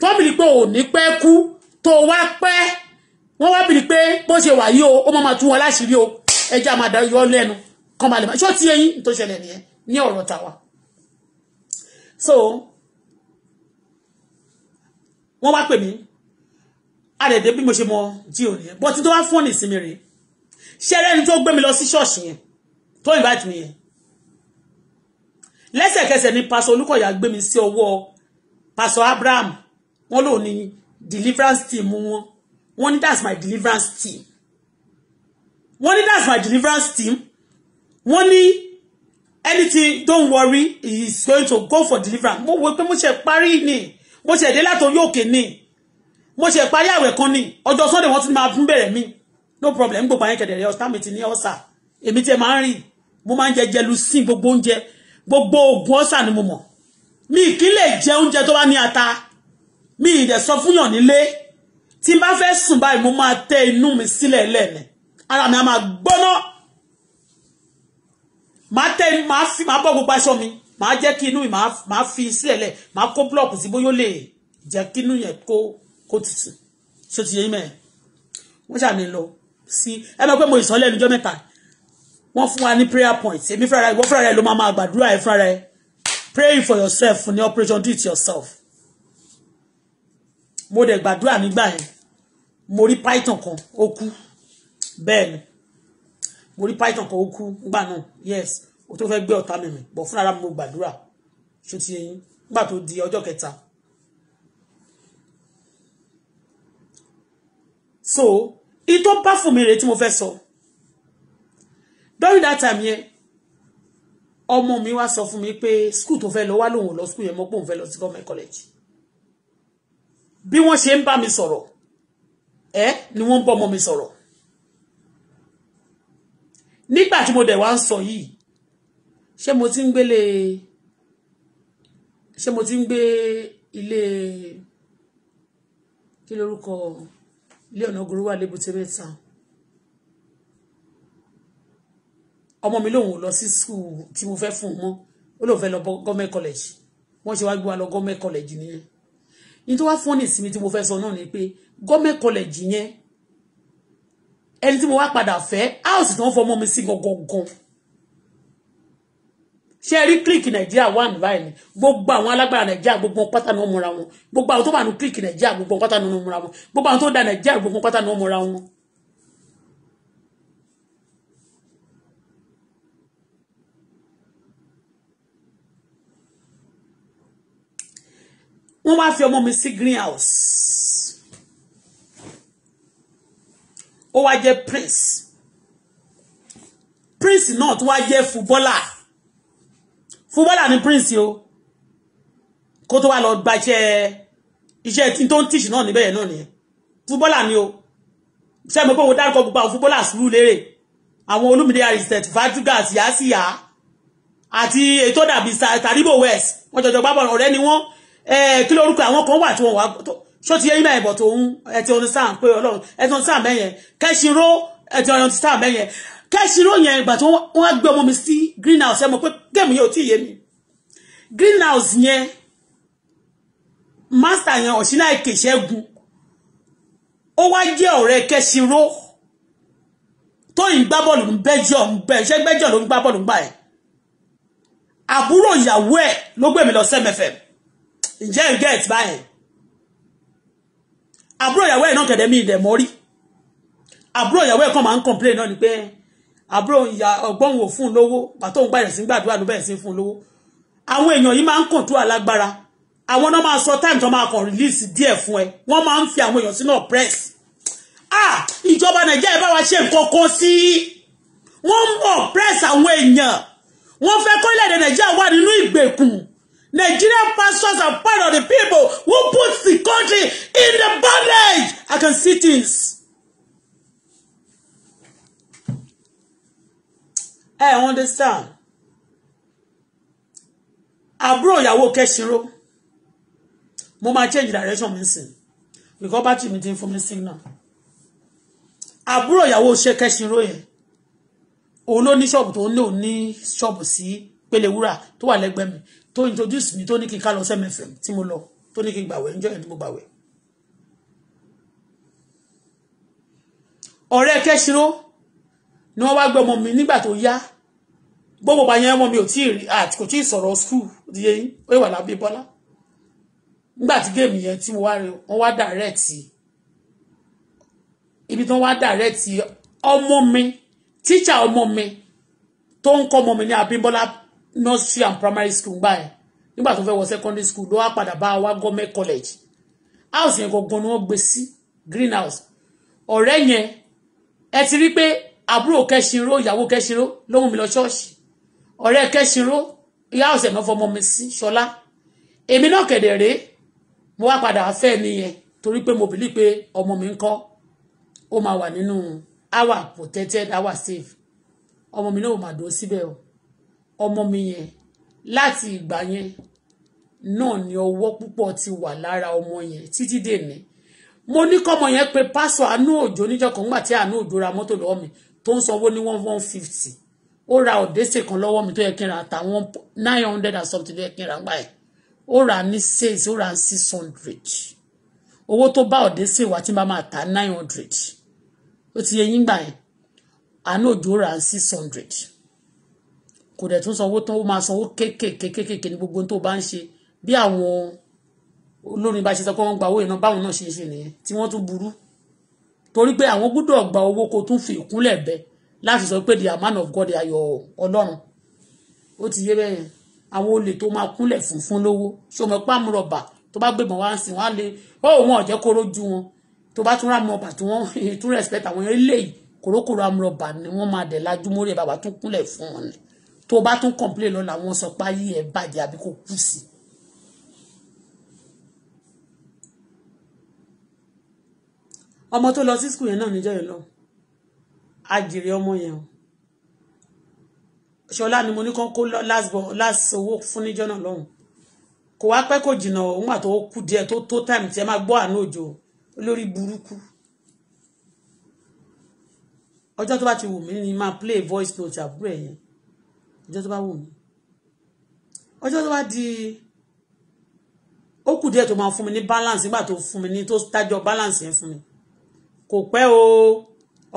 S2: tán bìrì pé ò ní pẹ́ kú tó wá pẹ́ wọ́n wá bìrì pé bó ṣe wà yìí o ó máa tún wọn láṣìírí o ẹja máa dá yọ lẹ́nu kan balẹ̀ máa ṣó ti eyín tó ṣẹlẹ̀ nìyẹn ní ọ̀rọ̀ tàwa. so wọ́n wá pè mí àdẹ̀dẹ̀ bí mo ṣe mọ jí òní bọ́tí tó wá fún ọ̀nì ìsinmi rèé ṣé ẹni tó gbé mi lọ sí ṣọ́ọ̀ṣì yẹn tó invite mi yẹn lẹ́sẹ̀kẹsẹ̀ ni pásọ Olúkọ̀yà gbé mi sí ọwọ́ pásọ Abraham wọ́n lò ní deliverance team wọn wọ́n ní that's my deliverance team wọ́n ní that's my deliverance team wọ́n ní anything don't worry he is going to go for deliverance mo wò pé mo ṣe parí ni mo ṣe dé látòrí òkè ni mo ṣe parí àwẹ̀ kan ni ọjọ́ Sunday wọ́n ti máa fún bẹ̀rẹ̀ mi no problem gbogbo àyẹn kẹ̀dẹ̀rẹ̀ ọ̀tá mi ti ní ọ̀sà èmi tí ẹ máa ń rìn mo máa ń jẹ jẹlusìn gbogbo oúnjẹ gbogbo oògùn ọ̀sà ni mo mọ̀ mi kì í lè jẹ oúnjẹ tó bá ní ata mi ì dẹ̀ sọ fúnyàn nílé tí n bá fẹ́ sùn báyìí mo máa tẹ inú mi sílẹ̀ lẹ́ẹ̀mẹ́ ara mi a máa gbóná máa tẹ máa fi máa bọ́ gbogbo aṣọ mi máa jẹ́ kí inú mi máa fi sílẹ̀ lẹ̀ máa kó búlọ̀kù sí bóyá ó lè jẹ́ kí inú yẹn kó kó tutù ṣé o ti yẹ yín mẹ́rin wọ́n ṣàní lọ sí ẹ mọ̀ pé mo ìsọ lẹ́nu ọjọ́ mẹ́ta wọ́n fún wa ní prayer point èmi fúnra ìwọ fúnra rẹ ló máa máa gbàdúrà ẹ fúnra rẹ pray for yourself ní operation do it yourself mo dẹ̀ gbàdúrà nígbà yẹn mo rí python kan ó kú bẹ́ẹ̀ ni mo rí python kan ó kú nígbà náà yes o tó fẹ́ gbé ọ̀tá mi mì bọ̀ fúnra mi mo gbàdúrà ṣó ti yẹn nígbà tó di ọjọ́ kẹta so èyí tó bá fún mi rèé tí mo fẹ́ sọ during that time yẹn ọmọ mi wá sọ fún mi pé school tó fẹ́ lọ wá lòun lọ school yẹn mọ́ pé òun fẹ́ lọ sí government college bí wọ́n ṣe ń bá mi sọ̀rọ̀ ẹ ni wọ́n ń bọ́ ọmọ mi sọ̀rọ̀ nígbà tí mo dẹ̀ wá ń sọ yìí ṣé mo ti ń gbélé ṣé mo ti ń gbé ilé kí lórúkọ ilé ọ̀nà gòrò wà lébùté mẹ́ta ọmọ mi lòun ò lọ sí skul tí mo fẹ́ fún un mọ́ ó lòun fẹ́ lọ gọ́mẹ̀ college wọ́n ṣe wá gbé wa lọ gọ́mẹ̀ college nìyẹn ní tó wá fún ní ìsinmi tí mo fẹ́ sọ náà ni pé gọ́mẹ̀ college yẹn ẹni tí mo wá padà fẹ́ house tí wọ́n fọ ọmọ mi sí gangan ṣe rí kílíkì nàìjíríà wà ní báyìí ni gbogbo àwọn alágbára nàìjíríà gbogbo pátá ni wọ́n múra wọn gbogbo àwọn tó wà ní kílíkì nàìjíríà gbogbo pátá ni wọ́n múra wọn gbogbo àwọn tó da nàìjíríà gbogbo pátá ni wọ́n múra wọn. wọ́n wá fi ọmọ mi sí green ó wá jẹ́ prince prince náà tó wá jẹ́ footballer fúbọ́là ní prince o kó tó wá lọ gba iṣẹ́ iṣẹ́ tí tó ń tíṣì náà níbẹ̀ yẹn náà nìyẹn fúbọ́là ni o ṣe mọ̀ pé mo dárúkọ gbogbo àwọn fúbọ́là sùúrù lérè àwọn olúmìnira aristet fatugas yasiya àti ètò dàbí taribo west wọ́n jọjọ gbábọ̀ ọ̀rẹ́ ni wọ́n kí lórúkọ àwọn kan wà tí wọ́n wà ṣó ti yẹ ìmọ̀ ẹ̀bọ̀ tòun ẹ̀ ti ọ̀nà sáà pé ọlọ́run ẹ̀ ti ọ̀nà sáà mẹ́yẹn kẹ́sìnró ẹ̀ ti ọ̀nà sáà mẹ́yẹn kẹ́sìrò yẹn ìgbà tí wọ́n á gbé ọmọ mi sí greenhouse ẹ mọ̀ pé géèmù yẹn ò tí ì yé mi greenhouse yẹn master yẹn ọ̀ṣínà èkè ṣẹ́gun ó wá jẹ́ ọ̀rẹ́ kẹ́sìrò tóyìn gbá bọ́ọ̀lù ń bẹ́jọ́ ń bẹ́ ṣẹ́ gbẹ́jọ́ ló ń gbá bọ́ọ̀lù ń gbà ẹ̀ àbúrò ìyàwó ẹ̀ ló gbé mi lọ sẹ́mẹ̀fẹ̀ ǹjẹ́ ẹ̀ gẹ́ẹ̀t báyẹn àbúrò ìyàwó ẹ̀ náà kẹ̀dẹ̀ mi ìdẹ̀ mọ́rí àbúrò ìyàwó ẹ̀ kàn máa ń complain náà ni pé àbúrò ìyá ọgbọ́n wò fún un lówó pàtó ń bẹ̀rẹ̀ sí gbàdúrà ló bẹ̀rẹ̀ sí fún un lówó àwọn èèyàn yìí máa ń kàn tó alágbára àwọn náà máa sọ time tó máa kàn release díẹ̀ fún ẹ wọ́n máa ń fi àwọn èèyàn sínú press ah ìjọba nàìjíríà ẹ bá wa ṣe nǹkan kan sí wọ́n ń mọ̀ press àwọn èèyàn wọ́n fẹ́ kó ilẹ̀ nàìjíríà wà nínú ìgbèkùn Nigerian pastors are part of the people who put the country in the bondage I can see things. ẹ understand àbúrò ìyàwó kẹsìnró mo máa change direction mi sìn because bá tì mí ti ń fún mi sí náà àbúrò ìyàwó ṣe kẹsìnró yẹn òun ló ní ṣọ́ọ̀bù tó ń lò ní ṣọ́ọ̀bù sí Pélewúrà tó wà lẹ́gbẹ̀ẹ́ mi tó introduce mi tó ní kí n ká lọ sẹ́mẹ̀fẹ̀m tí mo lọ tó ní kí n gbàwẹ̀ níjọ́ yẹn tí mo gbàwẹ̀. ọ̀rẹ́ kẹ́sìró ni wọ́n wá gbé ọmọ mi nígbà tó yá gbogbo bá yẹn ọmọ mi ò tí ì rí àti kò tí ì sọ̀rọ̀ skul díye yín ó wà lábẹ́ bọ́lá nígbà tí géèmù yẹn tí wọ́n wá dàrẹ́ẹ̀tì ibi tí wọ́n wá dàrẹ́ẹ̀tì ọmọ mi tíṣà ọmọ mi tó ń kọ́ ọmọ mi ní abímbọ́lá nursery and primary school gbà ẹ̀ nígbà tó fẹ́ wọ secondary school ló wá padà bá wa gọ́mẹ̀ college house yẹn gangan ni wọ́n gbé sí green ọ̀rẹ́ yẹn ẹ ti rí pé àbúrò kẹsìnró ìyàwó kẹsìnró lóhùn mi lọ ṣọ́ọ̀ṣì ọ̀rẹ́ kẹsìnró ìyá ọ̀sẹ̀ náà fọmọ mi sí ṣọlá èmi náà kẹ̀dẹ̀ rèé mo wá padà fẹ́ mi yẹn torí pé mo bìlí pé ọmọ mi ń kọ́ ó máa wà nínú àwa protected àwa safe ọmọ mi náà ò máa dúró síbẹ̀ o ọmọ mi yẹn láti ìgbà yẹn náà ni ọwọ́ púpọ̀ ti wà lára ọmọ yẹn títí dèní mo ní kọ́mọ yẹn pé pásọ àánú òjò níjọ́ kan nígbà tí àánú òjò ra mọ́tò lọ́wọ́ mi tó ń sanwó ní one one fifty ó ra ọ̀dẹ́sẹ̀ kan lọ́wọ́ mi tó yẹ kí n ra àtàwọn nine hundred and something tó yẹ kí n ra ń gbà ẹ̀ ó rà ní six ó rà ní six hundred owó tó bá ọ̀dẹ́sẹ̀ wá tí n bá máa ta nine hundred ó ti yẹ yín gbà yẹn àánú òjò rà ní six hundred kò dẹ̀ tún sanwó tán ó máa sanwó kéékèèké kéékèèké ní gbogbo tó bá ń ṣe bí àwọn olórin bá ṣe sọ pé wọ́n gba owó yẹn náà báwọn náà ṣe ń ṣe nìyẹn tí wọ́n tún burú torí pé àwọn gbúdọ̀ gba owó kó tún fi ìkúnlẹ̀ bẹ láti sọ pé the man of God ayọ̀ ọlọ́run ó ti yé bẹ́ẹ̀ yẹn àwọn olè tó máa kúnlẹ̀ fún fún lówó ṣé o mọ̀ pé àmúrọ̀bà tó bá gbébọn wá ń sìn wọ́n á lè ó wọn ò jẹ́ kó rojú wọn tó bá tún rámọ̀bà tí wọ́n [LAUGHS] tún respect àwọn eléyìí kòrókòrò àmúrọ̀bà ni wọ́n máa dẹ̀ lajú mórí ẹ̀ bàbá tún kúnlẹ̀ fún wọn ni tó bá tún complain lọ́la wọn sọ pé ayé ẹ̀ bàjẹ́ àbí kò kú sí i ọmọ tó lọ sí skul yẹn náà níjọ́ yẹn lọ àjèrè ọmọ yẹn o ṣọlá ni mo ní kán kó last owó fún níjọ́ náà lọ́hùn kò wá pẹ́ kò jìnnà òun àtọ́ kù díẹ̀ tó tó time tí ẹ máa gbọ́ àánú òjò lórí burúkú ọjọ́ tó bá ti wù mí ni máa play voice note àbúrò ẹ̀yẹn ọjọ́ tó bá wù mí ọjọ́ tó bá di ó kù díẹ̀ tó máa fún mi ní balance nígbà tó fún mi ní tó dájọ́ balance yẹn fún mi kò pẹ́ o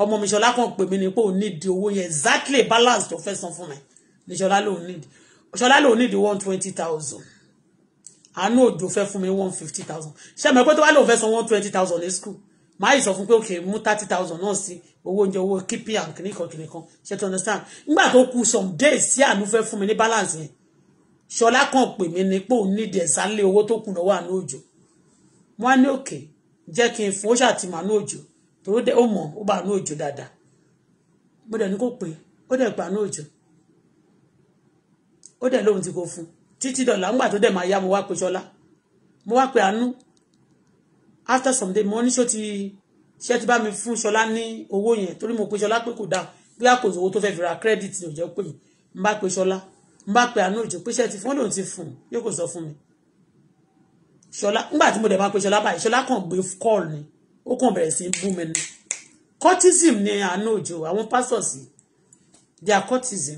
S2: ọmọ mi ṣọlá kan pè mí ní pé òun nídìí owó yẹn exactly balance tó fẹ́ san fún mi ní ṣọlá lòun nídìí ṣọlá lòun nídìí one twenty thousand àánú òjò fẹ́ fún mi one fifty thousand ṣé àmọ́ pé tó bá lòun fẹ́ san one twenty thousand ní school máa yìí sọ fún pé òkè mú thirty thousand náà sí owó oúnjẹ owó kípì and kìnìkan kìnìkan ṣe to understand nígbà tó kù some days sí àánú fẹ́ fún mi ní balance yẹn ṣọlá kan pè mí ní pé òun nídìí ẹ̀sánlé owó tó kù lọ́wọ́ àánú òjò wọ́n á ní òkè jẹ́ kí n fún ó ṣàtìmọ̀ àánú òjò tó dẹ ó mọ̀ ó bá àánú òjò dáadáa mo dẹ̀ ní kó pé ó dẹ̀ pa àánú òjò ó dẹ̀ lóhun tí kò fún títí dọ̀là ńgbà tó dẹ̀ máa yá mo wá pe ṣọlá mo wá pe àánú after some day mo ní ṣó ti ṣe ti bá mi fún ṣọlá ní owó yẹn torí mo pe ṣọlá pé kò dáa bóyá kò sówó tó fẹ́ fi ra credit ní òjò pé n bá pe ṣọlá n bá pe àánú òjò pé ṣe ti fún lòun ti fún yóò kò sọ fún mi ṣọlá ńgbà tí mo dẹ̀ máa pe ṣọlá báyìí ṣọlá kàn gbé call ni ó kàn bẹ̀rẹ̀ sí bú mi ni cultism ni àánú òjò àwọn pastors they are cultism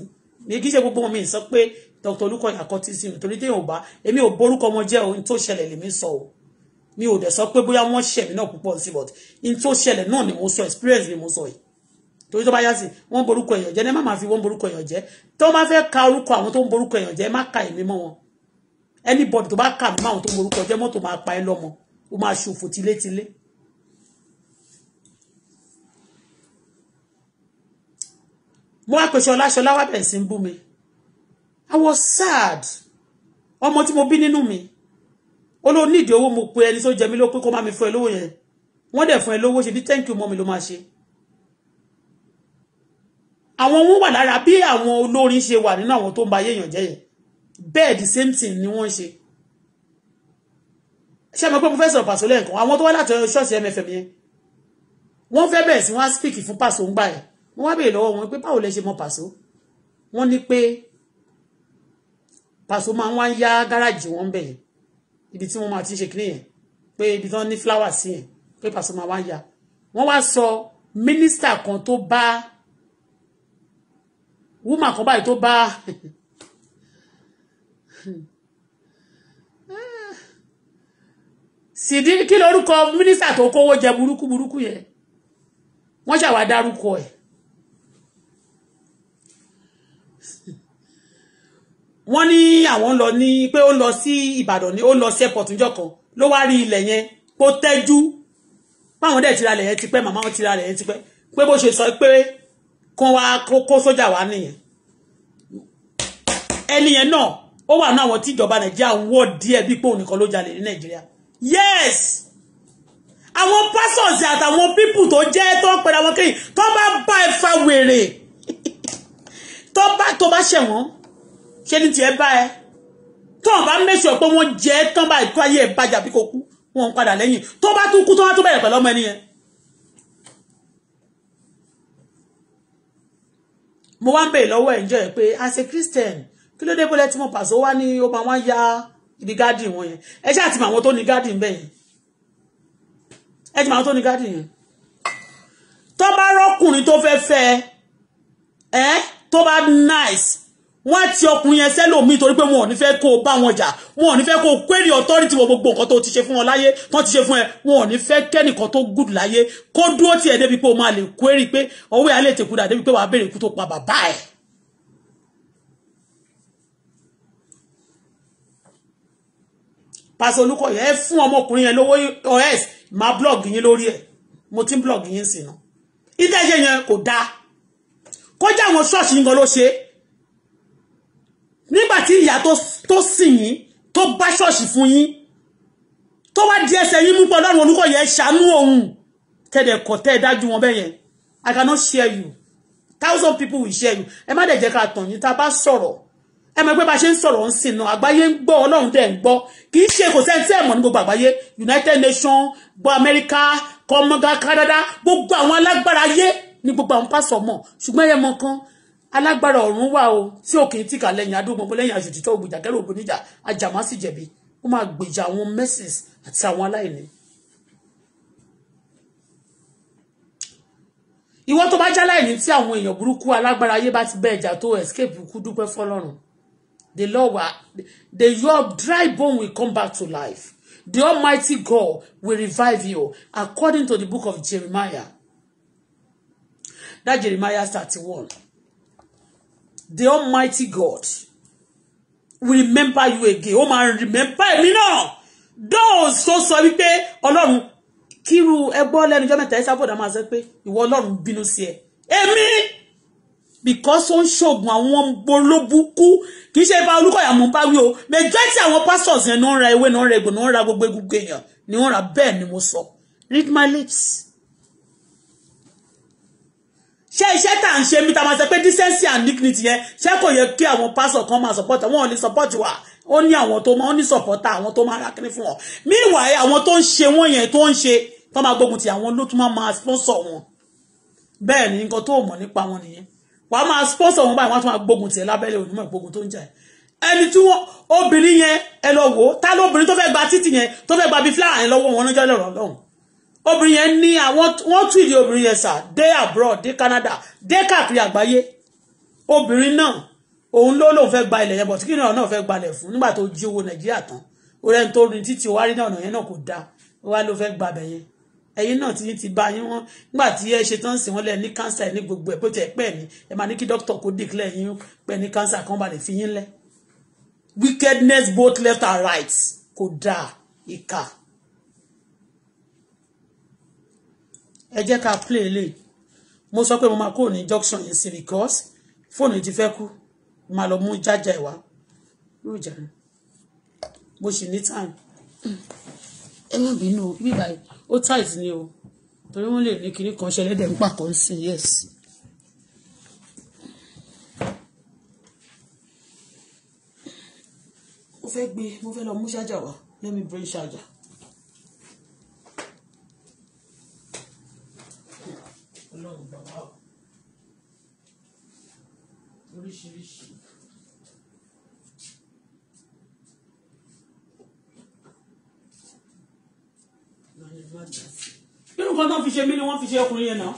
S2: mi kì í ṣe gbogbo wọn mi sọ pé Dr. Olukoya cultism torí téèyàn ò bá èmi ò borúkọ wọn jẹ́ ohun tó ṣẹlẹ̀ lèmi sọ o mi ò dẹ̀ sọ pé bóyá wọ́n ṣẹ̀mí náà púpọ̀ sí but in tó ṣẹlẹ̀ náà ni mo sọ experience ni mo sọ yìí torí tó bá yá sí wọ́n borúkọ èèyàn jẹ́ ní má máa fi wọ́n borúkọ èèyàn jẹ́ tó bá fẹ́ ka orúkọ àwọn tó ń borúkọ èèyàn jẹ́ má ka èmi mọ́ wọn anybody tó bá kà mí máa wọn tó ń borúkọ jẹ́ mọ́tò máa pa ẹ́ lọ́mọ ó máa ṣòfò tilétilé mo wá pèsè ọláṣọlá wá bẹ̀rẹ̀ sí ń bú mi I was sad ọmọ tí mo bí nínú mi ó ló ní ìdí owó mo pe ẹni tó jẹ mí ló pé kó má mi fún ẹ lówó yẹn wọ́n dẹ̀ fún ẹ lówó ṣe bí thank you mọ́ mi ló máa ṣe àwọn wọn wà lára bí àwọn olórin ṣe wà nínú àwọn tó ń ba ayé èèyàn jẹ́ yẹn bẹ́ẹ̀ the same thing ni wọ́n ń ṣe ṣé mo pé mo fẹ́ sọ̀rọ̀ pàṣẹ lẹ́ẹ̀kan àwọn tó wá láti ṣọ́ọ̀ṣì mfm yẹn wọ́n fẹ́ bẹ̀rẹ̀ sí wọ́n á speak fún pàṣẹ òun yẹn wọ́n wá bèèrè lọ́wọ́ wọn pé báwo lẹ ṣe mọ pàṣọ wọ́n ní pé pàṣọ máa ń wá yá gáràjì wọn bẹ̀ yẹn ibi tí wọ́n máa ti ṣe kíní yẹn pé ibi tí wọ́n ní fúláwà sí yẹn pé pàṣọ máa wá yá wọ́n wá sọ mínísítà kan tó bá wúmà kan báyìí tó bá sídìí kí lórúkọ mínísítà tó kówó jẹ burúkú burúkú yẹn wọ́n ṣàwádárúkọ ẹ̀ wọ́n ní àwọn lọ ní pé ó lọ sí Ìbàdàn ni ó lọ sí airport níjọ́ kan ló wá rí ilẹ̀ yẹn kó tẹ́jú báwọn dẹ̀ tira ilẹ̀ yẹn ti pẹ́ màmá wọn tira ilẹ̀ yẹn ti pẹ́ pé bó ṣe sọ pé kán wá kó sójà wá nìyẹn ẹni yẹn náà ó wà ní àwọn tí ìjọba Nàìjíríà ń wọ́ díẹ̀ bí pé òun nìkan ló jalè ní Nàìjíríà yes àwọn pastors àtàwọn people tó jẹ́ tó ń pẹ̀lú àwọn kéyìn tó bá bá ẹ fa wèrè tó bá ṣẹ̀wọ̀n ṣé ní tiẹ̀ bá ẹ tó o bá mẹ́sọ̀ pé wọ́n jẹ́ tán báyìí tó ayé ẹ̀ bàjẹ́ àbí kò kú wọn padà lẹ́yìn tó bá tún kú tó wá tó bẹ̀rẹ̀ pẹ̀lú ọmọ ẹni yẹn. mo wá ń bèèrè lọ́wọ́ ẹ̀ ǹjọ́ ẹ̀ pé as a Christian kí ló dé bọ́lẹ̀ tí mo pàṣẹ wá ní ó máa wá ya ibi gádìn wọn yẹn ẹ ṣáà ti mọ àwọn tó ní gádìn bẹ́ẹ̀ yẹn ẹ ti mọ àwọn tó ní gádìn yẹn tó bá rọ́kùnrin tó fẹ́ fẹ́ ẹ tó bá nice wọ́n ti ọkùnrin yẹn sẹ́lòmíì torí pé wọn ò ní fẹ́ kó o bá wọn jà wọn ò ní fẹ́ kó o query authority wọ gbogbo nǹkan tó ti ṣe fún wọn láyé tán ti ṣe fún ẹ wọn ò ní fẹ́ kẹ́nìkan tó good láyé kó dúró tiẹ̀ débi pé o máa lè query pé ọwọ́ ẹ̀ á lè tẹ̀kú dà débi pé wàá béèrè ikú tó pa bàbá ẹ̀. pàṣẹ Olúkọ̀yà ẹ fún ọmọkùnrin yẹn lówó os oh, máa blog yín lórí ẹ mo ti ń blog yín sí i náà ilé iṣẹ́ yẹn kò dáa kọjá àwọn ṣọ́ọ̀ṣì yín gan ló ṣe é nígbà tí ìyá tó sìn yín tó bá ṣọ́ọ̀ṣì fún yín tó wá di ẹsẹ̀ yín mú pọ̀ lọ́rùn Olúkọ̀yẹ ṣàánú òun tẹ́lẹ̀ kọ̀ tẹ́ ẹ dájú wọn bẹ́yẹn I cannot share you thousand people will share you ẹ má dẹ̀ jẹ́ ká tàn yín tá a bá sọ̀rọ̀ ẹ mọ̀ pé bá a ṣe ń sọ̀rọ̀ ń sìn náà àgbáyé ń gbọ́ ọlọ́run tẹ̀ ń gbọ́ kì í ṣe kò sẹ́ni ẹ̀ mọ̀ ní gbogbo àgbáyé United Nations gbọ́ Amẹ́ríkà kọ́mọ́gá Canada gbogbo àwọn alágbára ayé ni gbogbo àwọn pásọ̀ mọ̀ ṣùgbọ́n ẹ̀yẹ kan alágbára ọ̀run wà o tí òkè tí kà lẹ́yìn adógbogbo lẹ́yìn àṣòtítọ́ ògbèjà kẹ́rù ògbóníjà ajàmá sì jẹ̀bi ó máa gbèjà àwọn mẹ́sìs àti àwọn aláìní. ìwọ tó bá jáláìní tí àwọn èèyàn burúkú alágbára ayé bá ti bẹ ẹjà tó escape kú dúpẹ́ fọ́lọ́run the Lord will the your dry bone will come back to life the Almighty God will revive you according to the book of Jeremiah that Jeremiah thirty-one the almighty God will remember you again ó oh, máa remember èmi náà those tó sọ wípé ọlọ́run kíru ẹgbọ́ lẹ́nu jọ́ mẹ́ta ẹ̀sà bọ̀dá máa sọ pé ìwọ ọlọ́run bínú sí ẹ èmi because ó ń ṣoògùn àwọn bolóbukú kì í ṣe ipa olúkọ̀yà mú bá wí o majority àwọn pastors yẹn ní wọ́n ra ewé ní wọ́n ra egbò ní wọ́n ra gbogbo egungun èèyàn ni wọ́n ra bẹ́ẹ̀ ni mo sọ read my lips ṣé iṣẹ́ tá à ń ṣe mi ta máa sọ pé decency and dignity yẹn ṣé kò yẹ kí àwọn pásọ̀ kan máa support wọn ò ní support wa ó ní àwọn tó máa ó ní supporter àwọn tó máa ra kíní fún wọn meanwhile àwọn tó ń ṣe wọ́n yẹn tó ń ṣe tó máa gbógun ti àwọn ló tún máa máa sponsor wọn bẹ́ẹ̀ ni nǹkan tó mọ̀ nípa wọn nìyẹn wàá máa sponsor wọn báyìí wọ́n tún máa gbógun tiẹ̀ lábẹ́lẹ̀ onímọ̀ ìgbógun tó ń jà ẹni tí wọn obìnrin yẹn ẹ lọ wò ó ta lóbìnrin tó fẹ́ gba títì yẹn tó fẹ́ gba bíi fúláwà yẹn lọ́wọ́ wọn lọ́jọ́ lọ́rọ̀ lọ́hùn obìnrin yẹn ní àwọn wọ́n tú ìdí obìnrin yẹn sà dé abroad dé Canada dé káàkiri àgbáyé obìnrin náà òun ló lóun fẹ́ gba ilẹ̀ yẹn bọ̀ tí kìnìún náà fẹ́ gbalẹ̀ fún nígbà tó jí owó Nàìjíríà tán orí ẹni tó rin títí wárí náà ọ̀nà yẹn náà kò dáa wá ló fẹ́ gbabẹ̀ yẹn ẹ̀yin náà ti ní ti bá yín wọn nígbà tí ẹ ṣe tán sí wọn lẹ ní kánsà ní gbogbo ẹ bó ti ẹ pẹ ní ẹ máa ní kí dókítà kó dìklẹ yín pẹ ní kánsà kan balẹ̀ fi yín lẹ wickedness both left and right kò dáa ìkà. E ẹ jẹ́ ká play eléyìí mo sọ pé mo máa kúrò ní junction yẹn sí because fóònù yìí ti fẹ́ kú máa lọ mú jájà ẹ̀ wá yóò jẹ́ mo sì ní time ẹ má bínú bí báyìí ó tight ni o torí wọ́n lè ní kinní kan ṣẹlẹ̀ dẹ̀ ń pàkọ́ sí yes. mo fẹ́ gbé mo fẹ́ lọ mú ṣájà wá let me bring ṣájà. oríṣiríṣi. irú nǹkan tó fi ṣe mí ni wọ́n fi ṣe ọkùnrin yẹn náà.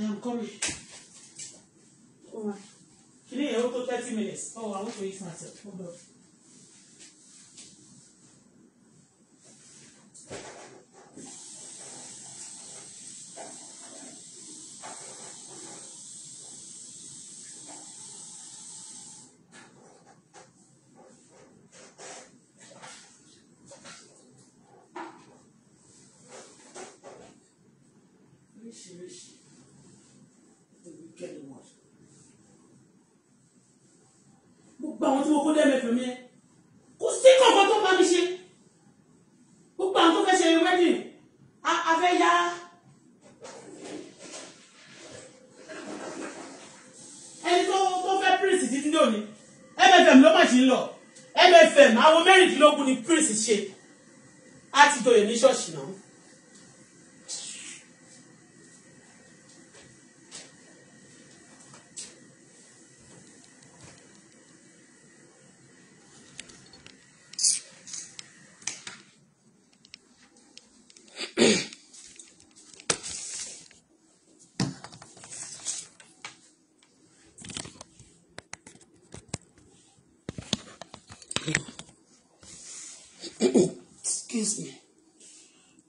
S2: I am coming. Kìnìún yẹn ó tó thirty minutes. Oh, I want to eat
S1: myself. Hold on.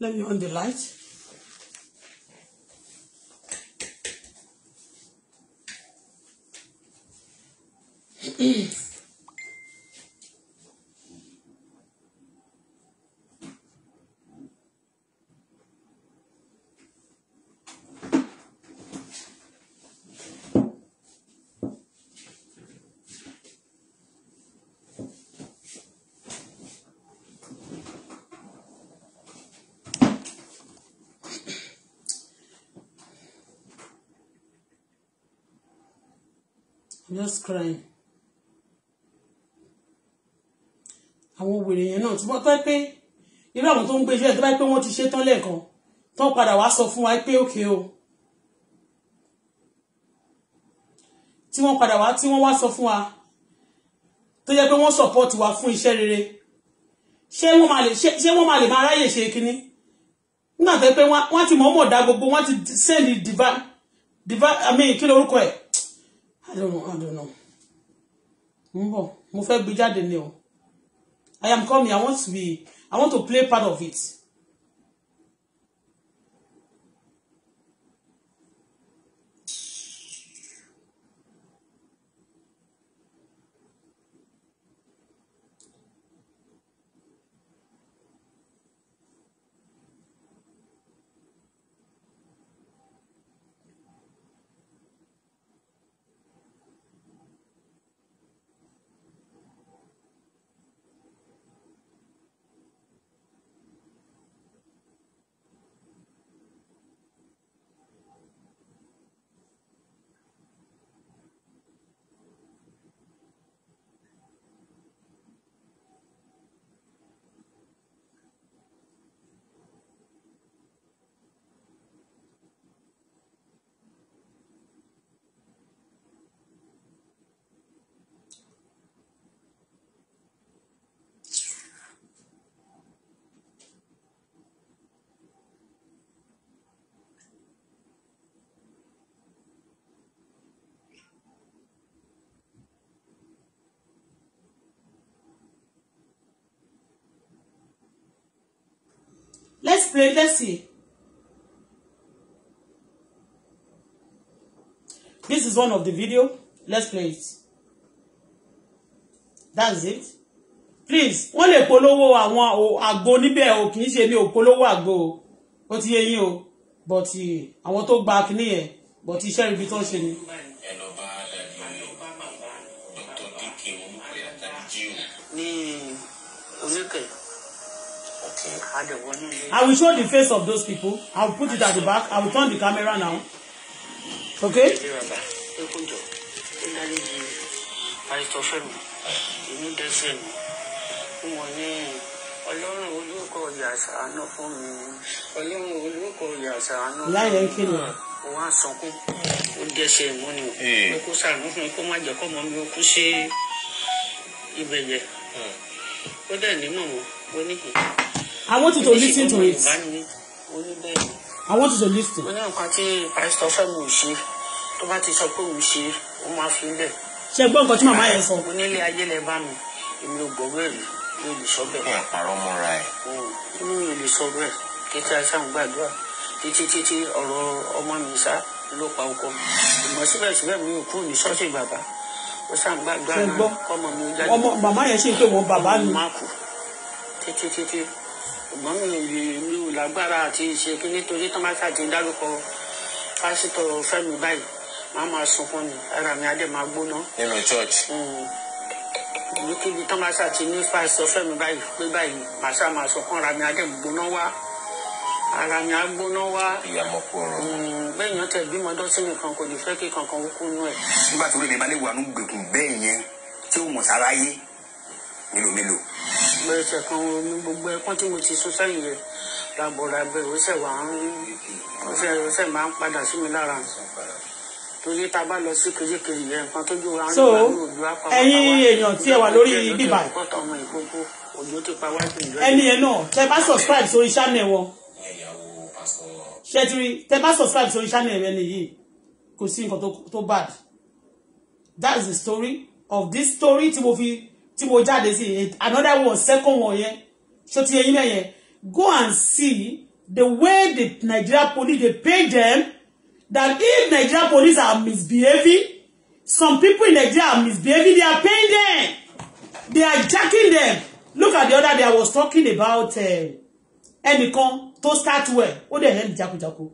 S2: let me on the light just crying àwọn wèrè yẹn náà túbọ̀ tọ́ pé irú àwọn tó ń gbé iṣẹ́ tó bá pé wọ́n ti ṣe tán lẹ́ẹ̀kan tó padà wá sọ fún wa pé òkè o tí wọ́n padà wá tí wọ́n wá sọ fún wa tó yẹ pé wọ́n support wa fún iṣẹ́ rere ṣé wọ́n máa lè ṣé wọ́n máa lè máa ráyè ṣe kínní nígbà tó pé wọ́n ti mọ̀ọ́mọ̀ dá gbogbo wọ́n ti send divine divine i mean kí lorúkọ ẹ̀
S1: I don't know, I don't know. N bọ̀,
S2: mo fẹ́ gbé jáde I am coming, I want to be, I want to play part of it. explain let's see this is one of the video let's play it that's it please wọ́n lè polówó àwọn àgbo níbẹ̀ o kì í ṣe mi ò polówó àgbo o ó ti yé yín o but eh, àwọn tó gba kínní yẹn but iṣẹ́ ibi tó ń ṣe ni.
S1: ní oníkẹ́ I
S2: will show the face of those people. I will put it at the back. I will turn the camera now.
S1: Okay? láyé ń wọ́n á sọkún ó dẹ́sẹ̀ ìmọ̀ni ó kó sàánú fún un kó má jẹ́ kó mọ́ mi ó kú sí ibẹ̀ yẹn ó dẹ̀ ní mọ̀mọ́ ó ní
S2: I want you to listen to it. I want you to listen. mo ní gbọ́ nǹkan tí màmá yẹn sọ. mo
S1: nílé ayé lẹ bá mi èmi ò gbọ́ bẹ́ẹ̀ rí mi ò lè sọ bẹ́ẹ̀. ẹ parọ́ mọ́ra ẹ. inú mi ò lè sọ bẹ́ẹ̀ títí aṣáà ń gbàdúrà títí títí ọ̀rọ̀ ọmọ mi sá ló pa ọkọ mi ìmọ̀ síbẹ̀síbẹ̀ mi ò kúrò ní ṣọ́ọ̀ṣì bàbá ó ṣàǹgbàgbà náà kọ́mọ mi jáde. ọmọ màmá yẹn ṣe pé
S2: wọn bàbá mi.
S1: títí títí ṣùgbọ́n mi mi ò lágbára àti ṣe kí nítorí tó máa ṣàti dárúkọ pásítọ̀ Fẹ́mi báyìí màá máa sunkún ni ara mi á máa gbóná. nínú church. níbi tó máa ṣàti ní pásítọ̀ Fẹ́mi báyìí pé báyìí màá ṣáà máa sunkún ara mi á gbóná wá ara mi á gbóná wá. ìyàmọ̀ kò rọ. Hmm. bẹ́ẹ̀yàn tẹ̀ bímọ dọ́sìn nìkan kò ní fẹ́ kí kankan kú nú ẹ̀. nígbà tó lè mi bá lè wà nù gbèkùn bẹ́ẹ̀ yẹn tí ó mọ̀ sáráyé mélòó mélòó. mo ṣe kan omi gbogbo ẹkún tí mo ti sún sẹ́yìn yẹn ràbọ̀ràbẹ̀ ó ṣẹ̀ wá ń ó ṣẹ̀ ó ṣẹ̀ máa ń padà sí mi lára torí tá a bá lọ sí kejìkejì yẹn nǹkan tó jó wa ń lò ní òjò apá wa. ẹ̀yin èèyàn tí ẹ wà lórí bíbà ẹni yẹn
S2: náà tẹ bá subscribe sórí channel wọn ṣe ti rí tẹ bá subscribe sórí channel rẹ nìyí kò sí nǹkan tó bad that's the story of this story tí mo fi tí mo jáde sí another one second one yẹn so ti eyín mẹ́yẹn go and see the way the Nigeria police dey pay them that if Nigeria police are misbehaving some people in Nigeria are misbehaving they are paying them they are jacking them look at the other day I was talking about eh, ẹnìkan uh, tó start well ó dẹ̀ end jákujáku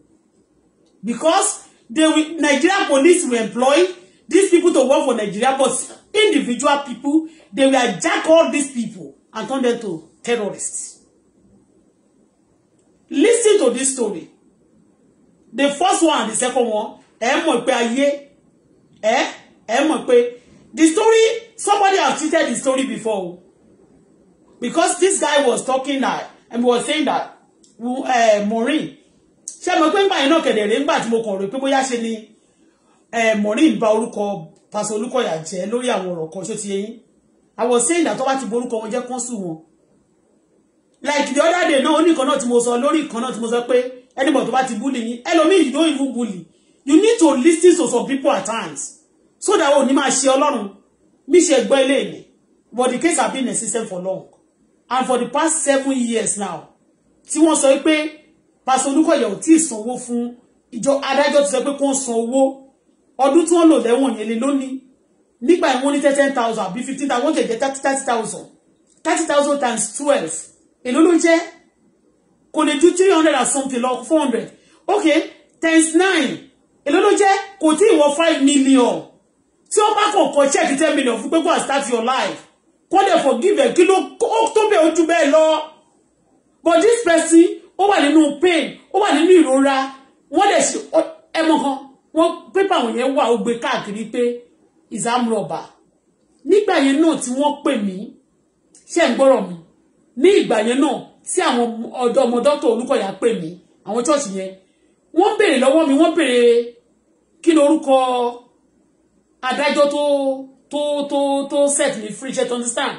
S2: because the Nigeria police will employ these people to work for Nigeria but individual people They will jack all these people and turn them to terrorists. Listen to this story. The first one and the second one, eh? mọ̀ pé ayé, ẹ ẹ the story, somebody has treated the story before. Because this guy was talking that, and was saying that, uh, Maureen, ṣé mo pé ńgbà yẹn náà kẹ̀dẹ̀ rèé ńgbà tí mo kàn rèé pé Maureen bá orúkọ pàṣẹ Olúkọ̀yà jẹ́ lórí àwọn ọ̀rọ̀ kan ṣó ti I was saying that tó bá ti borúkọ wọn jẹ́ kọ́ńsù wọn like the other day no ó ní ìkan náà tí mo sọ lórí ìkan náà tí mo sọ pé anybody tó bá ti bully yín ẹlòmíì you don't even bully you need to listen to some people at times so that o ní máa ṣe ọlọ́run mi ṣe gbọ́ ilé mi but the case have been existing for long and for the past seven years now tí wọ́n sọ pé pásọ Olúkọ̀yẹ ò tí ì sanwó fún ìjọ adájọ́ ti sọ pé kó ń san owó ọdún tí wọ́n lò lẹ́wọ̀n yẹn lé lónìí nígbà yẹn wọ́n ní ten thousand àbí fifteen thousand wọ́n tẹ̀ jẹ́ thirty thousand thirty thousand times twelve èló ló jẹ́ kò lè ju three hundred and something lọ four hundred okay times nine èló ló jẹ́ kò tí ì wọ five million tí ó bá kàn kọ check ten million fún pé go and start your life kó dẹ̀ forgive ẹ̀ kí ló tó bẹ̀ ojú bẹ́ẹ̀ lọ but this person ó wà nínú pain ó wà nínú ìrora wọ́n dẹ̀ ṣe ẹmọ kan wọ́n pépà wọ̀nyẹn wà ó gbé káàkiri pé is arm robber nígbà yẹn náà tí wọ́n pè mí ṣé ń gbọ́rọ̀ mi ní ìgbà yẹn náà tí àwọn ọ̀dọ́ ọmọ dọ́tọ̀ Olúkọ̀yà pè mí àwọn chọ́ọ̀ṣì yẹn wọ́n béèrè lọ́wọ́ mi wọ́n béèrè kí lorúkọ adájọ́ tó tó tó tó set me free ṣe to understand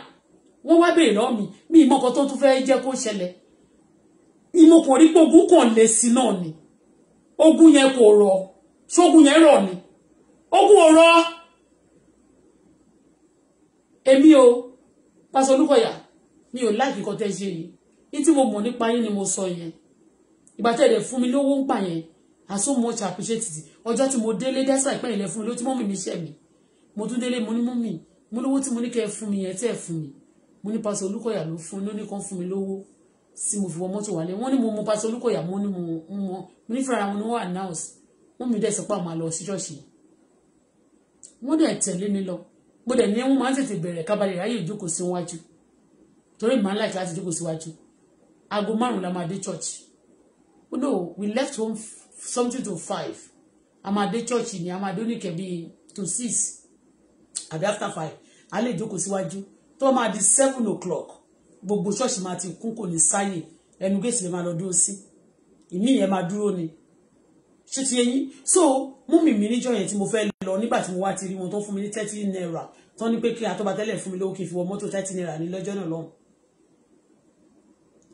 S2: wọ́n wá béèrè lọ́wọ́ mi mi ìmọ̀kan tó tún fẹ́ jẹ́ kó ṣẹlẹ̀ ìmọ̀kan rí pé ogun kàn lè sí náà ni ogun yẹn kò rọ̀ ṣógun yẹn rọ̀ ni ogun ò rọ̀ èmi o pásọ Olúkọ̀yà mi ò láìkí kọ́ tẹ́ ṣe yìí ní tí mo mọ̀ nípa yín ni mo sọ yẹn ìgbà tẹ́ ẹ̀dẹ̀ fún mi lówó ń pà yẹn I so much appreciate it ọjọ́ tí mo délé dẹ́sà ìpẹ́ ìlẹ̀ fún mi ló tí mọ́mì mi ṣẹ̀ mi mo tún délé mo ní mọ́mì mo lówó tí mo ní kẹ́ ẹ fún mi yẹn tẹ́ ẹ fún mi mo ní pásọ Olúkọ̀yà ló fún ló ní kan fún mi lówó tí mo fi wọ mọ́tò wálé wọ́n ní mo mọ pásọ Olúkọ̀yà mo ní mo mọ mo ní wọn ni wọ́n announce mo dẹ̀ ní wọ́n máa ń tètè bẹ̀rẹ̀ kábàlẹ̀ ráyè ìjókòó síwájú torí màá láti láti jókòó síwájú aago márùn la máa dé church oh no we left home something to five a máa dé church ni a máa dé oníkẹ́ bíi to six àbí after five a lè jókòó síwájú tó máa di seven o'clock gbogbo church máa ti kún kò ní sáyè ẹnu gẹ̀ẹ́sì lè máa lọ dúró sí ìmí yẹn máa dúró ni ṣé ti yẹn yín so mú mi mi níjọ́ yẹn tí mo fẹ́ lọ lọ nígbà tí mo wá ti rí wọn tó fún mi ní thirty naira tó ní pé kí atọ́ba tẹ́lẹ̀ fún mi lówó kí n fi wọ mọ́tò thirty naira ní lọ́jọ́ náà lọ́hùn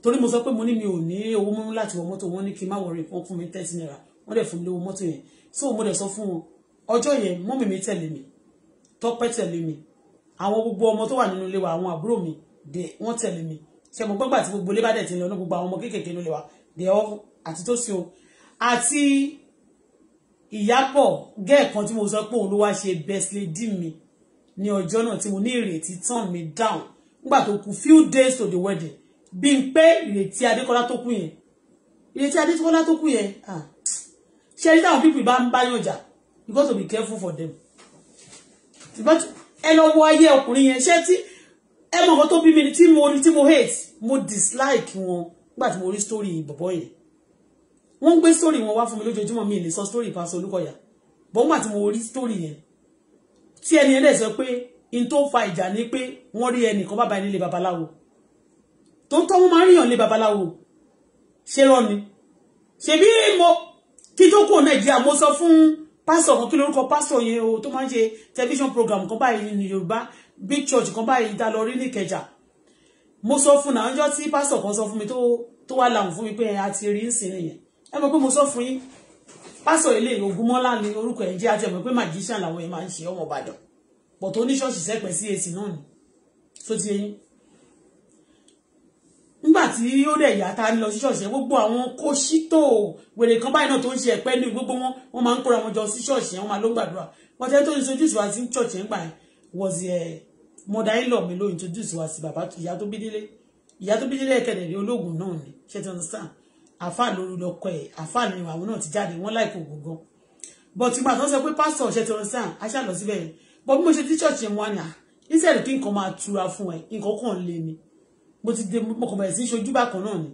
S2: torí mo sọ pé mo ní mi ò ní owó mú láti wọ mọ́tò wọn ní kí n má wọrí wọn fún mi thirty naira wọ́n dẹ̀ fún mi lówó mọ́tò yẹn so mo dẹ̀ sọ fún wọn ọjọ́ yẹn mọ́mì mi tẹ̀lé mi tọ́pẹ́ tẹ̀lé mi àwọn gbogbo ọmọ tó wà nínú ilé wa àwọn àbúrò mi dẹ̀ wọ́n tẹ̀lé mi ṣe mo gbọ́gbà tí gbogbo ilé bá dẹ̀ ti lọ ní gbogbo àwọn ọmọ kéékèèké nínú ilé wa dẹ̀ ọ́ àti tó sí o àti ìyápọ̀ gẹ́ẹ̀ kan tí mo sọ pé òun ló wá ṣe bẹ́sílẹ̀ dì mi ní ọjọ́ náà tí mo ní ìrètí turn me down nígbà tó kù few days to the wedding bí n pé ìrètí adékọ́lá tó kù yẹn ìrètí adékọ́lá tó kù yẹn ah, ṣe ẹni táwọn pípì bá ń báyàn jà you got to be careful for them ẹ lọ wo ayé ọkùnrin yẹn ṣé tí ẹ mọ̀ nǹkan tó bí mi tí mo hate mo dislike wọn nígbà tí mo rí story bọ̀bọ̀ yẹn wọ́n ń gbé story wọn wá fún mi lójoojúmọ́ mi lè sọ story pásọ Olúkọ̀yà bọ́ngbà tí mo rí story yẹn tí ẹni ẹlẹ́ sọ pé in tó fa ìjà ni pé wọ́n rí ẹnìkan bàbá ẹni lé babaláwo tó ń tọ́ wọn máa ń ríyàn lé babaláwo ṣé rọ ṣèbí mo kí tó kò Nàìjíríà mo sọ fún pásọ kan kí lórúkọ pásọ yẹn o tó máa ń ṣe tẹlifíṣàn program kan báyìí ní Yorùbá big church kan báyìí dá lọ rí ní Ìkẹjà mo sọ fún náà ọjọ́ tí pásọ kan sọ fún mi tó wá làwọn fún mi pé a ti rí ń sìn nìyẹn ẹ mọ̀ pé mo sọ fún yín pásọ̀ ilé Ògúnmọ́lá ni orúkọ ẹ̀ jẹ́ àti ẹ mọ̀ pé magician làwọn ẹ̀ máa ń ṣe ọmọ Ìbàdàn pọ̀ tó ní ṣọ́ọ̀ṣì sẹ́pẹ̀ sí èsì náà ni tó ti yẹn nígbà tí ó dẹ̀ yà tá a lọ sí ṣọ́ọ̀ṣì gbogbo àwọn kóṣítò wèrè kan báyìí náà tó ń ṣe ẹ̀pẹ́ ní gbogbo wọn wọn máa ń kóra wọn jọ sí ṣọ́ọ̀ṣì wọn máa ló ń gbàdúrà wọn tẹ́ tó ń sojú wa sí ṣọ́ọ̀ṣì ń gbà yẹn was eh, mother-in-law mi ló introduce wa sí bàbá ìyá tó bí délé ìyá tó bí délé ẹ̀kẹ́dẹ̀ ológun náà ni ṣe ti understand àfáà lórí lọkọ ẹ̀ àfáà ni àwọn náà ti jáde wọ́n láìpẹ́ ògùngàn but ìgbà tó ń sọ pé pásítọ̀ ṣe ti rán sáà aṣá lọ síbẹ̀ yẹn but bí mo ṣe tí ṣọ́ọ̀ṣì yẹn wá ní à ah, instead kí nǹkan máa tura fún ẹ nǹkan kàn lé ni mo ti dé mo kàn bẹ̀rẹ̀ sí ṣojú bákan náà ni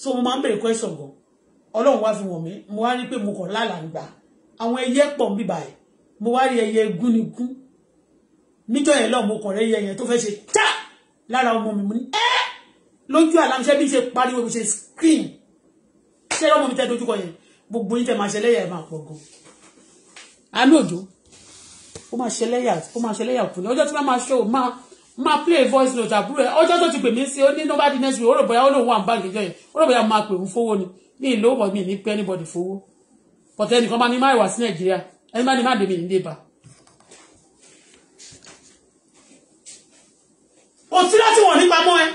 S2: so mo máa ń bèrè question gan ọlọ́run wá fi wọ̀n mí mo wá rí pé mo kàn lálàá gbà àwọn ẹyẹ pọ̀ ń bíbà ẹ̀ mo wá rí ẹyẹ gúnigún níjọ́ yẹn lọ́ọ̀ mo kàn rẹ́ ẹyẹ yẹn tó fẹ́ ṣe tá lára ọmọ mi mo ní ẹ́ lójú àlámṣẹ́ bí ṣe pariwo bí ṣe scream ṣé ọmọ mi tẹ́ dojúkọ yẹn gbogbo yín tẹ́ máa ṣe lẹ́yà ẹ̀ máa pọ̀ gan àánú òjò ó máa ṣe lẹ́yà ó máa ṣe lẹ́yà kù ní ọjọ́ tí wọ́n máa ṣe ò máa máa play voice note àbúrò ẹ̀ ọjọ́ tó ti pè mí sí ó ní nọ́mbà di next week ó rò bóyá ó lòun wà ń bá ìgbẹ́jọ́ yẹn ó rò bóyá máa pè ń fowó ni ní ìlú ọ̀bọ̀ mi ní pé anybody fowó pọ̀tẹ́ ẹnìkan bá ní má ìwà sí nàìjíríà ẹni bá ní má dèmi nílé bá. òtí láti wọ̀ nípa ẹ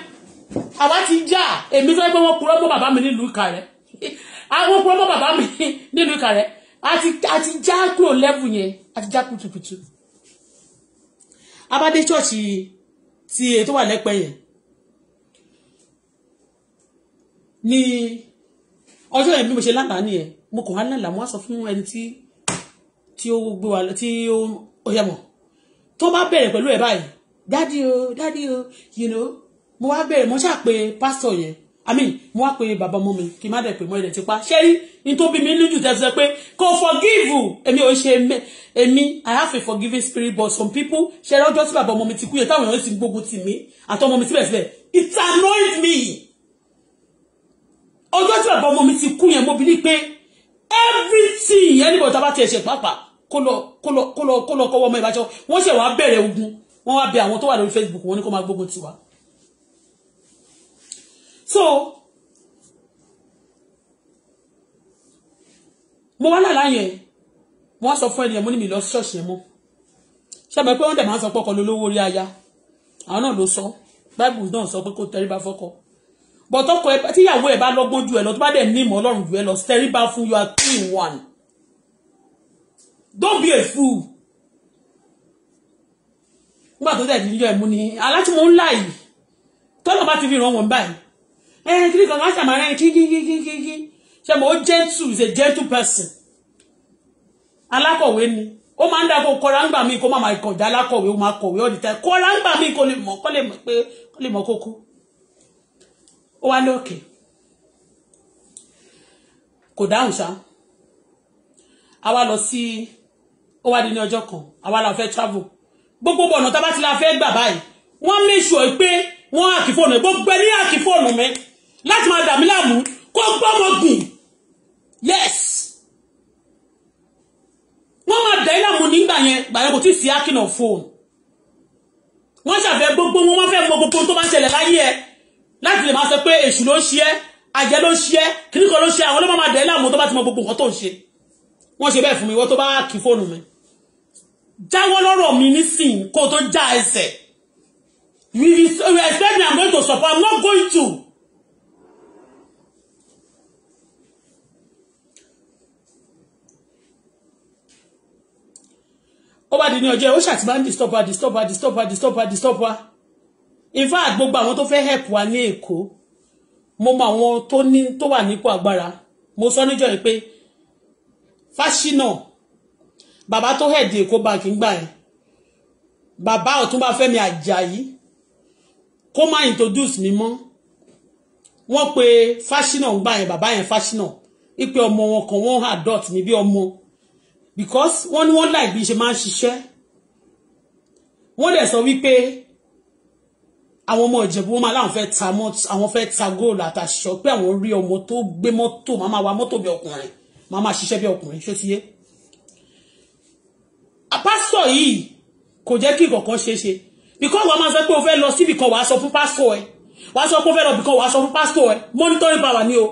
S2: àwa ti já èmi tó yẹ pé wọ́n kúrọ́ mọ́ bàbá mi nílùú ìka rẹ̀ [LAUGHS] àwọn pọmọ bàbá mi [LAUGHS] nínú ìkàrẹ́ àti àti já kúrò lẹ́bù yẹn àti já kùtùkùtù abádé ṣọ́ọ̀ṣì ti ètò wà lẹ́pẹ́ yẹn ní ọjọ́ yẹn bí mo ṣe lánàá nìyẹn mo kàn wá lánàá mo wá sọ fún ẹni tí tí ó gbé wa tí ó yẹ mọ̀ tó bá bẹ̀rẹ̀ pẹ̀lú ẹ̀ báyìí dádì o dádì o you know mo wá bẹ̀rẹ̀ mo ṣàpè pásítọ̀ yẹn i mean mo wá pe bàbá ọmọ mi kí n má dẹ̀ pé mo ẹ̀dẹ̀ ti pa ṣé rí ní tó mi níjù tẹ́ pé kò forgive èmi ò ṣe èmi i have a forgiving spirit but some people ṣe rí ọjọ́ tí bàbá ọmọ mi ti kú yẹn táwọn èèyàn ti gbógun tì mí àtọmọ mi síbẹ̀síbẹ̀ it annoyed me ọjọ́ tí bàbá ọmọ mi ti kú yẹn mo bí ní pé everything anybody tábà tiẹ̀ ṣe pàápàá kó lọ kó lọ kó lọ kó lọ kọ́wọ́ ọmọ ìbájọ́ wọ́n ṣẹ̀ wá bẹ̀rẹ̀ ogun wọ́n wá bẹ àwọn tó wà lórí Facebook wọn ní kó máa gbógun tì wá so mo wá lálá yẹn wọ́n sọ fún ẹnìyẹn mo ní mi lọ ṣọ́ọ̀ṣì yẹn mọ́ ṣe mọ̀ pé wọ́n dẹ̀ máa ń sọ pọ́kọ lólówó orí aya àwọn náà ló sọ bible náà sọ pé kó tẹríba fọ́kọ bọ̀tọ́kọ ẹ tíyàwó ẹ bá lọ́gbọ́n ju ẹ lọ tó bá dẹ̀ ní ìmọ̀ ọlọ́run ju ẹ lọ tẹríba fún you are three don't be a fool nígbà tó dẹ̀ níjọ́ ẹ̀ mú ni aláṣẹ mo ń tọ́lọ̀ bá ti fi ràn wọ́n báyìí ẹ̀ẹ́n eh, kí ni kankan ṣàmà rẹ̀ kíkíkíkíkí ṣe mo gentle is a gentle person alákọ̀wé ni ó máa ń dá kó kọ́ra ń gbà mí kó má máa kọjá alákọ̀wé ó máa kọ̀wé all the time kọ́ra ń gbà mí kó lè mọ̀ kó lè mọ̀ pé kó lè mọ̀ kókó ó wá lókè kò dáhùn ṣá a wá lọ sí ó wá di ní ọjọ́ kan a wá la fẹ́ travel gbogbo ọ̀nà tá a bá ti la fẹ́ gbà báyìí wọ́n make sure pé wọ́n àkìfọ́nù gbogbo ẹni àkìfọ́nù mẹ́ láti máa dàmí láàmú kó gbọ́mọgùn yes wọ́n máa dà í láàmú nígbà yẹn gbà yẹn kò tí ì sí akin of phone wọ́n ṣàfẹ́ gbogbo wọn wọ́n fẹ́ mọ gbogbo tó bá ń ṣẹlẹ̀ láyé ẹ láti lè máa sọ pé èṣù ló ń ṣe ẹ́ àjẹ́ ló ń ṣe ẹ́ kíníkan ló ń ṣe àwọn ọlọ́mọ máa dà í láàmú tó bá ti mọ gbogbo nǹkan tó ń ṣe wọ́n ṣe bẹ́ẹ̀ fún mi wọ́n tó bá kí fóònù mi jáwọ́ lọ́rọ̀ mi nísìnyí kó o tó já ẹsẹ̀ you expect me i'm going to support i'm not going to ó bá di ní ọjọ́ ẹ̀ ó ṣàti máa ń disturb her disturb her disturb her disturb her disturb her in fact gbogbo àwọn tó fẹ́ help wa ní èkó mo mọ àwọn tó ní tó wà nípò agbára mo sọ níjọ́ yìí pé fásinà bàbá tó head èkó bank ń gbà yẹn bàbá ọ̀túnba fẹ́mi àjàyí kó má introduce mi mọ́ wọ́n pe fásinà ń gbà yẹn bàbá yẹn fásinà ipe ọmọ wọn kan wọ́n adult mi bí ọmọ because wọ́n ní wọ́n láì bí ṣe máa ń ṣiṣẹ́ wọ́n dẹ̀ sọ wípé àwọn ọmọ ìjẹ̀bú wọn máa láwọn fẹ́ ta àwọn fẹ́ ta góòlù àtàṣọ pé àwọn rí ọmọ tó gbé mọ́tò máa máa wa mọ́tò bí ọkùnrin máa máa ṣiṣẹ́ bí ọkùnrin ṣó ti yé pásítọ̀ yìí kò jẹ́ kí ìkọ̀kan ṣe ṣe because wàá máa sọ pé o fẹ́ lọ síbì kan wàá sọ fún pásítọ̀ ẹ wàá sọ pé o fẹ́ lọ bì kan wàá sọ fún pásítọ̀ ẹ monitoring power ni o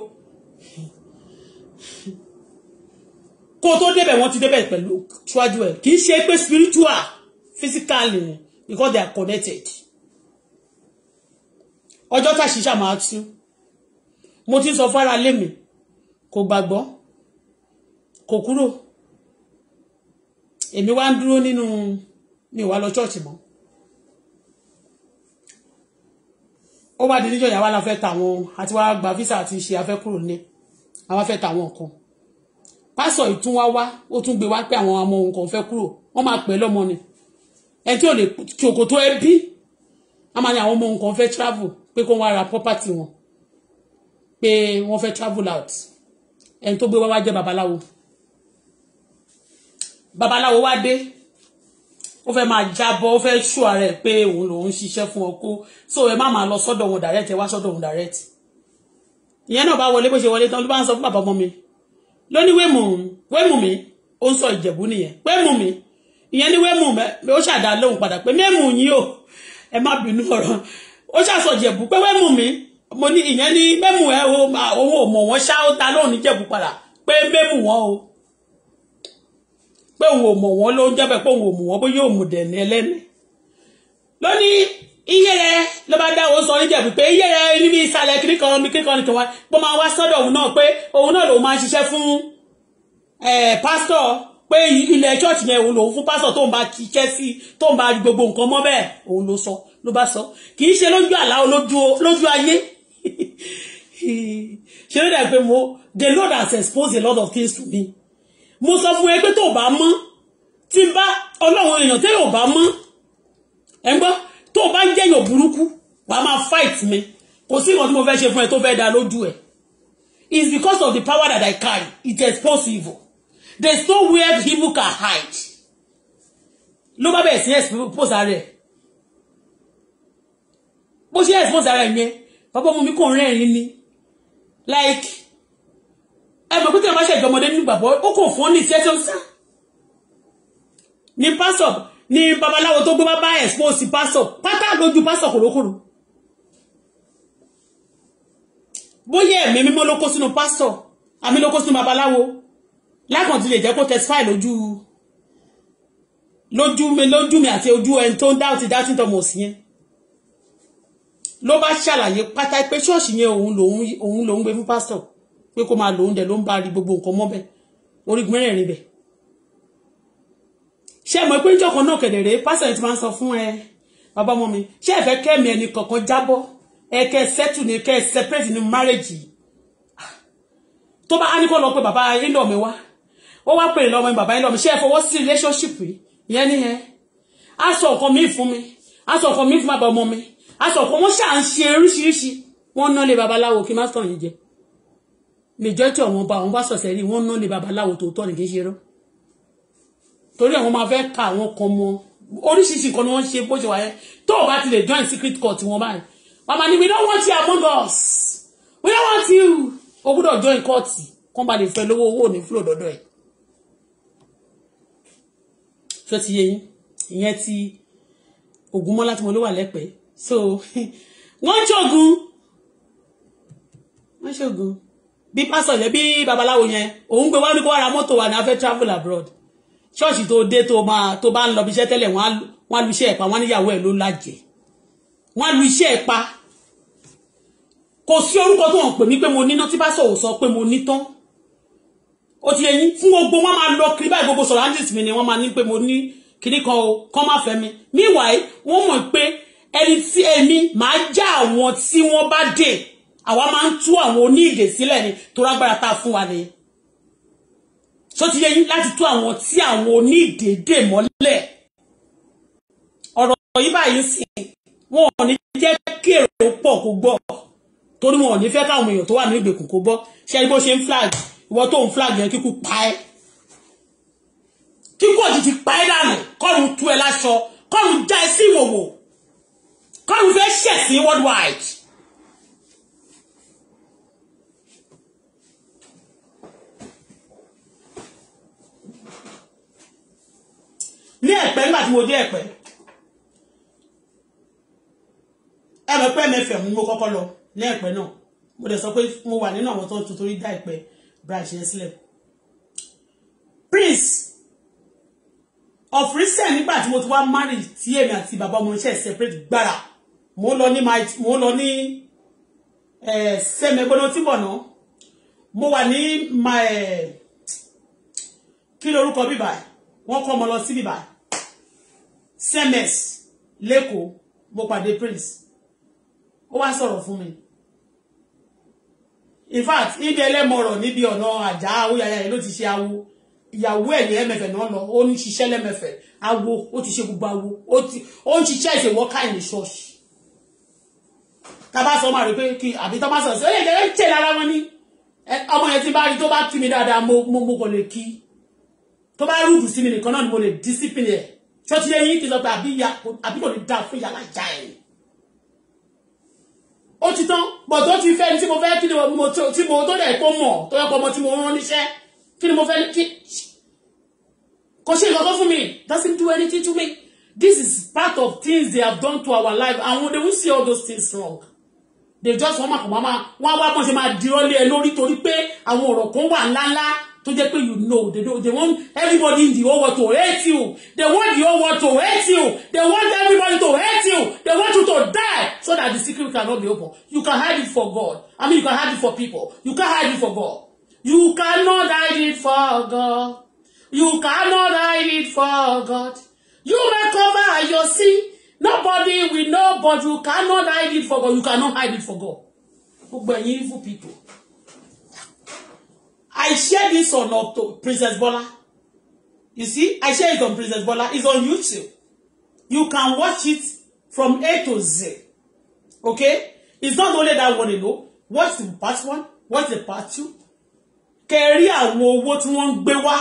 S2: kó tó débẹ̀ wọ́n ti débẹ̀ pẹ̀lú ṣáájú ẹ̀ kì í ṣe pé spiritual physically because they are connected ọjọ́ tá ṣiṣà máa tú mo ti sọ fara lémi kò gbàgbọ́ kò kúrò èmi wá ń dúró nínú mi wá lọ ṣọ́ọ̀ṣì mọ́ ó bá di níjọ́ ìyàwó la fẹ́ tàwọn àti wàá gba físà àti ṣe afẹ́ kúrò ní àwọn afẹ́ tàwọn kan pásọ̀ ìtún wá wá ó tún gbé wá pé àwọn ọmọ òun kàn fẹ́ kúrò wọ́n máa pè lọ́mọ ni ẹ tí ò lè ṣòkòtò ẹbí a máa ní àwọn ọmọ òun kàn fẹ́ travel pé kó wọ́n ra property wọn pé wọ́n fẹ́ travel out ẹni tó gbé wá wá jẹ́ babaláwo babaláwo wá dé ó fẹ́ máa jábọ́ ó fẹ́ ṣú ara ẹ̀ pé òun lòun ṣiṣẹ́ fún ọkọ so ẹ má máa lọ sọ́dọ̀ wọn direct ẹ wá sọ́dọ̀ wọn direct ìyẹn náà bá wọlé bó ṣe wọlé tán ló bá ń sọ fún bàbá ọmọ mi lóní wémù wémù mi ó ń sọ ìjẹ̀bú nìyẹn wémù mi ìyẹn ní wémù mi ó ṣàdá lóhùn padà pé mẹ́mù yín o ẹ má bínú ọ̀rọ̀ ó ṣàṣọ ìjẹ̀bú pé wémù mi mo ní ìyẹn ní mẹ́mù ẹ o òun ò mọ̀ wọ́n ṣá ó ta lóhùn níjẹ̀bú padà pé mẹ́mù wọn o pé òun ò mọ̀ wọ́n ló jẹ́ bẹ́ẹ̀ pé òun ò mọ̀ wọ́n bó yóò mú dẹ̀ ní ẹlẹ́ni lóní iye rẹ ló bá dá òun sọ níjẹ̀bù pé iye rẹ níbi ìsàlẹ̀ kíríkan kíríkan nìkan wá pé máa wá sọ́dọ̀ òun náà pé òun náà lòun máa ń ṣiṣẹ́ fún pásítọ̀ pé ilẹ̀ church yẹn òun lòun fún pásítọ̀ tó ń bá kíkẹ́ sí tó ń bá gbogbo nǹkan mọ́ bẹ́ẹ̀ òun ló sọ ló bá sọ kì í ṣe lójú àlá lójú ayé
S1: [LAUGHS]
S2: ṣe ló dà pé mo the Lord has exposed a lot of things to me mo sọ fún ẹ pé tó bá mọ́ tí n bá ọlọ́run èèyàn tẹ́yọ̀ bá mọ́ ẹ̀ gbọ́ tó o bá ń jẹ́yàn burúkú wà á máa fight mi kò sí nǹkan tí mo fẹ́ ṣe fún ẹ tó fẹ́ da lójú ẹ it's because of the power that I carry it expose evil there's no where evil can hide ló bá bẹ̀rẹ̀ sí expose ara ẹ̀ bó ṣe expose ara ẹ̀ yẹn bàbá ọmọ mi kò rẹ́rìn ni like ẹ mọ̀ pé tí a bá ṣẹ̀jọ́ ọmọdé nínú bàbá ó kò fún ọ ní ìṣẹ́jọ́ sá ní pásọ̀ ni babaláwo tó gbé bá bá expose pásọ pátá lójú pásọ kòrókòrò bóyá ẹ̀mí mímọ́ ló kó sínú pásọ àmì ló kó sínú babaláwo lákàntí lè jẹ́ kó testify lójú lójú mi lójú mi àti ojú ẹni tó ń dá òtí dá tíntọ́ mọ̀ sí yẹn ló bá ṣàlàyé pátá pé ṣọ́ọ̀ṣì yẹn òun lòun òun lòun gbé fún pásọ pé kó máa lòun dẹ̀ ló ń bá rí gbogbo nǹkan mọ́bẹ̀ orígun mẹ́rẹ̀ẹ̀rin bẹ̀ ṣé mọ̀ pé níjọ́ kan náà kẹ̀dẹ̀rẹ́ pásítọ̀ ti máa ń sọ fún ẹ bàbá ọmọ mi ṣé ẹ̀fẹ́ kẹ́mi ẹni kọ̀ọ̀kan jábọ́ ẹ kẹ́ sẹ́tù ni kẹ́ sẹ́pẹ́rẹ́tì ni márẹ́jì tó bá áníkọ́ lọ pé bàbá ilọ̀ mi wá ó wá pè lọ́mọ bàbá ilọ̀ mi ṣé ẹ fọwọ́ sí relationship yìí ìyẹn nìyẹn á sọ nǹkan míì fún mi á sọ nǹkan míì fún bàbá ọmọ mi á sọ nǹkan wọ́n ṣáà ń ṣe oríṣiríṣi wọ́n ná lé babaláwo kí má tàn yín jẹ majority ọ̀wọ́n bá àwọn bá sọ̀sẹ̀ rí wọ́n ná lé babaláwo tòótọ́ nìkan ṣe torí àwọn máa fẹ́ ka àwọn kan mọ oríṣiríṣi nǹkan ni wọ́n ṣe bó ṣe wà tó o bá ti lè join secret court wọn báyìí wọ́n máa we don't want you among us we don't want you o gbọ́dọ̀ join court kó bá lè fẹ́ lówó owó ní fúlò dọ́dọ̀ ẹ̀ tó ti yẹ yín ìyẹn ti Ògúnmọ́lá tí mo ló wà lẹ́pẹ́ so [LAUGHS] wọ́n ṣògùn wọ́n ṣògùn bí pásọ̀ yẹn bí babaláwo yẹn òun gbé wá ní kó wá ra mọ́tò wà ní afẹ́ travel abroad ṣọ́ọ̀ṣì tó dé tó máa tó bá ń lọ bí iṣẹ́ tẹ́lẹ̀ wọ́n á lu iṣẹ́ ẹ̀pa wọ́n níyàwó ẹ̀ ló lájẹ̀ wọ́n á lu iṣẹ́ ẹ̀pa kò sí orúkọ tó hàn pè mí pé mo níná tí bá sọ̀wọ́ sọ pé mo nítán ó ti yẹyin fún gbogbo wọn máa lọ kiri báyìí gbogbo surroundings mi ni wọn máa ní pé mo ní kíní kan o kán má fẹ́ mi meanwhile wọ́n mọ̀ pé ẹni tí èmi máa já àwọn tí wọ́n bá dé àwa máa ń tú àwọn oníìdè sílẹ̀ ni tó tá a fún wa nìyẹn tó ti yẹ yín láti tú àwọn tí àwọn onídèédè mọ́lẹ̀ ọ̀rọ̀ yìí báyìí sìn wọn ò ní jẹ́ kí èrò pọ̀ kó gbọ́ torí wọn ò ní fẹ́ káwọn èèyàn tó wà ní ìgbèkùn kó gbọ́ ṣe bó ṣe ń flag ìwọ tó ń flag yẹn kíkú pa ẹ́ kíkú òjijì pa ẹ́ dànù kọ́run tú ẹ láṣọ kọ́run já ẹ sí ìwòwò kọ́run fẹ́ ṣẹ̀ sí worldwide. ní ẹ̀pẹ́ nígbà tí mo dé ẹ̀pẹ́ ẹ lọ pẹ́ mẹ́fẹ̀ mú mo kọ́kọ́ lọ ní ẹ̀pẹ́ náà mo dẹ̀ sọ pé mo wà nínú àwọn tó ń tuntun dá ẹ̀pẹ́ branch yẹn sílẹ̀ prince of recent nígbà tí mo ti wá marry tí èmi àti bàbá ọmọ iṣẹ́ separate gbára mo lọ ní mo lọ ní sẹ́mẹ̀gbọ́n tí bọ̀ náà mo wà ní my kí lorúkọ bíbà wọ́n kọ́ ọmọ lọ sí bíbà semes lẹ́kọ̀ọ́ mo pàdé prince ó wá sọ̀rọ̀ fún mi in fact ibi ẹlẹ́mọ̀rọ̀ níbi ọ̀nà àjà awóyàyà yẹn ló ti ṣe awo ìyàwó ẹ̀ ní ẹ̀mẹ̀fẹ̀ náà lọ ó ń ṣiṣẹ́ lẹ́mẹ̀fẹ̀ awo ó ti ṣe gbogbo awo ó ń ṣiṣẹ́ ìṣe wọ́ká ìní ṣọ́ọ̀ṣì tábà sọ máa rí pé kí àbí bá sọ sí ó lè jẹ́ tẹ̀lé ara wọn ní ọmọ yẹn ti bá rí tó bá kí mi dáadáa mo mo kò lè kí tó bá rúdù sí mi nìkan náà ni mo lè discipline ẹ̀ tí wọ́n ti yẹ yín kí lọ́gbà àbí kò ní dáa fún ìyá alájà ẹ̀ ó ti tán bọ̀dọ̀ ti fẹ́ ni tí mo fẹ́ kí ni mo tí mo tó dẹ̀ kó mọ̀ tó yẹ kó ọmọ tí mo rán níṣẹ́ kí ni mo fẹ́ kí kò ṣe ìkọ́kọ́ fún mi doesn't do anything to me this is part of things they have done to our life and they will see all those things wrong they just wọ́n máa kàn máa wọ́n á wá bọ́n ṣe máa dirọ́ lé ẹ lórí torí pé
S1: àwọn ọ̀rọ̀ kan wà
S2: ńláńlá To jẹ́ pé you know they, they want everybody in the whole world to hate you they want the whole world to hate you they want everybody to hate you they want you to die so that the secret cannot be open you can hide it for God I mean you can hide it for people you can hide it for God you cannot hide it for God you cannot hide it for God you may cover your sin nobody will know but you cannot hide it for God you cannot hide it for God gbogbo ẹ̀yin evil people I share this on up Princess Bola. You see, I share it on Princess Bola. It's on YouTube. You can watch it from A to Z. Okay? It's not only that one You know, What's the part one? What's the part two? Career, what one tí wọ́n ń gbé wá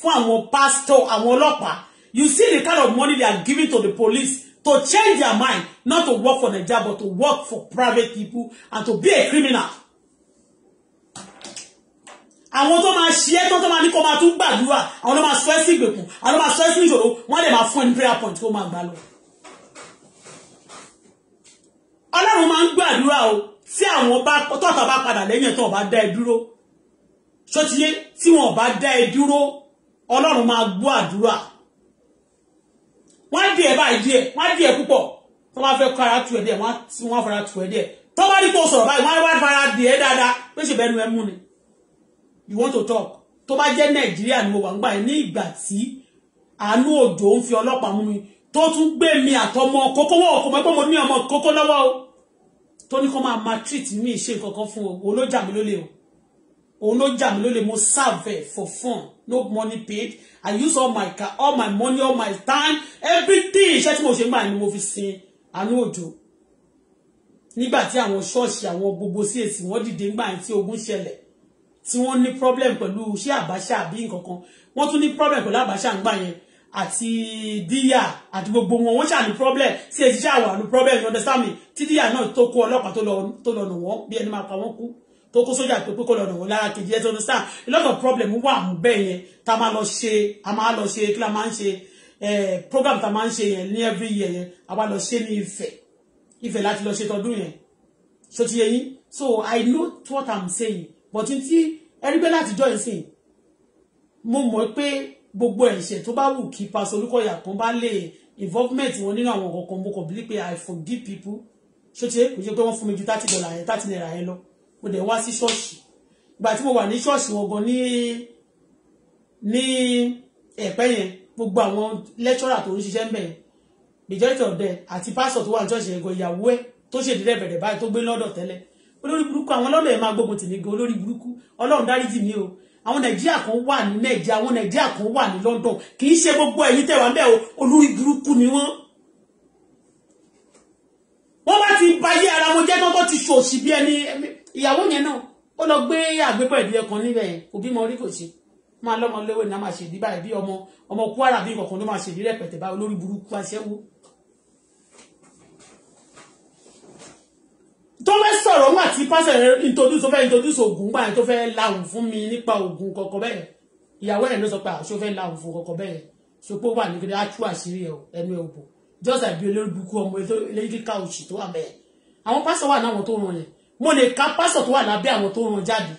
S2: fún àwọn pastor, àwọn ọlọ́pàá. You see the kind of money they are giving to the police to change their mind, not to work for Naija, but to work for private people and to be a criminal àwọn tó máa ṣe ẹ́ tó tó máa ní kó máa tún gbàdúrà àwọn tó máa sọ ẹ́ sí ìgbèkùn àwọn tó máa sọ ẹ́ sí ìṣòro wọ́n lè máa fún ẹ ní prayer point kó máa gbà lọ. ọlọ́run máa ń gbàdúrà o tí àwọn bá tọ́ta bá padà lẹ́yìn tó bá dá ẹ dúró ṣọ́tiyé tí wọ́n bá dá ẹ dúró ọlọ́run máa gbọ́ àdúrà wọ́n á di ẹ̀ báyìí díẹ̀ wọ́n á di ẹ̀ púpọ̀ tó bá fẹ́ kára tu ẹ̀ díẹ̀ wọ́n á fara tu ẹ̀ díẹ̀ tó bá rí kó sọ̀rọ̀ báyìí wọ́n á wá fara di ẹ̀ dáadáa pé ṣèbẹ́nu ẹ̀ mú ni you want to talk tó bá jẹ́ nàìjíríà ni mo wà ń gbà ní ìgbà tí àánú òjò ń fi ọlọ́pàá mú mi tó tún gbé mi àtọmọ kókó wọn kò mọ̀ pé mo ní ọmọ kókó lọ́wọ́ o tó ní kó máa ma treat mi ṣe kankan fún o òun ló jà mí lólè o òun ló jà mí lólè mo serve for fun no money paid i use all my car all my money all my time everything iṣẹ́ tí mo ṣe ń gbà ni mo fi sin àánú òjò nígbà tí àwọn ṣọ́ọ̀ṣì àwọn gbogbo sí èsì wọ́n dìde ńgbà tí ogun ṣẹlẹ̀ tí wọ́n ní problem pẹ̀lú ṣé àbáṣà àbí nǹkan kan wọ́n tún ní problem pẹ̀lú àbáṣà ńgbà yẹn àti díyà àti gbogbo wọn wọ́n ṣàní problem sí èsì ṣáà wà ní problem you understand me tí díyà náà tó kó ọlọ́pàá tó lọ nù wọ́n bí ẹni máa pa wọ́n kú tó kó sójà pé kó lọ nù wọ́n lára kejì ẹ̀sìn understand a lot of problem wà mú bẹ́ẹ̀ yẹn tá a máa lọ ṣe a kí la máa ń ṣe eh, program tá a máa ń ṣe yẹn ní every year yẹn a wá lọ ṣe ní Ifẹ̀ Ifẹ̀ láti lọ ṣe tọdún yẹn so ti yẹ yín so I know what I'm saying but tí ẹrí pé látijọ́ ìsìn mo mọ̀ pé gbogbo ẹ̀ṣẹ̀ tó bá wù kí pásọ Olúkọ̀yà kan bá lè involvement wọn nínú àwọn ọkọ̀ mo kàn bí pé i forgive people ṣó ti kò ṣe pé wọ́n fún mi ju thirty dollar yẹn thirty naira yẹn lọ mo dẹ̀ wá sí ṣọ́ọ̀ṣì ìgbà tí mo wà ní ṣọ́ọ̀ṣì wọn gan ní ní ẹ̀pẹ́ yẹn gbogbo àwọn lecturer tó ń ṣiṣẹ́ ń bẹ̀ yẹn majority of them àti pastor tó wà ní ṣọ́ọ̀ṣì yẹn gan ìyàwó ẹ̀ tó ṣèdílé bẹ̀rẹ̀ báyìí tó gbé lọ́dọ̀ tẹ́lẹ̀ olórí burúkú àwọn ọlọ́lọ́ ẹ̀ máa gbógun tì mí gan olórí burúkú ọlọ́run dáríjì mí o àwọn nàìjíríà kan wà ní nàìjíríà àwọn nàìjíríà kan wà ní London kì í ṣe gbogbo ẹ̀yin tẹ̀wá ń bẹ̀ o olórí burúkú ni wọ́n. wọ́n bá ti ba ayé ara wọn jẹ́ tán tó ti ṣòṣì bí ẹni ìyàwó yẹn náà ó lọ gbé àgbébọ̀ ìdí ẹ̀kan níbẹ̀ òbí mọ orí kò sí máa lọ́mọ lówó ni a máa ṣèdí báyìí bí ọmọ ọmọ Kwara bí kọ̀ọ̀kan ló máa ṣèdí rẹpẹtẹ báyìí olórí burúkú aṣẹ́wó tó fẹ́ sọ̀rọ̀ ńgbà tí pásẹ̀ rẹ̀ introduce fẹ́ introduce oògùn gbà tó fẹ́ láhùn fún mi nípa oògùn kọ̀ọ̀kan bẹ́ẹ̀ ìyàwó ẹ̀ ló sọ pé àṣọ fẹ́ láhùn fún kọ̀ọ̀kan bẹ́ẹ̀ sopó wà ní kéde ájú àṣírí ẹ̀ ẹnu ẹ̀ òbò just àbí olórúkú ọmọ eléríkà òṣì tó wà bẹ́ẹ̀ àwọn pásọ̀ wà láwọn tó ràn yẹn mo lè ka pásọ̀ tó wà lábẹ́ àwọn tó ràn jáde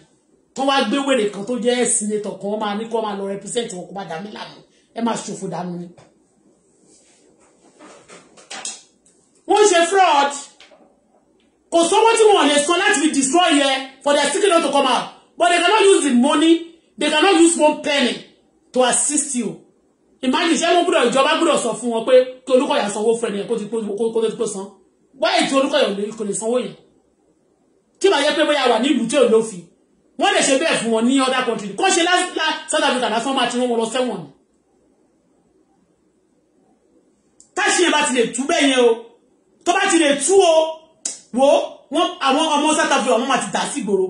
S2: tó wá gbé wèrè kan tó jẹ́ senator kan máa ní kó máa lọ represent wọ́n ṣe fraud kò sọ́wọ́ tí wọ́n lè sọ láti fi destroy yẹ for their secret not to come out but they cannot use the money they cannot use one penny to assist you imagine ṣé wọ́n gbọ́dọ̀ ìjọba gbọ́dọ̀ sọ fún wọn pé kí Olúkọ̀yà sanwó fún ẹnìyẹn kó ti kó san wáyé tí Olúkọ̀yà kò lè sanwó yẹn tí màá yẹ pé bóyá wà ní ìlú tí ò lófin wọ́n lè ṣe bẹ́ẹ̀ fún wọn ní other country kó ṣe lá South Africa lásán máa ti wọ́n lọ sẹ́wọ̀n ni táṣìyẹn bá ti lè tú bẹ́ẹ̀ yẹn o tó bá ti lè tú o wo wọn àwọn ọmọ South Africa wọn máa ti dà sí ìgboro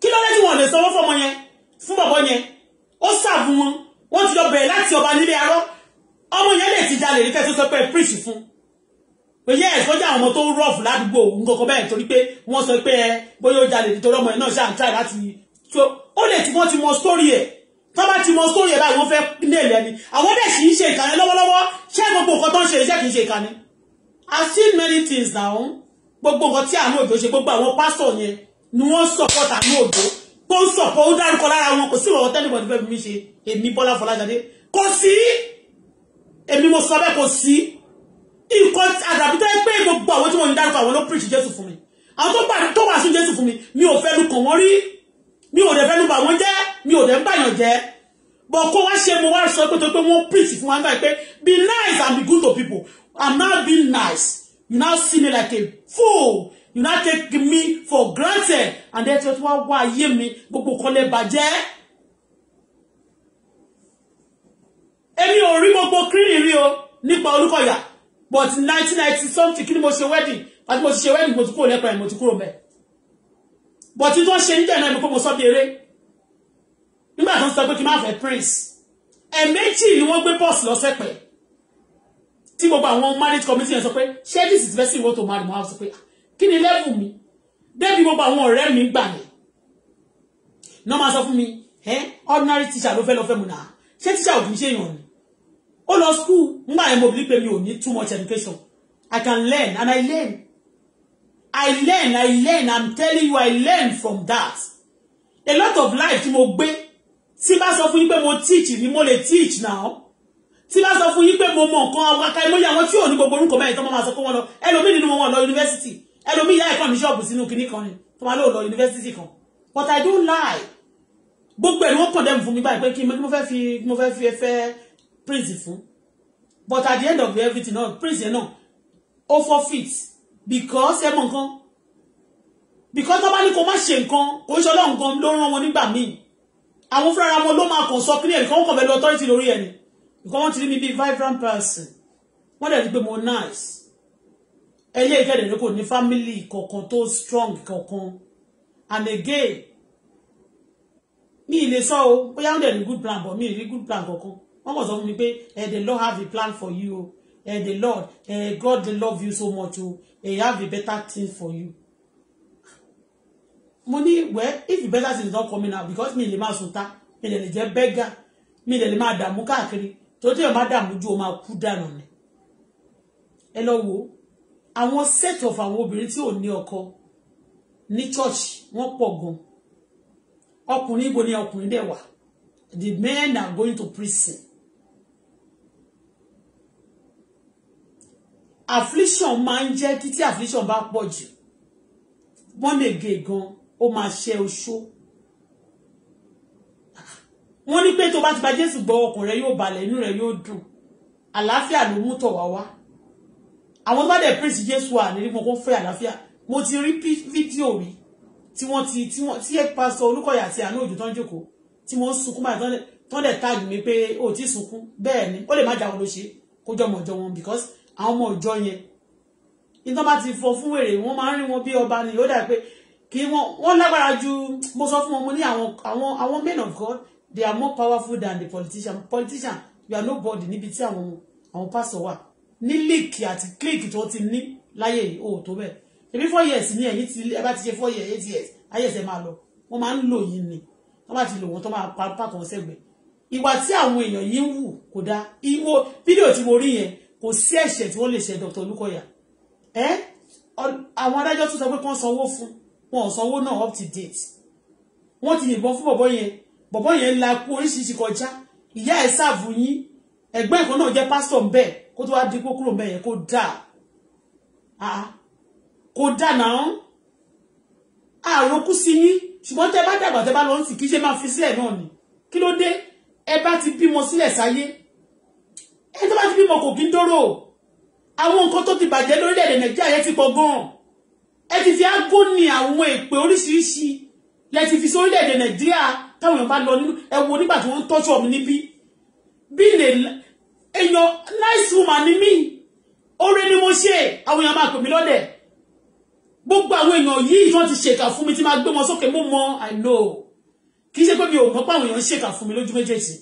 S2: kí ló dé tí wọn lè sanwó fọmọ yẹn fún bọ̀bọ̀ yẹn ó sàbù wọn wọn ti lọ bẹ̀rẹ̀ láti ọba nílé arọ́ ọmọ yẹn lè ti jalè nípa tó sọ pé preach fún pé yẹ ẹ̀sọ́jà àwọn ọmọ tó ń rọ̀fù ládùúgbò nǹkan bẹ́ẹ̀ torí pé wọ́n sọ pé bóyá ó jalè nítorí ọmọ yẹn náà ṣáà ń tà láti tó ó lè tí wọ́n ti mọ sórí ẹ̀ tó bá ti mọ sórí ẹ̀ báyìí wọ́n fẹ́ nílẹ̀ ni àwọn dẹ̀ sì ń ṣe ìkànnì lọ́wọ́lọ́wọ́ ṣé gbogbo nǹkan tó ń ṣe iṣẹ́ kì í ṣe ìkànnì I see many things now gbogbo nǹkan tí àánú òjò ṣe gbogbo àwọn pásọ yẹn ni wọ́n support àánú òjò tó ń support ó dárúkọ lára wọn kò sí ìwọ̀n tẹ́lifọ̀dì fẹ́ fi mi ṣe èmi Bọ́lá Fọláṣadé kò sí èmi mo sọ bẹ́ẹ̀ kò sí nǹkan àdàbí tó yẹ pé gbogbo àwọn tí wọ́n ń dárúkọ àwọn ló preach Jésù fún mi àwọn tó gbà tó wà sún Jésù fún mi mi ò fẹ́nu kàn wọ́n rí mi ò dẹ̀ fẹ́nu bà wọ́n jẹ́ mi ò dẹ̀ ń bàyàn jẹ́ bọ̀ kó wá ṣe mo wá sọ pé tó pé wọ́n preach fún wa nígbà pé be nice and be good to people I'm not being nice. You now see me like a fool. You now take me for granted. And that's what why you wá wá ayé mi gbogbo kan lè bàjẹ́. Èmi ò rí gbogbo kírìn rí o nípa Olúkọ̀yà. But 1990 something kí ni mo wedding. But mo ti ṣe wedding mo ti kúrò lẹ́pàá mo ti But you wọ́n ṣe níjẹ̀ náà ni pé mo sọ bí eré. Nígbà tó ń sọ pé You n have a prince. And Ẹ̀ẹ̀mejì ni wọ́n gbé bọ́ọ̀sì lọ sẹ́pẹ̀ẹ́ tí gbogbo àwọn marriage committee yẹn sọ pé ṣé this best person want to marry mo á sọ pé kí ni level mi débi gbogbo àwọn ọ̀rẹ́ mi gbà mí náà máa sọ fún mi ẹ ordinary teacher ló fẹ́ lọ fẹ́ mu náà ṣé teacher ò kì í ṣe èèyàn ni ó lọ school ngbà yẹn mo bí pé mi ò ní too much education I can learn and I learn I learn I learn I'm telling you I learn from that a lot of life tí mo gbé tí bá sọ fún yín pé mo teach ni mo lè teach now tí bá sọ fún yín pé mo mọ nǹkan àwọn aka ìmọ̀yà àwọn tí ò ní gbogbo orúkọ mẹ́rin tó máa sọ fún wọn lọ ẹlòmíì nínú wọn lọ yunifásitì ẹlòmíì yá ẹ̀kọ́ ní ṣọ́ọ̀bù sínú kinní kan ni tó máa lò lọ yunifásitì kan but i don't lie gbogbo ẹ̀ ni wọ́n condemn fún mi báyìí pé kí mo fẹ́ fi mo fẹ́ fi ẹfẹ́ prince fún but at the end of everything náà prince yẹn náà ó forfeit because ẹ mọ nǹkan because tó bá ní kó má ṣe nǹkan kò ń ṣe ọlọ́run kan ló rán wọn nígbà míì àwọn fúnra wọn ló máa kàn sọ kílíẹ̀ nǹkan ó kàn bẹ́ẹ̀ lọ authority lórí ẹni because wọ́n ti rí be bí vibrant person wọ́n dẹ̀ rí pé mo nice ẹyẹ ìkẹ́dẹ̀ ní kò ní family kankan tó strong kankan and again mi ì lè sọ o bóyá wọ́n dẹ̀ rí good plan but mi ì rí good plan kankan wọ́n mọ̀ sọ fún mi pé eh, the Lord have a plan for you o eh, the Lord eh, God dey love you so much o eh, he have a better thing for you mo ní wẹ́ if the better thing is not coming now, because mi ì lè máa sùn ta mi ì lè jẹ́ beggar mi ì lè máa dààmú káàkiri tó dé ọba dààmú ju o máa kú dànù ni ẹ lọ wo àwọn set of àwọn obìnrin tí ò ní ọkọ ní church wọ́n pọ̀ gan ọkùnrin ibo ni ọkùnrin dẹ̀ wà the men are going to prison affliction máa ń jẹ́ kí affliction bá pọ̀ jù wọ́n lè gé gan ó máa ṣe oṣó wọ́n ní pé tó bá ti gba jésù gbọ́ ọkàn rẹ yóò balẹ̀ inú rẹ yóò dùn àlàáfíà ló mú tọ̀ wá wá àwọn tó bá dẹ̀ praise jésù à nílé wọn kó fẹ́ àlàáfíà mo ti rí fídíò rí tí wọ́n ti tí wọ́n tí ẹ pásọ olúkọ̀yà àti àánú òjò tó ń jókòó tí wọ́n sunkún báyìí tó ń dẹ̀ táàgì mi pé ó ti sunkún bẹ́ẹ̀ ni ó lè má jáwọ́ ló ṣe kó jọmọ̀ ọjọ́ wọn because àwọn ọmọ ọjọ́ yẹn nítorí bá ti fọ fún wèrè wọ́n máa ń rí wọn bí ọba ni ó dà pé kí wọ́n wọ́n lágbára ju mo sọ fún wọn mo ní àwọn àwọn àwọn men of God they are more powerful than the politician politician you are nobody níbi tí àwọn àwọn pásọ wà ní líìkì àti kílíìkì tó ti ní láyé yìí ó tó bẹ́ẹ̀ ebi four years ní ẹ̀yìn tí ẹ bá ti ṣe four years eight years ayé ẹ̀sẹ̀ máa lọ wọ́n máa ń lò yín ni wọ́n bá ti lò wọ́n tó máa pa pápá kan sẹ́gbẹ̀ẹ́ ìwà tí àwọn èèyàn yìí ń wù kò dáa ìwọ fídíò tí mo rí yẹn kò sí ẹ̀ṣẹ̀ tí wọ́n lè ṣe Dr. Olúkọ̀yà ẹ́ àwọn adájọ́ tún sọ pé kán sanwó fún wọn sanwó náà up to date wọ́n ti yìnbọn fún bọ̀bọ́ yẹn bọ̀bọ́ yẹn la kú oríṣiríṣi kọjá ìyá ẹ̀ sáàfù yín ẹ̀gbọ́n ẹ̀kọ́ náà jẹ́ pásítọ̀ ńbẹ̀ kó tó wá di kókúrò ńbẹ̀ yẹn kó dà kó dà náà àròkú sí yín ṣùgbọ́n tẹ́ bá dàgbà tẹ́ bá lọ sí kí ṣe máa fi sílẹ̀ náà ni kí ló dé ẹ bá ti bímọ sílẹ̀ sáyé ẹ tó bá ti bímọ kò kí ń dóró àwọn nǹkan tó ti bàjẹ́ lórílẹ̀-èdè nàìjíríà yẹn ti pọ̀ gan-an ẹ ti fi ágónì àwọn èpè oríṣiríṣi lẹ ti fi sórílẹ̀-èdè nàìjíríà táwọn èèyàn bá lọ nínú ẹ wo nígbà tí wọ́n ń tọ́jú ọ̀mù níbí bí ilé èèyàn nice woman ni mí oore ni mo ṣe àwọn èèyàn máa pè mí lọ́dẹ̀ gbogbo àwọn èèyàn yìí wọ́n ti ṣèkà fún mi tí máa gbé wọn sókè mo mọ I know kì í ṣe pé mi ò mọ̀ pé àwọn èèyàn ṣèkà fún mi lójú méjèèjì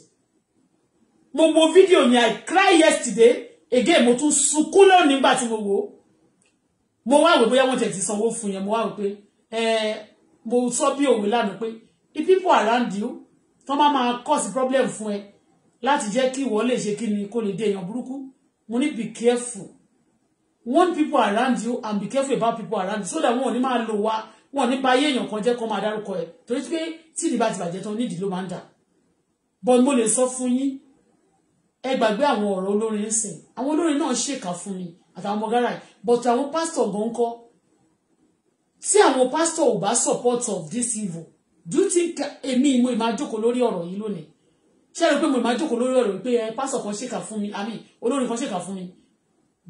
S2: mo wo fídíò yẹn I cry yesterday again mo tún sunkún lónìí nígbà tí mo wò ó mo wá wò bóyá wọ́n tẹ̀ ti sanwó fún yẹn mo wá wò pé mo sọ bí òwe lánàá pé the people around you tó bá máa cause problem fún ẹ láti jẹ́ kí ìwọ lè ṣe kí ni kó lè dé èèyàn burúkú mo ní be careful warn people around you and be careful about people around you so that wọn ò ní máa lò wá wọn ò ní bà ayé èèyàn kan jẹ́ kó máa dárúkọ ẹ torí pé tí ìdìbò àti ìbàjẹ́ tán nídìí ló máa ń dà but mo lè sọ fún yín ẹ gbàgbé àwọn ọ̀rọ̀ olórin ń sìn àwọn olórin náà ṣèkà fún mi àtàwọn ọmọ gáràì but àwọn pásítọ̀ gan kọ́ tí àwọn pásítọ̀ ò bá support of this evil do you think èmi mo máa jókòó lórí ọ̀rọ̀ yìí lónìí ṣé ẹ rò pé mo máa jókòó lórí ọ̀rọ̀ pé ẹ eh, pásọ̀ kan ṣèkà fún mi àmì olórin kan ṣèkà fún mi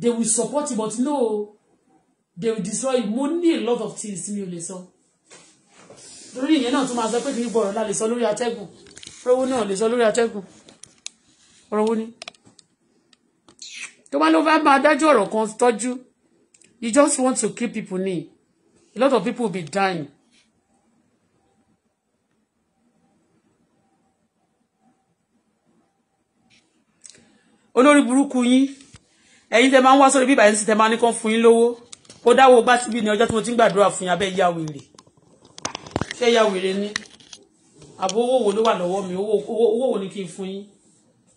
S2: they will support you but no they will destroy you mo ní a lot of things mi ò lè sọ lórí ìyẹn náà tún máa sọ pé kì í gbọ́ ọ̀rọ̀ la lè sọ lórí atẹ́gùn owó náà lè sọ lórí atẹ́gùn ọ̀rọ̀ wo ni tó bá ló fẹ́ máa dájú ọ̀rọ̀ kan tọ́jú you just want to kill people ni a lot of people will be dying. olórí burúkú yín ẹ̀yin tẹ́ máa ń wá sórí bíbá yẹn sì tẹ́ máa ní kán fún yín lówó ó dáwọ́ gbá síbi ní ọjọ́ tí mo ti ń gbàdúrà fún yín abẹ́ ìyá wèrè ṣé ìyá wèrè ni àbò owó wo ló wà lọ́wọ́ mi owó wo ni kí n fún yín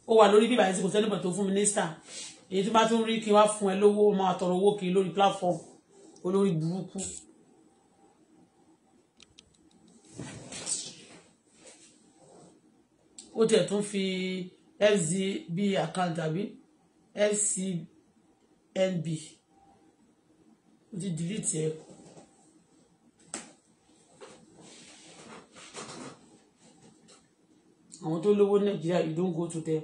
S2: ó wà lórí bíbá yẹn sì kò sẹ́nìbọ̀ tó fún mínísítà èyí tí máa tún rí kí n wá fún ẹ lówó máa tọrọ owó kiri lórí platform olórí burúkú. ó tiẹ̀ tún fi fcb account àbí fcnb mo ti delete ẹ àwọn tó lówó nàìjíríà you don go to them.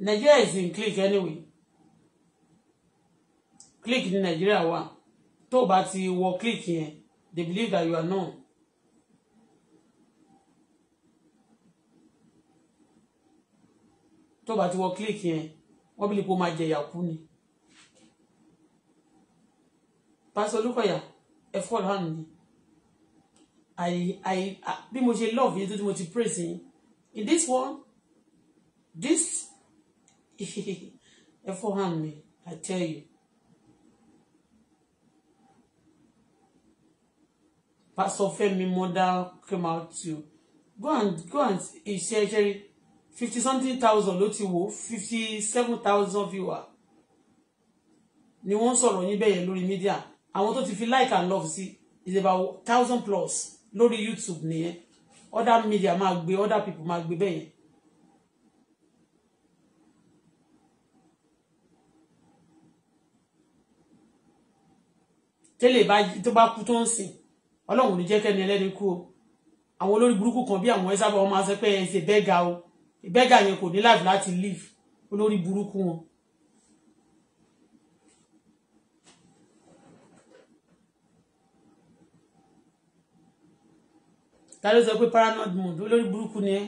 S2: Nigeria is in click anyway click ní nàìjíríà wà tó o bá ti wọ click yẹn they believe that you are known. tó o bá ti wọ click yẹn wọ́n bí lè kó máa jẹ̀yà kú ni. pásítọ̀ olúkọ̀yà ẹ fọ́ ọ̀rọ̀ àná ni bí mo ṣe love yẹn tó tí mo ti praise yín in this one this [LAUGHS] ẹ fọ́ hàn mi I tell you Pastor Femi mother came out to go and go and actually fifty something thousand ló ti wò fifty seven thousand viewer ni wọ́n sọ̀rọ̀ yín bẹ́yẹn lórí media àwọn tó ti fi like and love sí is about thousand plus lórí YouTube nìyẹn other media máa gbé other people máa gbé bẹ́yẹn. tẹ́lẹ̀ bá tó bá kú tó ń sìn ọlọ́run ní jẹ́ kẹ́ni ẹlẹ́ni kú o àwọn olórí burúkú kan bí àwọn ẹ̀sábà wọn máa sọ pé ẹ̀sẹ̀ bẹ́gà o bẹ́gà yẹn kò ní láàfin láti live olórí burúkú wọn. ta ló sọ pé paranoid mood olórí burúkú ni ẹ.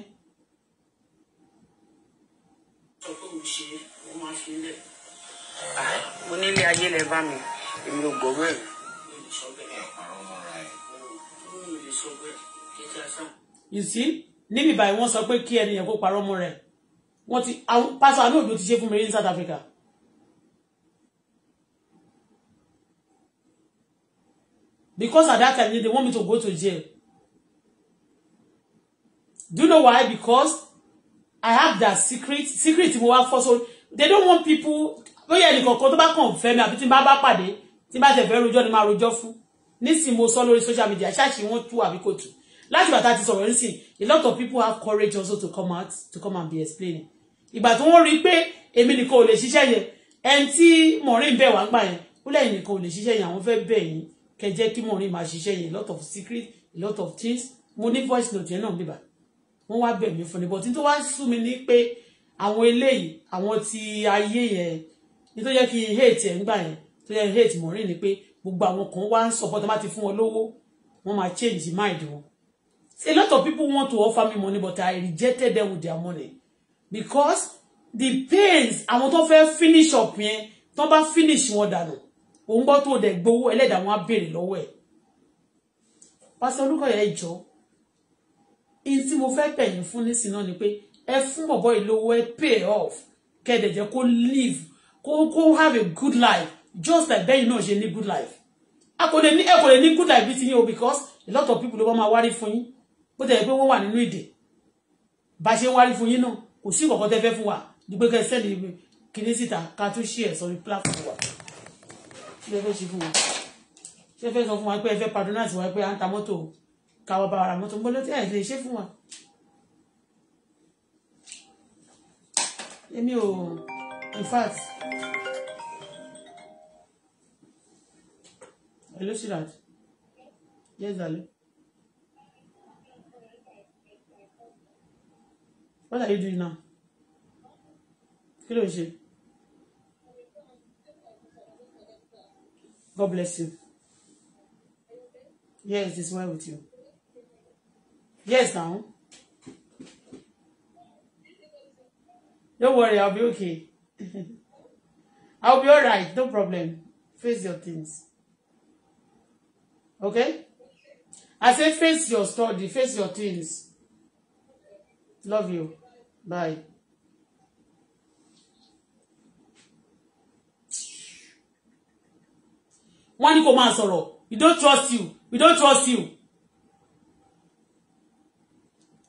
S1: mo nílé ayé lẹ bá mi èmi ò gbọ́ bẹ́ẹ̀
S2: you see níbi báyìí wọ́n sọ pé kí ẹnìyàn kó parọ́ mọ́ rẹ̀ wọ́n ti àwọn pásọ àánú òjò ti ṣe fún mi ní South Africa. because at that time they want me to go to jail do you know why because I have that secret secret mo wá fọ́ so they don't want people bóyá ẹnìkọ̀ọ̀kan tó bá kàn fẹ́ mi àbí tí n bá bá pàdé tí n bá tẹ̀ fẹ́ rojọ́ ni máa rojọ́ fún nísìn mo sọ lórí social media ṣáàṣì wọ́n tú àbí kò tú láti bàtà ti sọ̀rọ̀ nísìn a lot of people have courage also to come out to come and be explaining ìgbà tí wọ́n rí pé èmi nìkan ò lè ṣiṣẹ́ yẹn ẹni tí maureen bẹ̀ wá gbà yẹn ó lẹ́yìn nìkan ò lè ṣiṣẹ́ yẹn àwọn fẹ́ bẹ̀ yín kẹ jẹ́ kí maureen máa ṣiṣẹ́ yẹn a lot of secret a lot of things mo ní voice note yẹn náà bíbà wọ́n wá bẹ̀ mí fún ni but nítorí wá sú mi ní pé àwọn eléyìí àwọn ti ayé yẹn nítorí yẹ kí hate ẹ̀ ń gbà yẹn tó yẹ hate maureen ni pé gbogbo àwọn kan wá ń support bá ti fún wọn lówó wọ́n máa change mind wọn a lot of people want to offer me money but I rejected them with their money because the pains àwọn tó fẹ́ finish up yẹn tó bá finish wọn dànù òun gbọ́ tó dẹ̀ gbowó ẹlẹ́dàá wọn á béèrè lọ́wọ́ ẹ̀ pásítọ̀ Olúkọ̀yà ìjọ in tí mo fẹ́ pẹ̀yìn fún nísìnyí náà ni pé ẹ fún bọ̀bọ̀ ìlówó ẹ pay off kẹ́ẹ̀dẹ̀ jẹ́ kó live kó kó have a good life just like then, you know, ṣe need good life a kò lè ní ẹ kò lè ní good life bí ti yín o because a lot of people ló wọ́n máa wárí fún yín bó tẹ̀lé pé wọ́n wà nínú ìdè bá ṣe ń wárí fún yín náà kò sí ìkọ̀kọ́ tẹ́ fẹ́ fún wa ní pé kẹ́ sẹ́ni kìíní síta ká tún ṣí ẹ̀ sórí platform wa ṣé fẹ́ ṣe fún wa ṣé fẹ́ sọ fún wa pé ẹ fẹ́ patronize wa pé à ń ta mọ́tò ká wọ́n bá ara mọ́tò ń bọ́ lọ́tí ẹ̀ lè ṣe wa. èmi ò in fact Hello, Sirat. Yes, darling. What are you doing now? Kí ló God bless you. Yes, it's well with you. Yes, now. Don't worry, I'll be okay. [LAUGHS] I'll be all right, no problem. Face your things. Okay? I say face your study, face your things. Love you. Bye. Wọ́n ní kò máa We don't trust you. We don't trust you.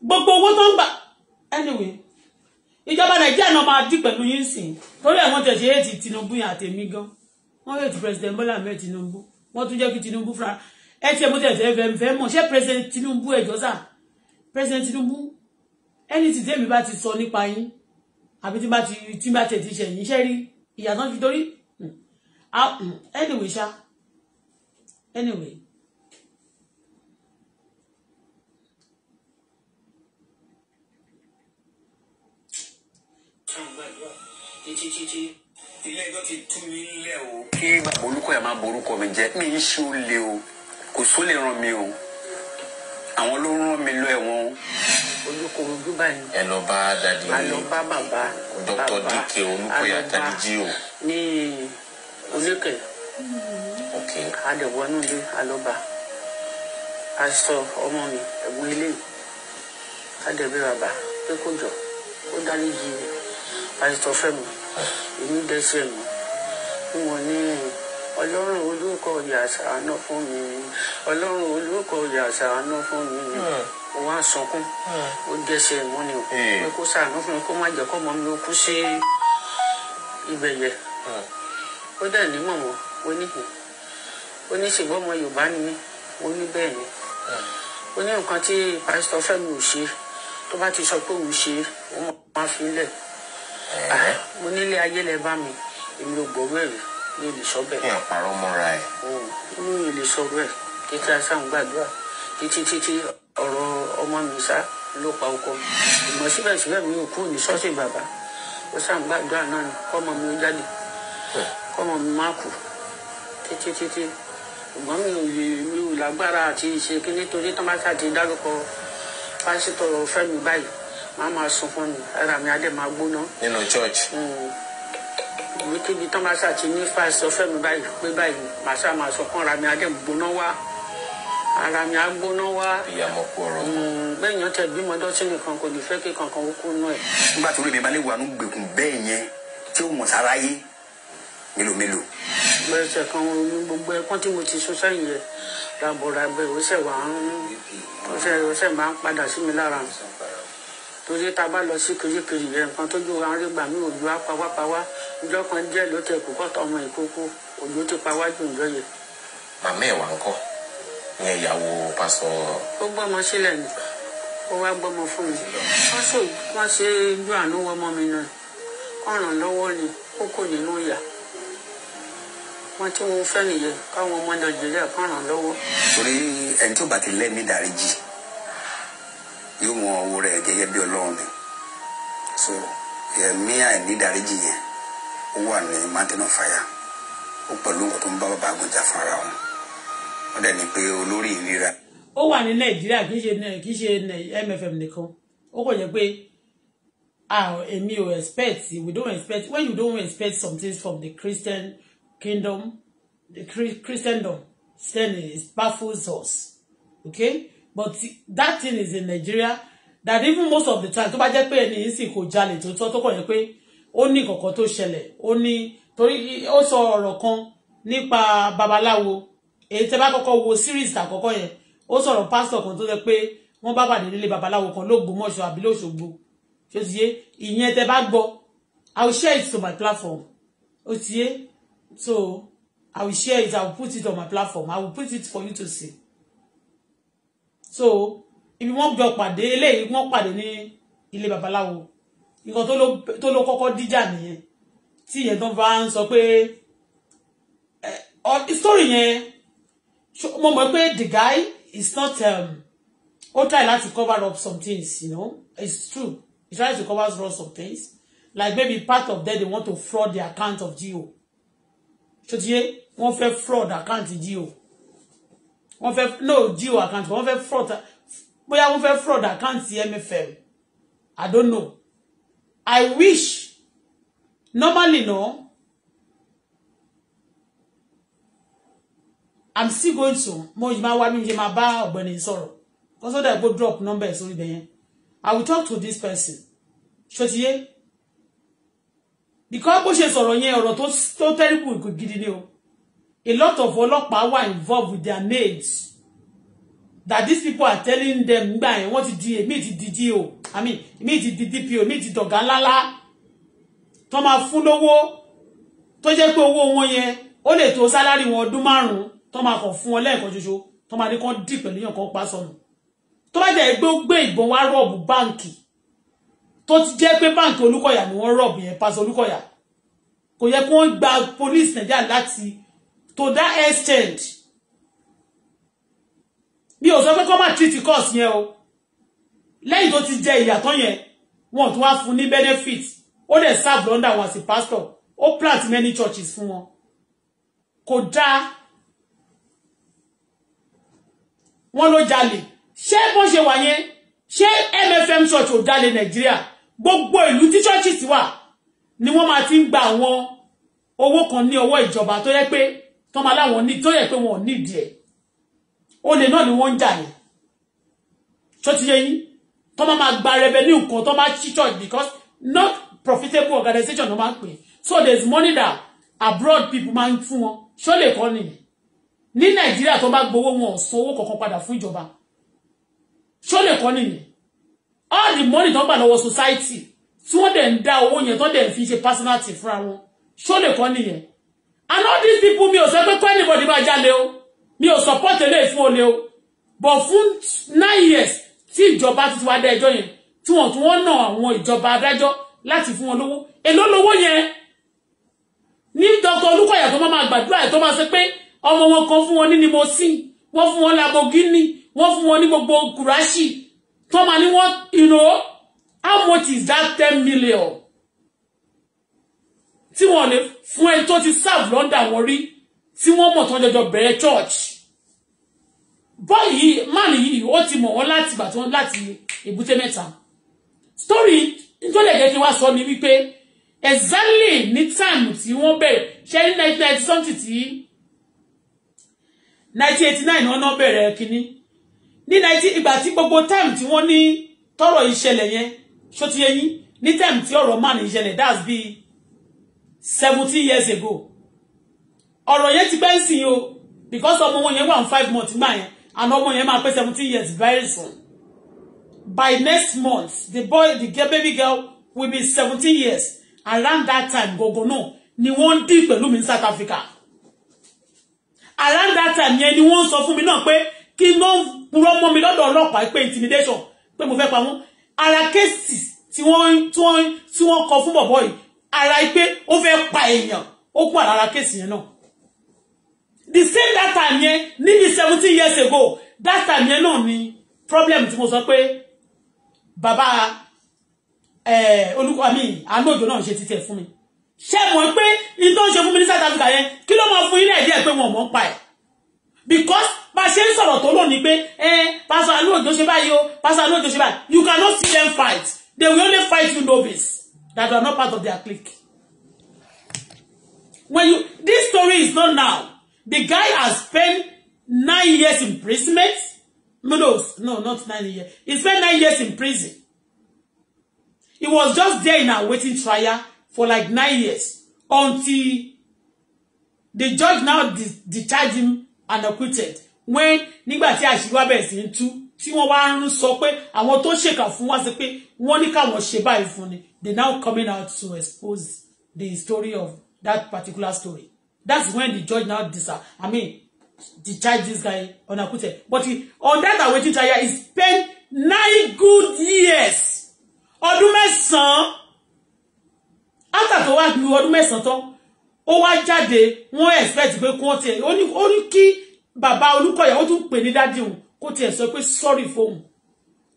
S2: But go what ń gbà. Anyway, ìjọba Nàìjíríà náà máa dí pẹ̀lú yín sìn. Torí ẹ̀ wọ́n tẹ̀ ṣe é ti Tinubu yẹn àtẹ̀mí gan. Wọ́n yóò ti President Bola Ahmed Tinubu. Wọ́n tún jẹ́ kí Tinubu fúnra ẹ tiẹ̀ mo tẹ̀ fẹ́ fẹ́ mọ̀ ṣé president Tinubu ẹ̀jọ́ sà president Tinubu ẹni tí tèmi bá ti sọ nípa yín àbí tí bá ti tí bá tẹ̀ ti ṣẹ̀yìn iṣẹ́ rí ìyàtọ̀ ti torí anyway ṣá anyway. ilé ẹjọ́ ti tú mi lẹ́ o. kí olùkọ́
S1: yẹn máa borúkọ mi jẹ́ mi ń ṣe ó le o kò só lè ràn mí o àwọn ló ràn mí lọ ẹ̀wọ̀n. olùkòrò dúbà ni. ẹ lọ bá dadi o. a bá bàbá. dr dike olùkóyà dadiji o. ní oníkẹ. ok. a lè wọnú ilé a lọ bá a sọ ọmọ mi ẹ̀gbọ́n ilé a lè bẹ bàbá pé kó jọ kó dáríji pásítọ̀ fẹ́ mi èmi dẹ́ṣẹ̀ mi n wọn ní ọlọ́run olùkọ́ yà ṣàánú fún mi ọlọ́run olùkọ́ yà ṣàánú fún mi hmm. wọ́n á sunkún hmm. ó dẹ́sẹ̀ ìmúni o eh. pé kó ṣàánú fún mi kó má jẹ́ kó mọ́ mi ó kú sí ibẹ̀ yẹ hmm. ó dẹ̀ ní mọ̀mọ́ ó ní kù ó ní ṣùgbọ́n ọmọ Yorùbá ni mí ó ní bẹ́ẹ̀ ni ó ní nǹkan tí pásítọ̀ Fẹ́mi ò ṣe tó bá ti sọ pé òun ṣe ó máa fi lẹ̀ eh. ah, mo nílé ayé lẹ bá mi èmi ò gbọ́rọ̀ ẹ̀rí mi lè sọ bẹ́ẹ̀. ẹ parọ́ mọ́ra ẹ. mi hmm. ò lè sọ bẹ́ẹ̀ títí asáhùn gbàdúrà títí títí ọ̀rọ̀ ọmọ mi sá ló pa ọkọ mi ìmọ̀ síbẹ̀síbẹ̀ mi ò kú ní ṣọ́ọ̀ṣì bàbá ó sáhùn gbàdúrà náà ni kọ́mọ mi ó jáde hmm. kọ́mọ mi má kú títí títí ìmọ̀ mi ò lè mi ò lágbára àti ṣe kí nítorí tó má ṣáà ti dárúkọ pásítọ̀ Fẹ́mi báyìí màá máa sọ fún ara mi adé máa gbóná. nínú church. Hmm ibikíbi tán bá ṣàti ní fa sọ fẹ́mi báyìí pé báyìí màá ṣáà máa sọ kán ara mi adé gbóná wá ara mi agbóná wá hmm, bẹ́ẹ̀ yàn tẹ̀ bímọ dọ́tí nìkan kò lè fẹ́ kí kankan kú nú ẹ̀. nígbà tó lè mi balẹ̀ wà nù gbèkùn bẹ́ẹ̀ yẹn tí ó mọ̀ sára yé mélòó mélòó. gbẹ̀sẹ̀ kan ní gbogbo ẹkún tí mo ti sún sẹ́yìn rẹ̀ làbọ̀ràbẹ̀ ó ṣẹ̀ wá ń ó ṣẹ̀ máa ń padà sí mi lára torí tá a bá lọ sí kirikiri yẹn nǹkan tójú wa ń rí gbà mí òjò á pawápawá ìjọ kan díẹ̀ ló tẹ kó kọ́tọ̀ ọmọ ìkókó òjò ti pawájú ìjọ yẹn. màmá ẹ̀ wá ń kọ́
S2: ìyẹn ìyàwó pásọ.
S1: ó gbọ́mọ sílẹ̀ ni ó wá gbọ́mọ fún mi wọ́n sì wọ́n ṣe ju àánú wọmọ mi náà ọ̀ràn lọ́wọ́ ni ó kò nínú ìyà wọn tí wọn fẹ́ nìyẹn káwọn ọmọ nàìjíríà kọ̀ràn lọ́wọ́. torí ẹni tó bá ti lẹ́mìí dáríjì yóò mọ owó rẹ̀ gẹ́gẹ́ bí ọlọ́run ni so ẹ̀mí àìní ìdáríjì yẹn ó wà ní mountain of fire ó pẹ̀lú nǹkan tó ń bá bàbá àgùntàn fúnra wọn ó dẹ̀ ní pé olórí ìríra.
S2: ó wà ní nàìjíríà kì í ṣe kì í ṣe mfm nìkan ó kò yẹ pé èmi ò expect we don't expect when you don't expect some things from the christian kingdom the christendom then it baffles us okay but that thing is in Nigeria that even most of the time tó bá jẹ́ pé ẹni yìí sì kò jalè tó tọ́ tó kọ̀ yẹn pé ó ní kankan tó ṣẹlẹ̀ ó ní torí ó sọ ọ̀rọ̀ kan nípa babaláwo èyí tẹ́ bá kọ́kọ́ wo series àkọ́kọ́ yẹn ó sọ̀rọ̀ pásítọ̀ kan tó jẹ́ pé wọ́n bá pàdé nílé babaláwo kan l'Ógbómọ̀ṣọ́ àbí l'Óṣogbo ṣé ìyẹn tẹ́ bá gbọ́ I will share it to my platform ó ti so I will share it I will put it on my platform I will put it for you to see so ibi wọ́n jọ pàdé eléyìí wọ́n pàdé ní ilé babaláwo nǹkan tó ló kọ́kọ́ díjà nìyẹn tí ìyẹn tó bá ń sọ pé eh, story yẹn mo mọ̀ pé the guy is not um, ó try láti cover up some things you know it's true he tries to cover up some things like maybe part of them they want to fraud the account of geo ṣòtiyé wọ́n fẹ́ fraud account geo wọ́n fẹ́ no geo account wọ́n fẹ́ fraud bóyá wọ́n fẹ́ fraud account MFM I don't know I wish normally no I'm still going to mo máa wá mi ṣe máa bá ọ̀gbẹ́ni sọ̀rọ̀ kọ́sọ́dà ìgbó drop number ẹ̀ sórí ibẹ̀ I will talk to this person ṣòtìyé because bó ṣe sọ̀rọ̀ yẹn ọ̀rọ̀ tó tẹ́ríkù gidi ni o a lot of ọlọ́pàá wà involved with their maids that these people are telling them gbà yẹn wọ́n ti di èmi ti di DO I mean èmi ti di DPO èmi ti dọ̀gá ńláńlá tó máa fún lówó tó jẹ́ pé owó wọn yẹn ó lè tó sálárì wọn ọdún márùn-ún tó máa kàn fún wọn lẹ́ẹ̀kan ṣoṣo tó máa ní kán dì pẹ̀lú yàn kan pa sọnù tó bá jẹ́ pé ó gbé ìbọn wá rọ̀bù báǹkì tó ti jẹ́ pé báǹkì Olúkọ̀yà ni wọ́n rọ̀bù yẹn pásọ Olúkọ̀yà kò yẹ kí wọ́n gba police Nàìjíríà láti to that extent bí o sọ pé kọ́ máa treat cost yẹn o lẹ́yìn tó ti jẹ ìyàtọ̀ yẹn wọn tó wá fún ní benefit ó dẹ̀ serve under wọn as pastor ó plant many churches fún wọn kò dáa wọn ló jalè ṣé bó ṣe wà yẹn ṣé MFM church ò dalẹ̀ Nàìjíríà gbogbo ìlú tí churches wà ni wọ́n máa ti ń gba àwọn owó kan ní ọwọ́ ìjọba tó yẹ pé tọ́mọ aláwọn ní tó yẹ pé wọn ò nídìí ẹ̀ olè náà ni wọ́n ń jà yẹn ṣó ti yẹ yín tọ́mọ máa gba revenue kan tọ́mọ ṣí church because not profitable organization ló máa ń pè so there is money that abroad people máa ń fún wọn ṣó lè kọ́ nìyẹn ní nàìjíríà tó bá gbowó wọn ò san owó kankan padà fún ìjọba ṣó lè kọ́ nìyẹn all the money tó ń gbà lọ́wọ́ society tí wọ́n dẹ̀ ń dá owó yẹn tó dẹ̀ ń fi ṣe personality fúnra wọn ṣó lè kọ́ nìyẹn and all these people mi ò sọ pé kọ́ anybody máa jalè o mi ò support eléyìí fún olè o but fún nine years tí ìjọba ti wá dá ẹjọ́ yẹn tí wọ́n tún wọ́n nà àwọn ìjọba adájọ́ láti fún wọn lówó èló lówó yẹn ní dr olúkọ̀yà tó máa gbàdúrà ẹ̀ tó máa ṣe pé ọmọ wọn kan fún wọn ní limousine wọ́n fún wọn Lamborghini wọ́n fún wọn ní gbogbo kùráṣì tó máa ní wọ́n you know how much is that ten million tí wọ́n ní fún ẹni tó ti serve lọ́ndà wọn rí tí wọ́n mọ̀ tán jọjọ bẹ̀rẹ̀ church boy yìí man yìí ó ti mọ̀ wọ́n láti ìgbà wọ́n láti èbúté mẹ́ta story nítorí ẹ̀jẹ̀ kí wá sọ ni wípé exactly ní time tí wọ́n bẹ̀rẹ̀ ṣe ní nineteen ninety something tí nineteen eighty nine wọn náà bẹ̀rẹ̀ kínní ní nineteen ìgbà tí gbogbo time tí wọ́n ní tọrọ ìṣẹ̀lẹ̀ yẹn ṣó ti yẹ yín ní time tí ọ̀rọ̀ man ìṣẹ̀lẹ̀ that's bíi seventeen years ago ọ̀rọ̀ yẹn ti pẹ́ ń sìn o because ọmọ wọn yẹn wà five months gbà yẹn and ọmọ yẹn máa pé seventeen years very soon by next month the boy the girl, baby girl will be seventeen years around that time gbogbo no. ni wọ́n ń dín pẹ̀lú mi ní South Africa around that time yẹn ni wọ́n sọ fún mi náà pé kí n ló purọ́ mọ́ mi lọ́dọ̀ ọlọ́pàá pé intimidation pé mo fẹ́ pa wọ́n ara kéèsì tí wọ́n tí wọ́n tí wọ́n kọ fún bọ̀bọ́ yìí ara pé ó fẹ́ pa èèyàn ó pọ̀ lára kéèsì yẹn náà the same that time yẹn níbi seventeen years ago that time yẹn náà ni problem tí mo sọ pé bàbá eh, olùkọ́ mi àánú òjò náà ṣe títẹ̀ fún mi ṣé mọ̀ pé ní tó ń ṣe fún mi ní South Africa yẹn kí ló máa fún ilé ẹ̀díẹ̀ pé wọn ò mọ̀ ń pa ẹ̀ because bá ṣe ń sọ̀rọ̀ tó lò ní pé ẹ pásọ àánú òjò ṣe báyìí o pásọ àánú òjò ṣe báyìí you cannot see them fight they will only fight you novice that are not part of their clique. When you, this story is not now. The guy has spent nine years in imprisonment. No, no, no, not nine years. He spent nine years in prison. He was just there in a waiting trial for like nine years until the judge now discharged him and acquitted. When nígbà tí àṣírí wá bẹ̀rẹ̀ sí ń tú tí wọ́n wá ń sọ pé àwọn tó ṣèkà fún wá sí pé wọ́n ní káwọn ṣe báyìí ni they now coming out to expose the story of that particular story. That's when the judge now decide. I mean, the charge this guy on Akute. But he, on that awaiting trial, he spent nine good years. Ọdún After the work, gbé ọdún mẹ́sàn-án tán, ó wá jáde, wọ́n expect pé kí wọ́n tiẹ̀. Ó ní kí bàbá Olúkọ̀yà ó tún pè ní sorry for kó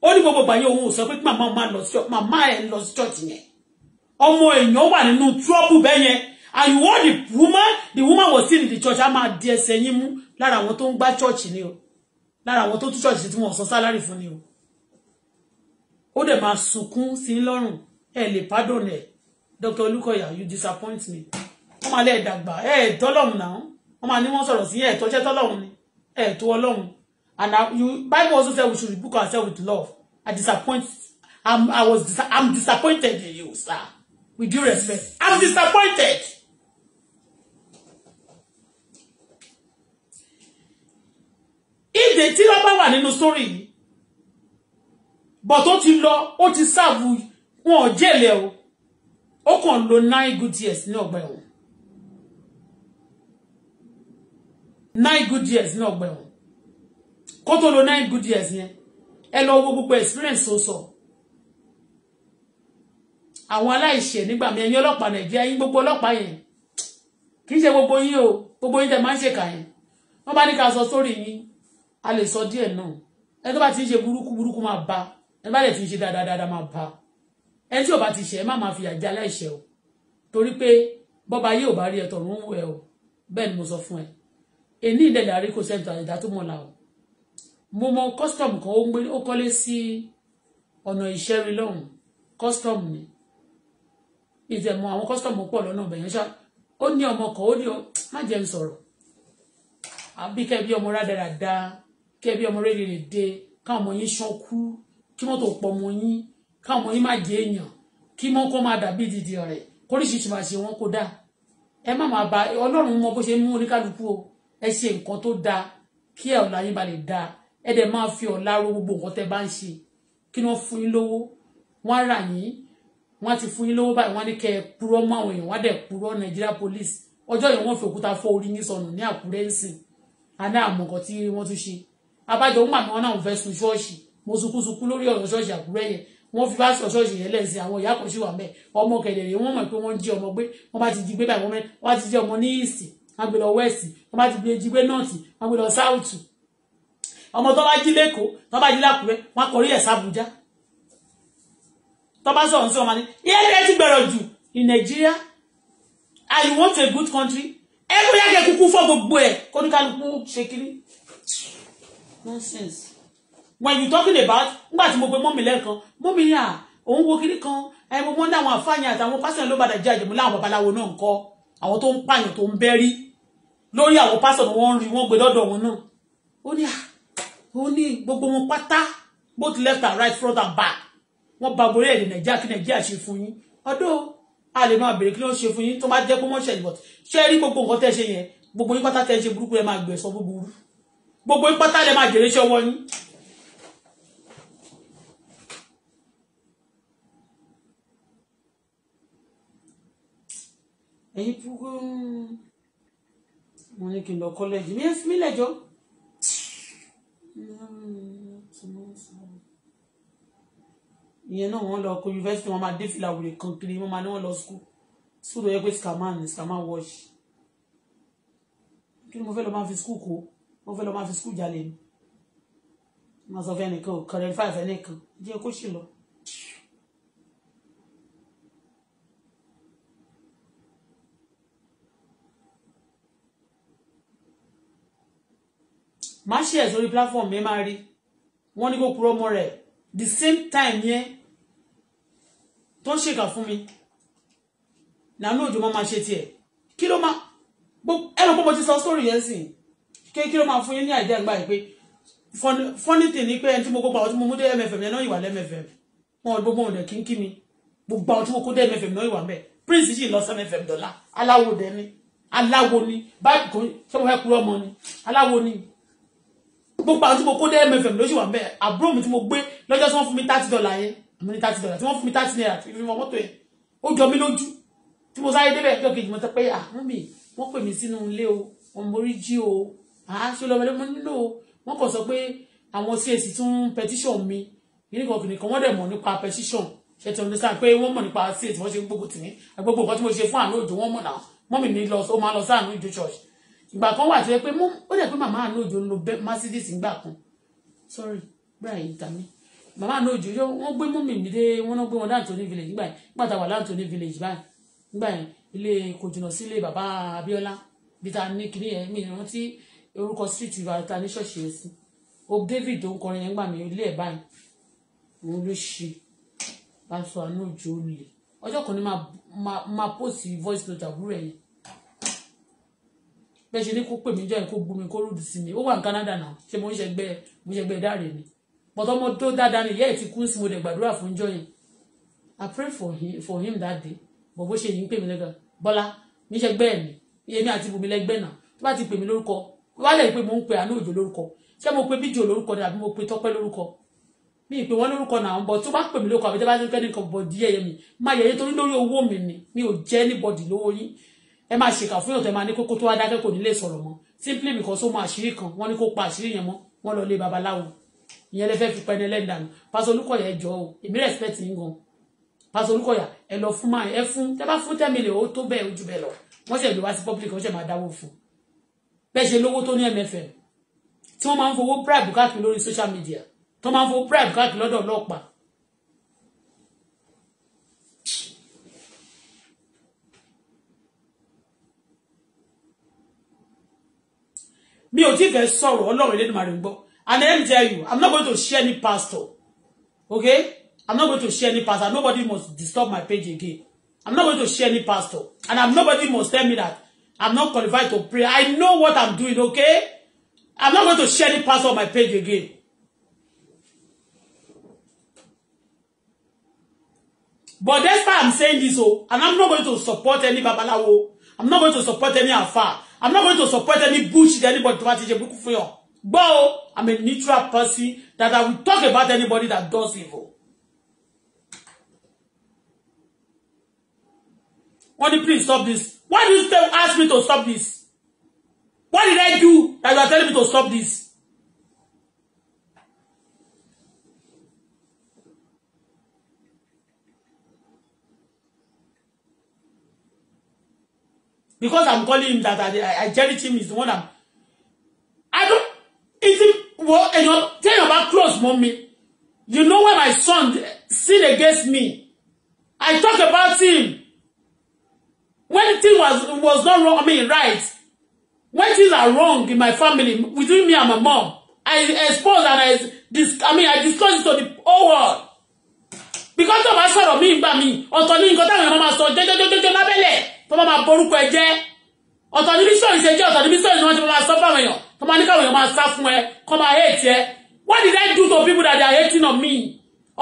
S2: ó ní gbogbo gbàyẹ òun ò sọ pé màmá máa lọ sí màmá ẹ lọ sí church yẹn ọmọ èèyàn wà nínú trouble bẹ́ẹ̀ yẹn and you want the woman the woman was still in the church a máa di ẹsẹ̀ yín mú lára àwọn tó ń gbá church ni o lára àwọn tó tún church tí wọn san salary fún ni o ó dẹ̀ máa sunkún sí lọ́rùn ẹ lè pardon ẹ Dr. Olukoya you disappoint me wọ́n máa lẹ́ẹ̀dàgbà ẹ̀ẹ́dọ́lọ́run náà wọ́n máa ní wọ́n sọ̀rọ̀ sí ẹ̀ẹ́tọ́jẹ́ tọ́lọ́run ni ẹ̀ẹ́tọ́ ọlọ́run And now you Bible also said we should rebuke ourselves with love. I disappoint. I'm, I was I'm disappointed in you, sir. With due respect. I'm disappointed. Ìdè tí lọ́pàá wà nínú sórí yìí, bọ̀ tó ti lọ, ó ti you? wọn ò jail o, ó kàn lo nine good years no ọgbà Nine good years no ọgbà kó tó lo nine good years yẹn ẹ lọ wo gbogbo experience tó sọ àwọn aláìṣẹ̀ nígbà mi ẹ̀yin ọlọ́pàá nàìjíríà yín gbogbo ọlọ́pàá yẹn kì í ṣe gbogbo yín o gbogbo yín tẹ máa ń ṣèkà yẹn wọ́n bá ní ká sọ sórí yín a lè sọ díẹ̀ náà ẹ tó bá ti ń ṣe burúkú burúkú máa bá ẹ bá lè ti ń ṣe dáadáa dáadáa máa bá ẹ tí ò bá ti ṣẹ̀ ẹ má máa fìyà jẹ aláìṣẹ̀ o torí pé bọ́ba yóò bá rí ẹ tọ̀run ń wẹ̀ o bẹ́ẹ̀ ni mo sọ fún ẹ èní ìdẹ̀dẹ̀ àríkò sẹ́ńtà ìdá tó mọ̀ la mo mọ custom kan ó kọ́lé sí ọ̀nà ìṣẹ́rí lọ́hùn custom ni ìtẹ̀mọ̀ àwọn custom pọ̀ lọ́nà bẹ̀yẹn ṣá ó ní ọmọ kan ó ní ọ má jẹ́ ń sọ̀rọ̀ àbí kẹ́bí ọmọ rádaràda kẹ́bí ọmọ rédèrèdè káwọn ọmọ yín ṣọ́kú kí mọ́tò pọ̀ ọmọ yín káwọn ọmọ yín má jẹ́ èèyàn kí mọ́ kó máa dàbí ìdìdì ọ̀rẹ́ kóríṣiríṣi máa ṣe wọn kó dáa ẹ má máa ba ọlọ́run mọ bó ṣe mú oníkálukú o ẹ ṣe nǹkan tó dáa kí ẹ̀ ọ̀la yín ba lè dáa ẹ dẹ̀ máa fi ọ̀la ro gbogbo nǹkan tẹ́ bá ń ṣe kí wọ́n fún yín lówó wọ́n rà yín wọ́n ti fún yín lówó báyìí wọ́n ní kẹ́ ẹ purọ́ mọ́ àwọn èèyàn wọ́n dẹ̀ purọ́ Nigeria police ọjọ́ yẹn wọ́n fi òkúta fọ́ orí yín sọnù ní Àkúrẹ́ ńsìn àná àmọ̀ nǹkan tí wọ́n tún ṣe abájọ ń màmí wọn náà fẹ́ sun ṣọ́ọ̀ṣì mo sunkúnsunkún lórí ọ̀rọ̀ ṣọ́ọ̀ṣì Àkúrẹ́ yẹn wọ́n fi bá sọ ṣọ́ọ̀ṣì yẹn lẹ́sìn àwọn ìyá kan sì wà mẹ́ ọmọ kẹ̀dẹ̀rẹ̀ wọ́n mọ̀ pé wọ́n jí ọmọ gbé wọ́n bá ti jí gbé báyìí wọ́n bá ti jí ọmọ ní ìsìn wọ́n gbé lọ wẹ́ẹ̀sì wọ́n bá ti jí gbé nọ́ọ̀tì wọ́n gbé lọ sáùtù ọmọ tó bá jí lẹ́kọ̀ọ́ tó bá jí lákùrẹ́ wọn kọrí ẹ̀ sábújá tó bá sọ̀rọ̀ sí ọmọ ní ilẹ̀ ti gbẹ̀rọ̀ jù in Nigeria and you want a good country everywhere kẹ kúkú fọ gbogbo ẹ̀ kóníkálukú ṣe kiri nonsense when you talking about nígbà tí mo gbé mọ́mí lẹ́ẹ̀kan mọ́mí yà òun wo kiri kan ẹ mo mọ́ ní àwọn àfáàyàn àtàwọn pásítọ̀ ló padà jẹ́ àjẹmọ́ láwọn babaláwo náà ń kọ́ àwọn tó ń pààyàn tó ń bẹ́rí lórí àwọn pásítọ̀ ni wọ́n ń rí wọ́n gbé lọ́dọ̀ wọn náà ó ní à ah, òun ní gbogbo wọn pátá both left and right front and back wọ́n ba borí èdè nàìjíríà kí nàìjíríà ṣe fún yín ọdún a lè máa béèrè kí ló ń ṣe fún yín tó bá jẹ́ kó mọ́ ṣẹlẹ̀ bọ̀t ṣé rí gbogbo nǹkan tẹ́ ṣe yẹn gbogbo yín pátá tẹ́ ṣe burúkú ẹ máa gbẹ̀sọ́ búburú gbogbo yín pátá lẹ máa jèrè iṣẹ́ ọwọ́ yín ẹ̀yin púpọ̀ wọn ní kí n lọ kọ́lẹ́jì mi ẹ̀ fi mí lẹ́jọ́ ìyẹn náà wọ́n lọ kó yunifásitì wọ́n máa dé fìlà wèrè kan kiri wọ́n máa ní wọ́n lọ skul skul tó yẹ pé scaman ni scaman kí ni mo fẹ́ lọ máa fi skul kó mo fẹ́ lọ máa fi skul jalè ni mo sọ fẹ́ nìkan ò kọ̀rẹ́ fáìfẹ́ nìkan jẹ́ kó ṣì lọ. má ṣe ẹ̀ sórí platform yẹn máa rí wọ́n ní kó purọ́ mọ́ rẹ̀ the same time yẹn tó ń ṣèkà fún mi nàánú òjò máa máa ṣe tiẹ̀ kí ló máa ẹnu pé mo ti sọ sórí yẹn sìn kí kí ló máa fún yín ní àìdí àgbà yìí pé funny thing ni pé ẹni tí mo gbogbo àwọn tí mo mú dé mfm yẹn náà ìwà lẹ́mfm wọn gbogbo òun dẹ̀ kí ń kí mi gbogbo àwọn tí mo kó dé mfm náà ìwà mẹ́ prince yìí lọ seven fm dọ́là aláwo dẹ́ni aláwo ni báyìí kò sọ́mọ́ kúrọ́ ọmọ ni aláwo ni gbogbo àwọn tí mo kó dé mfm ló sì wà bẹ́ẹ̀ àbúrò mi tí mo gbé lọ́jọ́ tí wọ́n fún mi thirty dollar yẹn àmì ní thirty dollar tí wọ́n fún mi thirty naira fi fi mọ mọ́tò yẹn ó jọ mí lójú tí mo sáré débẹ̀ ẹjọ́ kejì mo sọ pé àwọn mi wọ́n pè mí sínú ilé o wọ́n mórí jí o àáṣe lọ́wọ́ lẹ́mọ́ nílò o wọ́n kàn sọ pé àwọn csc tún petition mi nínú kìnìkan wọ́n dẹ̀ mọ̀ nípa petition ṣe ti understand pé wọ́n mọ̀ nípa csc wọ́n ṣe gbogbo tì mí gbogbo nǹkan tí mo ṣe fún àánú òjò wọ́n mọ̀ náà mọ́mì mi lọ ó máa lọ sí àánú òjò ìgbà kan wà tó yẹ pé mú ó dẹ̀ pé màmá ń lo Mercedes kan sorry bíra yìí ta mí màmá yọ wọ́n gbé mú mi dé wọ́n gbé wọn ní village nígbà yẹn wà ní village báyìí nígbà yẹn ilé kò jìnnà mi orúkọ street wa ta ní ṣọ́ọ̀ṣì yẹn sí o David tó ń kọrin yẹn gbà mí ilé ẹ̀ báyìí òun post voice note àbúrò bẹ́ẹ̀ ṣe ní kó pè mí jọ yẹn kó gbú mi kó rúdù sí mi ó wà ní Canada náà ṣé mo ń ṣẹgbẹ́ mo ń ṣẹgbẹ́ dáre ni pọtọmọ tó dáadáa ni ìyá ẹ̀ ti kú sí mo dẹ̀ gbàdúrà fún jọ yẹn I pray for him for him that day bọ̀ bó ṣe yìí ń pè mí lẹ́gbẹ̀ẹ́ Bọ́lá mi ṣẹgbẹ́ ẹ̀ mi èmi àti bùnmi lẹ́gbẹ́ náà tó bá ti pè mí lórúkọ wálẹ̀ pé mo ń pe àánú òjò lórúkọ ṣé mo pe bíjò lórúkọ ni àbí mo pe tọ́pẹ́ lórúkọ mi ì pè wọ́n lórúkọ náà bọ̀ tó bá pè mí lórúkọ àbí tó bá ti pẹ́ nìkan bọ̀ díẹ̀ yẹn mi má yẹ yẹ torí lórí owó mi ni mi ò jẹ́ anybody lówó yín ẹ máa ṣèkà fún ọ̀tẹ̀ máa ní kókó tó wá dákẹ́ kò ní lè sọ̀rọ̀ mọ́ simply because ó mọ àṣírí kan wọ́n ní kó pa àṣírí yẹn mọ́ wọ́n lọ lé babaláwo ìyẹn lè fẹ́ fi pẹ́ni ẹlẹ́dàánù pásọ olúkọ̀yà ẹ jọ o èmi respect yín gan pásọ olúkọ̀yà ẹ lọ fún máa ẹ fún tẹ bá fún tẹ́mi ó tó bẹ́ẹ̀ ojú bẹ́ẹ̀ lọ wọ́n ṣẹ̀ lè wá sí public wọ́n ṣẹ̀ máa dáwó fún bẹ́ẹ̀ ṣe lówó tó ní MFM tí wọ́n máa ń fowó bribe káàkiri lórí social media tó máa ń fowó bribe káàkiri lọ́dọ̀ ọlọ́pàá mi ò tí fẹ́ sọ̀rọ̀ ọlọ́run Elédùmarè ń gbọ́ and let me tell you i'm not going to share any pastor okay i'm not going to share any pastor nobody must disturb my page again i'm not going to share any pastor and i'm nobody must tell me that i'm not qualified to pray i know what i'm doing okay i'm not going to share any pastor on my page again but despite i'm saying this o oh, and i'm not going to support any babalawo i'm not going to support any afar. I'm not going to support any bullshit anybody tó bá ti ṣe burúkú fún yàn. Gbọ́ o, I'm a neutral person that I will talk about anybody that does evil. do you please stop this. Why do you still ask me to stop this? What did I do that you are telling me to stop this? because i'm calling him that i i charity him is the one i'm i don't it wo èèyàn téèyàn bá close mommy. you know why my son sin against me i talk about him when things was was not wrong i mean right when things are wrong in my family between me and my mom i expose and i dis i mean i discuss it to the whole world because tó bá sọ̀rọ̀ mi gbà mí ọ̀tọ̀ ní nǹkan táwọn èèyàn máa sọ jẹ́jẹ́jẹ́jẹ́ lábẹ́lẹ̀ tó máa borúkọ ẹ ọ̀tọ̀ ní mission ṣe ọ̀tọ̀ ní mission ni wọ́n máa sọ fáwọn èèyàn tó máa ní káwọn èèyàn máa sá fún ẹ kó máa hate ẹ what did I do to people that they are hating on me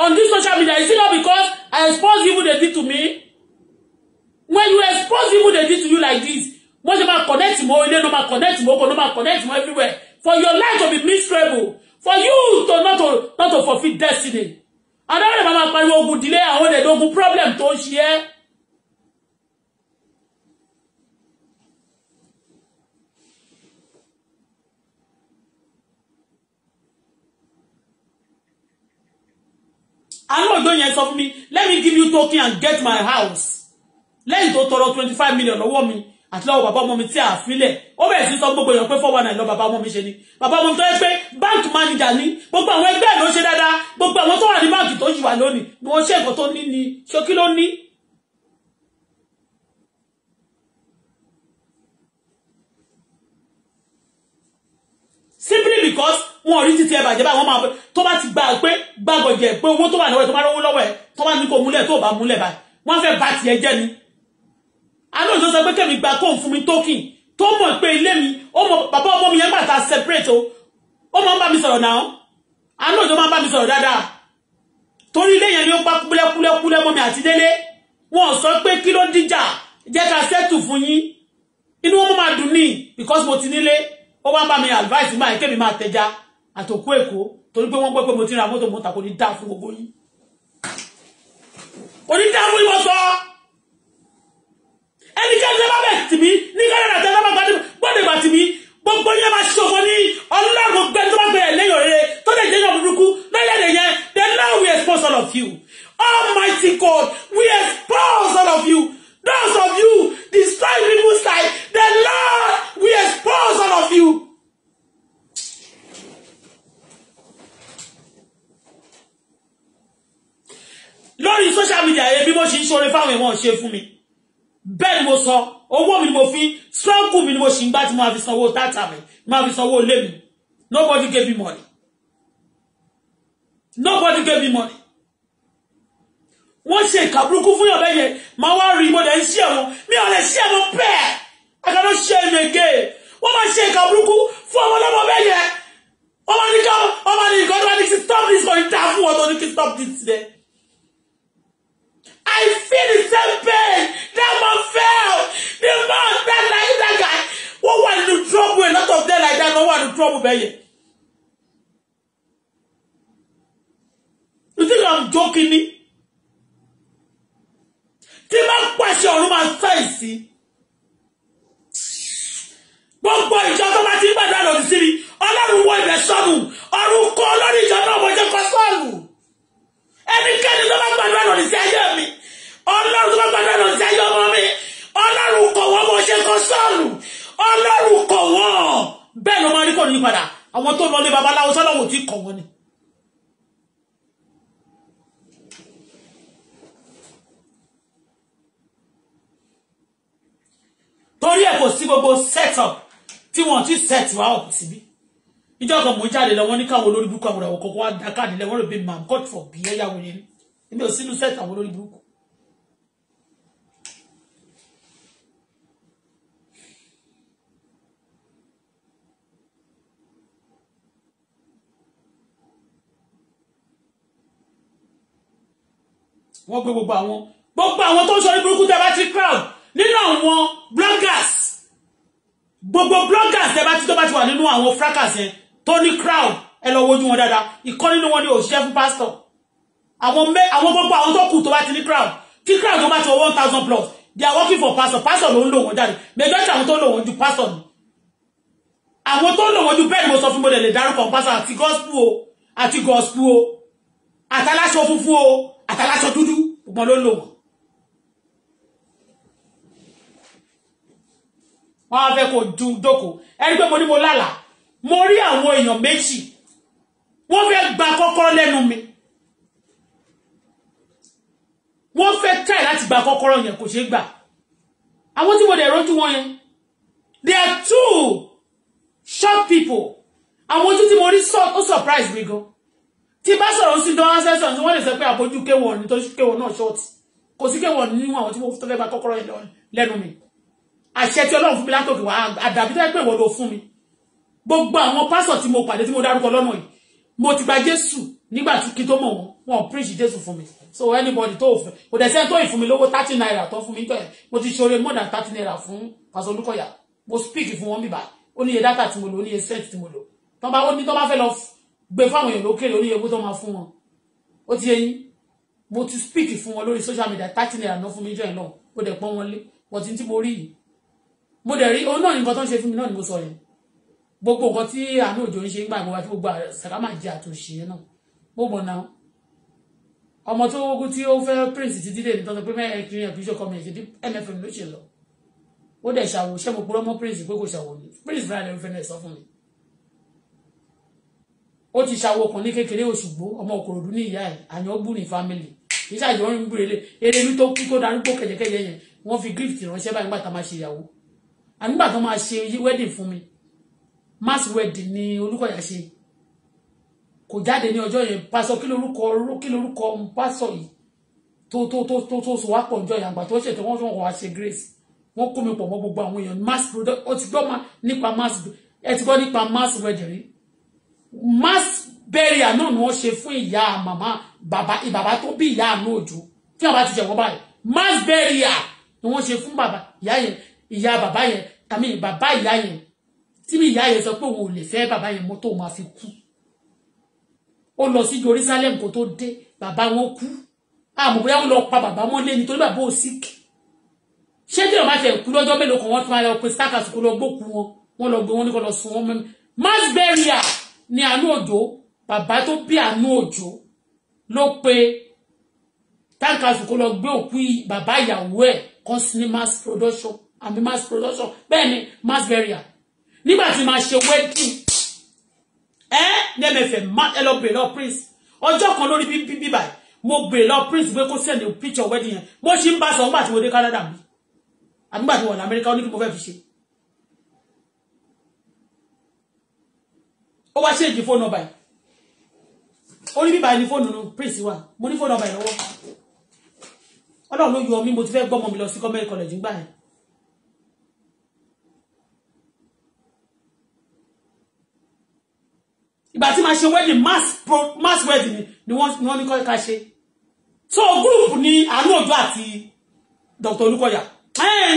S2: on this social media is it not because I expose evil they did to me when you expose evil they did to you like this wọ́n ṣe máa connect mọ́ ilé ló máa connect mọ́ oko ló máa connect mọ́ everywhere for your life to be miserable for you to not to not to fulfil destiny. àdáwọ̀ lè máa pariwo ogun ìdílé àwọn èdè ogun problem tó ń ṣe é. alóòjọ́ yẹn sọ fún mi let me give you token and get my house lẹ́yìn tó tọrọ twenty five million lọ́wọ́ mi àti lọ́wọ́ bàbá ọmọ mi tí a filẹ̀ ó bẹ̀rẹ̀ sí sọ gbogbo èèyàn pé four one nine lọ bàbá ọmọ mi ṣe ni bàbá ọmọ mi tó yẹ pé báńkì manager ni gbogbo àwọn ẹgbẹ́ ló ṣe dáadáa gbogbo àwọn tó wà ní báńkì tó yìí wà lónìí ni wọ́n ṣe nǹkan tó ní ni ṣé kí ló ní. simply because wọn ò rí títí ẹ bàjẹ́ báyìí wọ́n máa tó bá ti gba pé gbàgọ̀jẹ̀ pé owó tó wà lọ́wọ́ ẹ̀ tó bá rówó lọ́wọ́ ẹ̀ tó bá ní kò múlẹ̀ tó bá múlẹ̀ báyìí wọ́n fẹ́ bá tiẹ̀ jẹ́ ni. alóòjọ́ tó sọ pé kẹ́mi gba kóun fún mi tókìn tó mọ̀ pé ilé mi bàbá ọmọ mi yẹn gbà ta separate o ó máa ń bá mi sọ̀rọ̀ náà alóòjọ́ máa ń bá mi sọ̀rọ̀ dáadáa torí ilé yẹn ni ó pa kúlẹ́kúlẹ́kúlẹ́ mọ́ mi àti délé wọn sọ pé kí ló díjà jẹ́ ká sẹ́tù fún yín inú wọn máa dùn ní because mo ti nílé ó wá ń bá mi advice máa ń kémi máa tẹja àtòkú èkó torí pé wọ́n gbọ́ pé mo ti ra mọ́tò mọ́ta kò ní dá fún gbogbo yín kò ní dá fún yín wọ́n sọ ẹnikẹ́ni tẹ́ bá bẹ̀ tì mí ní kánádà tẹ́ bá bá gbọ́dọ̀ bá tì mí gbogbo yẹn máa ṣòfò ní ọlọ́run gbẹ tó bá gbẹ lẹ́yìn rere tó lè jẹ́yàn burúkú lẹ́yìn ẹ̀yẹ then now we expose all of you almighty God we expose all of you those of you destroy people's life the Lord we expose all of you. lórí social media yẹn bí mo ṣe ń ṣoore fáwọn èèyàn ṣe fún mi bẹ́ẹ̀ ni mo sọ owó mi ni mo fi struggle mi ni mo ṣì ń gbá tí mo fi sanwó tata mi mo fi sanwó ilé mi nobody gave me money nobody gave me money wọ́n ṣe ìkà burúkú fún yàn lẹ́yìn máa wá rí ìmọ̀lẹ̀ ń ṣí ẹ̀wọ̀n mi ò lè ṣí ẹ̀wọ̀n bẹ́ẹ̀ àgbàdo ṣe é mege wọ́n máa ṣe ìkà burúkú fún ọmọ lọ́mọ bẹ́yẹn ọmọ nìkan ọmọ nìkan tó bá ní kí stop this for ìta fún wọn tó ní kí stop this today. I feel the same pain
S1: that man felt. The man that like
S2: that guy What was the trouble a lot of them like that wọ́n wà the trouble bẹ́ẹ̀ You think I'm joking me? "See, ni? Tí bá pàṣẹ ọ̀run máa sáìsì. Gbogbo ìjọ tó bá ti ń gbàdúrà lòdì sí mi, Ọlọ́run wọ ibẹ̀ sọ́nù, ọ̀run
S1: kọ́ lórí ìjọ náà mo jẹ́
S2: kọ́ sọ́nù. Ẹnikẹ́ni tó bá gbàdúrà lòdì sí ayé me ọlọ́run
S1: tó bá gbàdúrà lọ sí ayé ọmọ mi
S2: ọlọ́run kọ̀ wọ́n bó ṣe kọ́ sọ́ọ̀lù ọlọ́run kọ̀ wọ́n bẹ́ẹ̀ ló máa rí kò ní padà àwọn tó lọ babaláwo sọ́lọ́wọ́ tí kọ̀ wọ́n ni. torí ẹ̀ kò sí gbogbo set up tí wọ́n ti set wa up síbí ìjọ kan mò ń jáde lọ wọ́n ní káwọn olórí burúkú àwọn ọ̀rọ̀ kọ̀ọ̀kan wá dákàdé lẹ́wọ́n rẹ̀ bí màá god for bí ẹ̀yà wọ̀nyẹn ni èmi ò sínú set àwọn olórí burúkú. wọ́n gbé gbogbo àwọn gbogbo àwọn tó ń sọrí burúkú tẹ́ bá ti crowd nínú àwọn bloggers gbogbo bloggers tẹ́ bá ti tó bá ti wà nínú àwọn fracas yẹn tó ní crowd ẹ lọ wojú wọn dáadáa ìkọ́ nínú wọn ni òṣìṣẹ́ fún pásítọ̀ àwọn mẹ àwọn gbogbo àwọn tó kù tó bá ti ní crowd tí crowd tó bá ti wọ one thousand plus they are working for pastor pastor ló ń lò wọ́n jáde majority àwọn tó lò wọ́n ju pastor ni àwọn tó lò wọ́n ju bẹ́ẹ̀ ni mo sọ fún mo lè lè dárúkọ pastor àti gospel o àti gospel o àtàláṣọ funfun o àtàlásọ dúdú gbogbo ló ń lò wọn. wọ́n á fẹ́ kó dùn dóko ẹni pé mo ní mo lálà mo rí àwọn èèyàn méjì wọ́n fẹ́ gba kọ́kọ́rọ́ lẹ́nu mi wọ́n fẹ́ tẹ̀ láti gba kọ́kọ́rọ́ yẹn kò ṣeé gbà àwọn tí mo dẹ̀ rojú wọn yẹn they are two short people àwọn ojú tí mo rí ó surprise mi gan tí bá sọ̀rọ̀ sí dán ancestor tí wọ́n lè sọ pé àbójú kéwọ̀n ní tó kéwọ̀n náà ṣọ́ọ̀tì kò sí kéwọ̀n nínú àwọn tí mo tó fẹ́ bá kọ́kọ́rọ́ yẹn lẹ́nu mi àṣẹ tí ọlọ́run fún mi látòkè wá àdàbí tó yẹ pé ìwọ ló fún mi gbogbo àwọn pásọ̀ tí mo pàdé tí mo dárúkọ lọ́nà yìí mo ti gba jésù nígbà tí kí tó mọ̀ wọ́n wọn preach jésù fún mi so anybody tó fẹ́ kò dẹ̀ sẹ́ni tó ì fún mi lówó thirty naira tó fún mi tó yẹ mo ti ṣoore more than thirty naira fún pásọ olúkọ̀yà mo speak fún wọn bíbá ó níye data tí mo lò ó níye cent tí mo lò tọ́ bá ó ní tọ́ bá fẹ́ lọ gbé fáwọn èèyàn lókèrè oníye owó tó máa fún wọn ó ti yẹyin mo ti speak fún wọn lórí social media thirty naira náà fún mi jọ ẹ̀ náà mo dẹ̀ pọ́n wọn lé wọ́n ti ń tí mo rí yìí mo dẹ̀ rí òun náà nǹkan tó ń ṣe fún mi náà ni mo sọ yẹn gbogbo nǹkan tí àánú òjò ń ṣe ń gbà gbogbo àti gbogbo sàkámà jẹ àtòṣe náà mo mọ̀ náà ọmọ tó ogun tí ó fẹ́ prince ti dídé nítorí pé mẹ́rin ẹ̀kìrin ó ti ṣàwọ ọkùnrin kékeré Òṣùgbó ọmọ Òkòròdú ní ìyá ẹ̀ àyànbùnrin family iṣẹ́ àjọ ń gbé eré eré mi tó kú tó darúgbó kẹ̀jẹ̀kẹ̀jẹ̀ yẹn wọ́n fi gift ránṣẹ́ báyìí nígbà tá a máa ṣe ìyàwó ànígbà tó máa ṣe wedding fún mi mass wedding ni Olúkọ̀yà ṣe kò jáde ní ọjọ́ yẹn pásọ kí lorúkọ kí lorúkọ pásọ yìí tó tó tó tó tó so wá pọ̀ yẹn àgbà tó ṣètò wọ́n fi wá ṣe grace wọ́n kó mi pọ̀ mọ́ gbogbo àwọn èèyàn mass product ó ti gbọ́ nípa mass ẹ ti mass wedding mass burial náà ni wọ́n ṣe fún ìyá màmá bàbá ìbàbá tó bí ìyá àánú òjò tí bàbá ti ṣẹ̀wọ́n báyìí mass burial ni wọ́n ṣe fún bàbá ìyá yẹn ìyá bàbá yẹn tàbí bàbá ìyá yẹn tí mi ìyá yẹn sọ pé òun ò lè fẹ́ bàbá yẹn mọ́tò máa fi kú ó lọ sí Jerusalem kó tó dé bàbá wọn kú àmọ́ bóyá wọ́n lọ pa bàbá wọn lé nítorí bàbá ò síkì ṣé tí ọba tẹ kú lọ́jọ́ mélòó kan wọ́n tún máa lọ pe starkas kó lọ gbókù wọn wọ́n lọ gbé wọn ní lọ sun wọn mọ́ mass burial ní àánú òjò bàbá tó bí àánú òjò ló pe táǹkàṣù kó lọ gbé òkú bàbá ìyàwó ẹ̀ kọ́ sí ní mass production àmì mass production bẹ́ẹ̀ ni mass burial nígbà tí màá ṣe wedding ẹ nẹ́mẹ̀fẹ̀ ẹ lọ bèrè lọ prince ọjọ́ kan lórí bíbí bíbá mo bèrè lọ prince pé kó send picture wedding yẹn bó ṣe ń bá sọ nígbà tí mo dé Canada mi àgbàdo wọ̀ ní Amẹ́ríkà ó ní kí mo fẹ́ fi ṣe ó wá ṣèjì fóònù ọba yìí ó ní bíbá ẹni fóònù prince wa mo ní fóònù ọba yìí lọ́wọ́ ọlọ́run ló yọ mí mo ti fẹ́ gbọ́mọ mi lọ sí gọ́mẹ́rì kọlẹ̀jì ńgbà yẹn ìgbà tí màá ṣe wedding mass pro mass wedding ni wọ́n ni wọ́n ní kọ́ ká ṣe so group ni àánú òjò àti Dr. Olúkọ̀yà ẹ́ẹ́n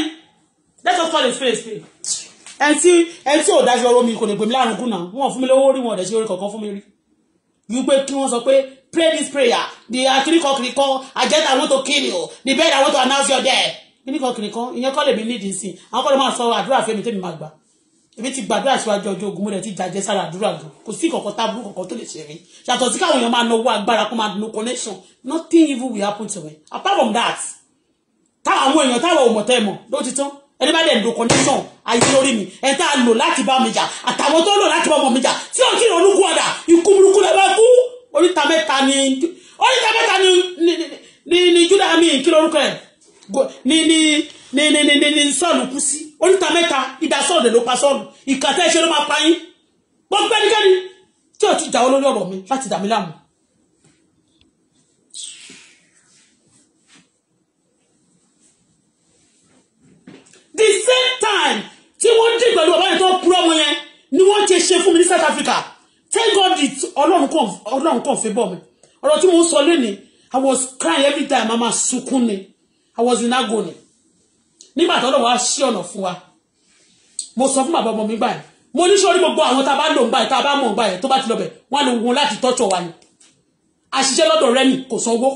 S2: let us call the spade a ẹtí ẹtí ò dáṣọ ọ̀rọ̀ mi kò lè pè mí láàrún kùnà wọn fún mi lówó rí wọn ọdẹ sí orí kankan fún mi rí wípé kí wọn sọ pé pray this prayer the akirikọ kirikọ agenda i want to kill you the bed i want to announce your death kirikọ kirikọ ìyẹn kọ́ lèmi nídìí sí àwọn kọ́ ló máa sọ àdúrà fẹ́mi tẹ́mi máa gbà èmi ti gbàdúrà síwájú ọjọ́ ogun mọ́lẹ̀ tí jàjẹ́ sára àdúrà gan kò sí ìkọ̀kọ̀ tábùrù kọ̀kọ̀ tó lè ṣe mí yàtọ̀ sí káwọn èèyàn máa náwó agbára kó máa no connection nothing even will happen to me apart from that táwọn àwọn èèyàn táwọn ò mọ̀ tẹ́ mọ̀ ló ti tán ẹni bá dẹ̀ ń do condition ayé lórí mi ẹ tá a lò láti bá mi jà àtàwọn tó lò láti bá ọmọ mi jà tí ò kí ìrònú kú ọ̀dà ikú burúkú lẹ́ bá kú oríta mẹ́ta ni oríta mẹ́ta ni ni ni judah mi kí lórúkọ ẹ̀ ni ni ni ni ni ni ni sọ́ọ̀lù kú sí oríta mẹ́ta ìdá sọ́ọ̀lù ló pa sọ́ọ̀lù ìkàtẹ́ ìṣe ló máa pa yín gbọ́n pẹ́nikẹ́ni tí ò ti jà olórí ọ̀rọ̀ mi láti dà mí láàmú the same time tí wọ́n dì pẹ̀lú bàbá yẹn tó kú ọmọ yẹn ni wọ́n ti ṣe fún mi ní South Africa thank God it ọlọ́run kàn fẹ́ bọ̀ mi ọ̀rọ̀ tí mo ń sọ lónìí I was crying every time mama sunkún ni I was in agony nígbà tó lọ́wọ́ á ṣí ọ̀nà fún wa mo sọ fún bàbá ọmọ mi báyìí mo ní sọ́rí gbogbo àwọn tá a bá lò ń báyìí tá a bá mọ̀ ń báyìí tó bá ti lọ bẹ̀ wọ́n á lè wọn láti tọ́jọ́ wa ni àṣìṣe lọ́dọ̀ rẹ ni kò sanwó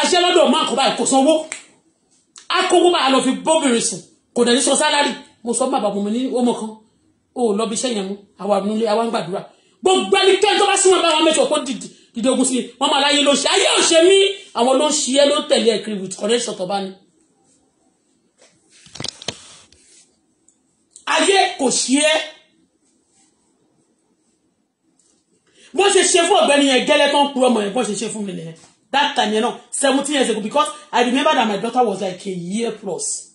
S2: àṣìṣe lọ́dọ̀ máa kọ báyìí kò sanwó á kó gbogbo àlọ́ fi bóbìnrin sùn kò dẹ̀ ní sọ sálárì mo sọ bàbá mi ní ọmọ kan ó lọ bí iṣẹ́ yẹn mú àwa nulẹ̀ àwa ń gbàdúrà gbogbo ẹnikẹ́ni tó bá sí wọn bá wọn mẹ́tọ̀ kó dìde ogun sí wọn máa láyé ló ṣe ayé ò ṣe mí àwọn ló ń ṣe ló ń tẹ̀lé ẹ̀ kiri with connection tó bá ní. ayé kò ṣe bó ṣe ṣe fún ọ̀gbẹ́ni yẹn gẹ́lẹ́ tó ń kú ọmọ yẹn bó ṣe ṣe fún mi nìyẹn that time yẹn náà seventeen years ago because I remember that my daughter was like a year plus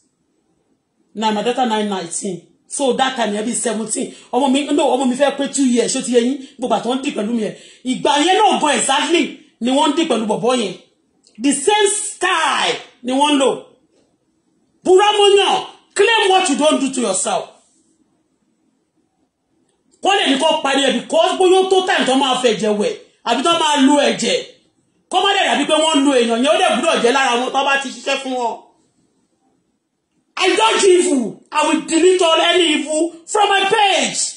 S2: nine my daughter nine nineteen so that time yẹn bí seventeen ọmọ mi no ọmọ mi fẹ́ pé two years ṣó ti yẹ yín gbogbo àtọ́ ń dì pẹ̀lú mi yẹn ìgbà yẹn náà gan exactly ni wọ́n ń dì pẹ̀lú bọ̀bọ́ yẹn the same style ni wọ́n ń lò buramoyan claim what you don do to yourself kọ́ lè ní kó parí ẹ̀ because bóyá tó time tó máa fẹ́ jẹ wẹ̀ àbí tó máa lo ẹ̀jẹ̀ kọ́ má dẹ̀ dàbí pé wọ́n ń lo èèyàn yẹn ó dẹ̀ gbúdọ̀ jẹ́ lára wọn tó bá ti ṣiṣẹ́ fún wọn. I judge evil. I will delete all any evil from my page.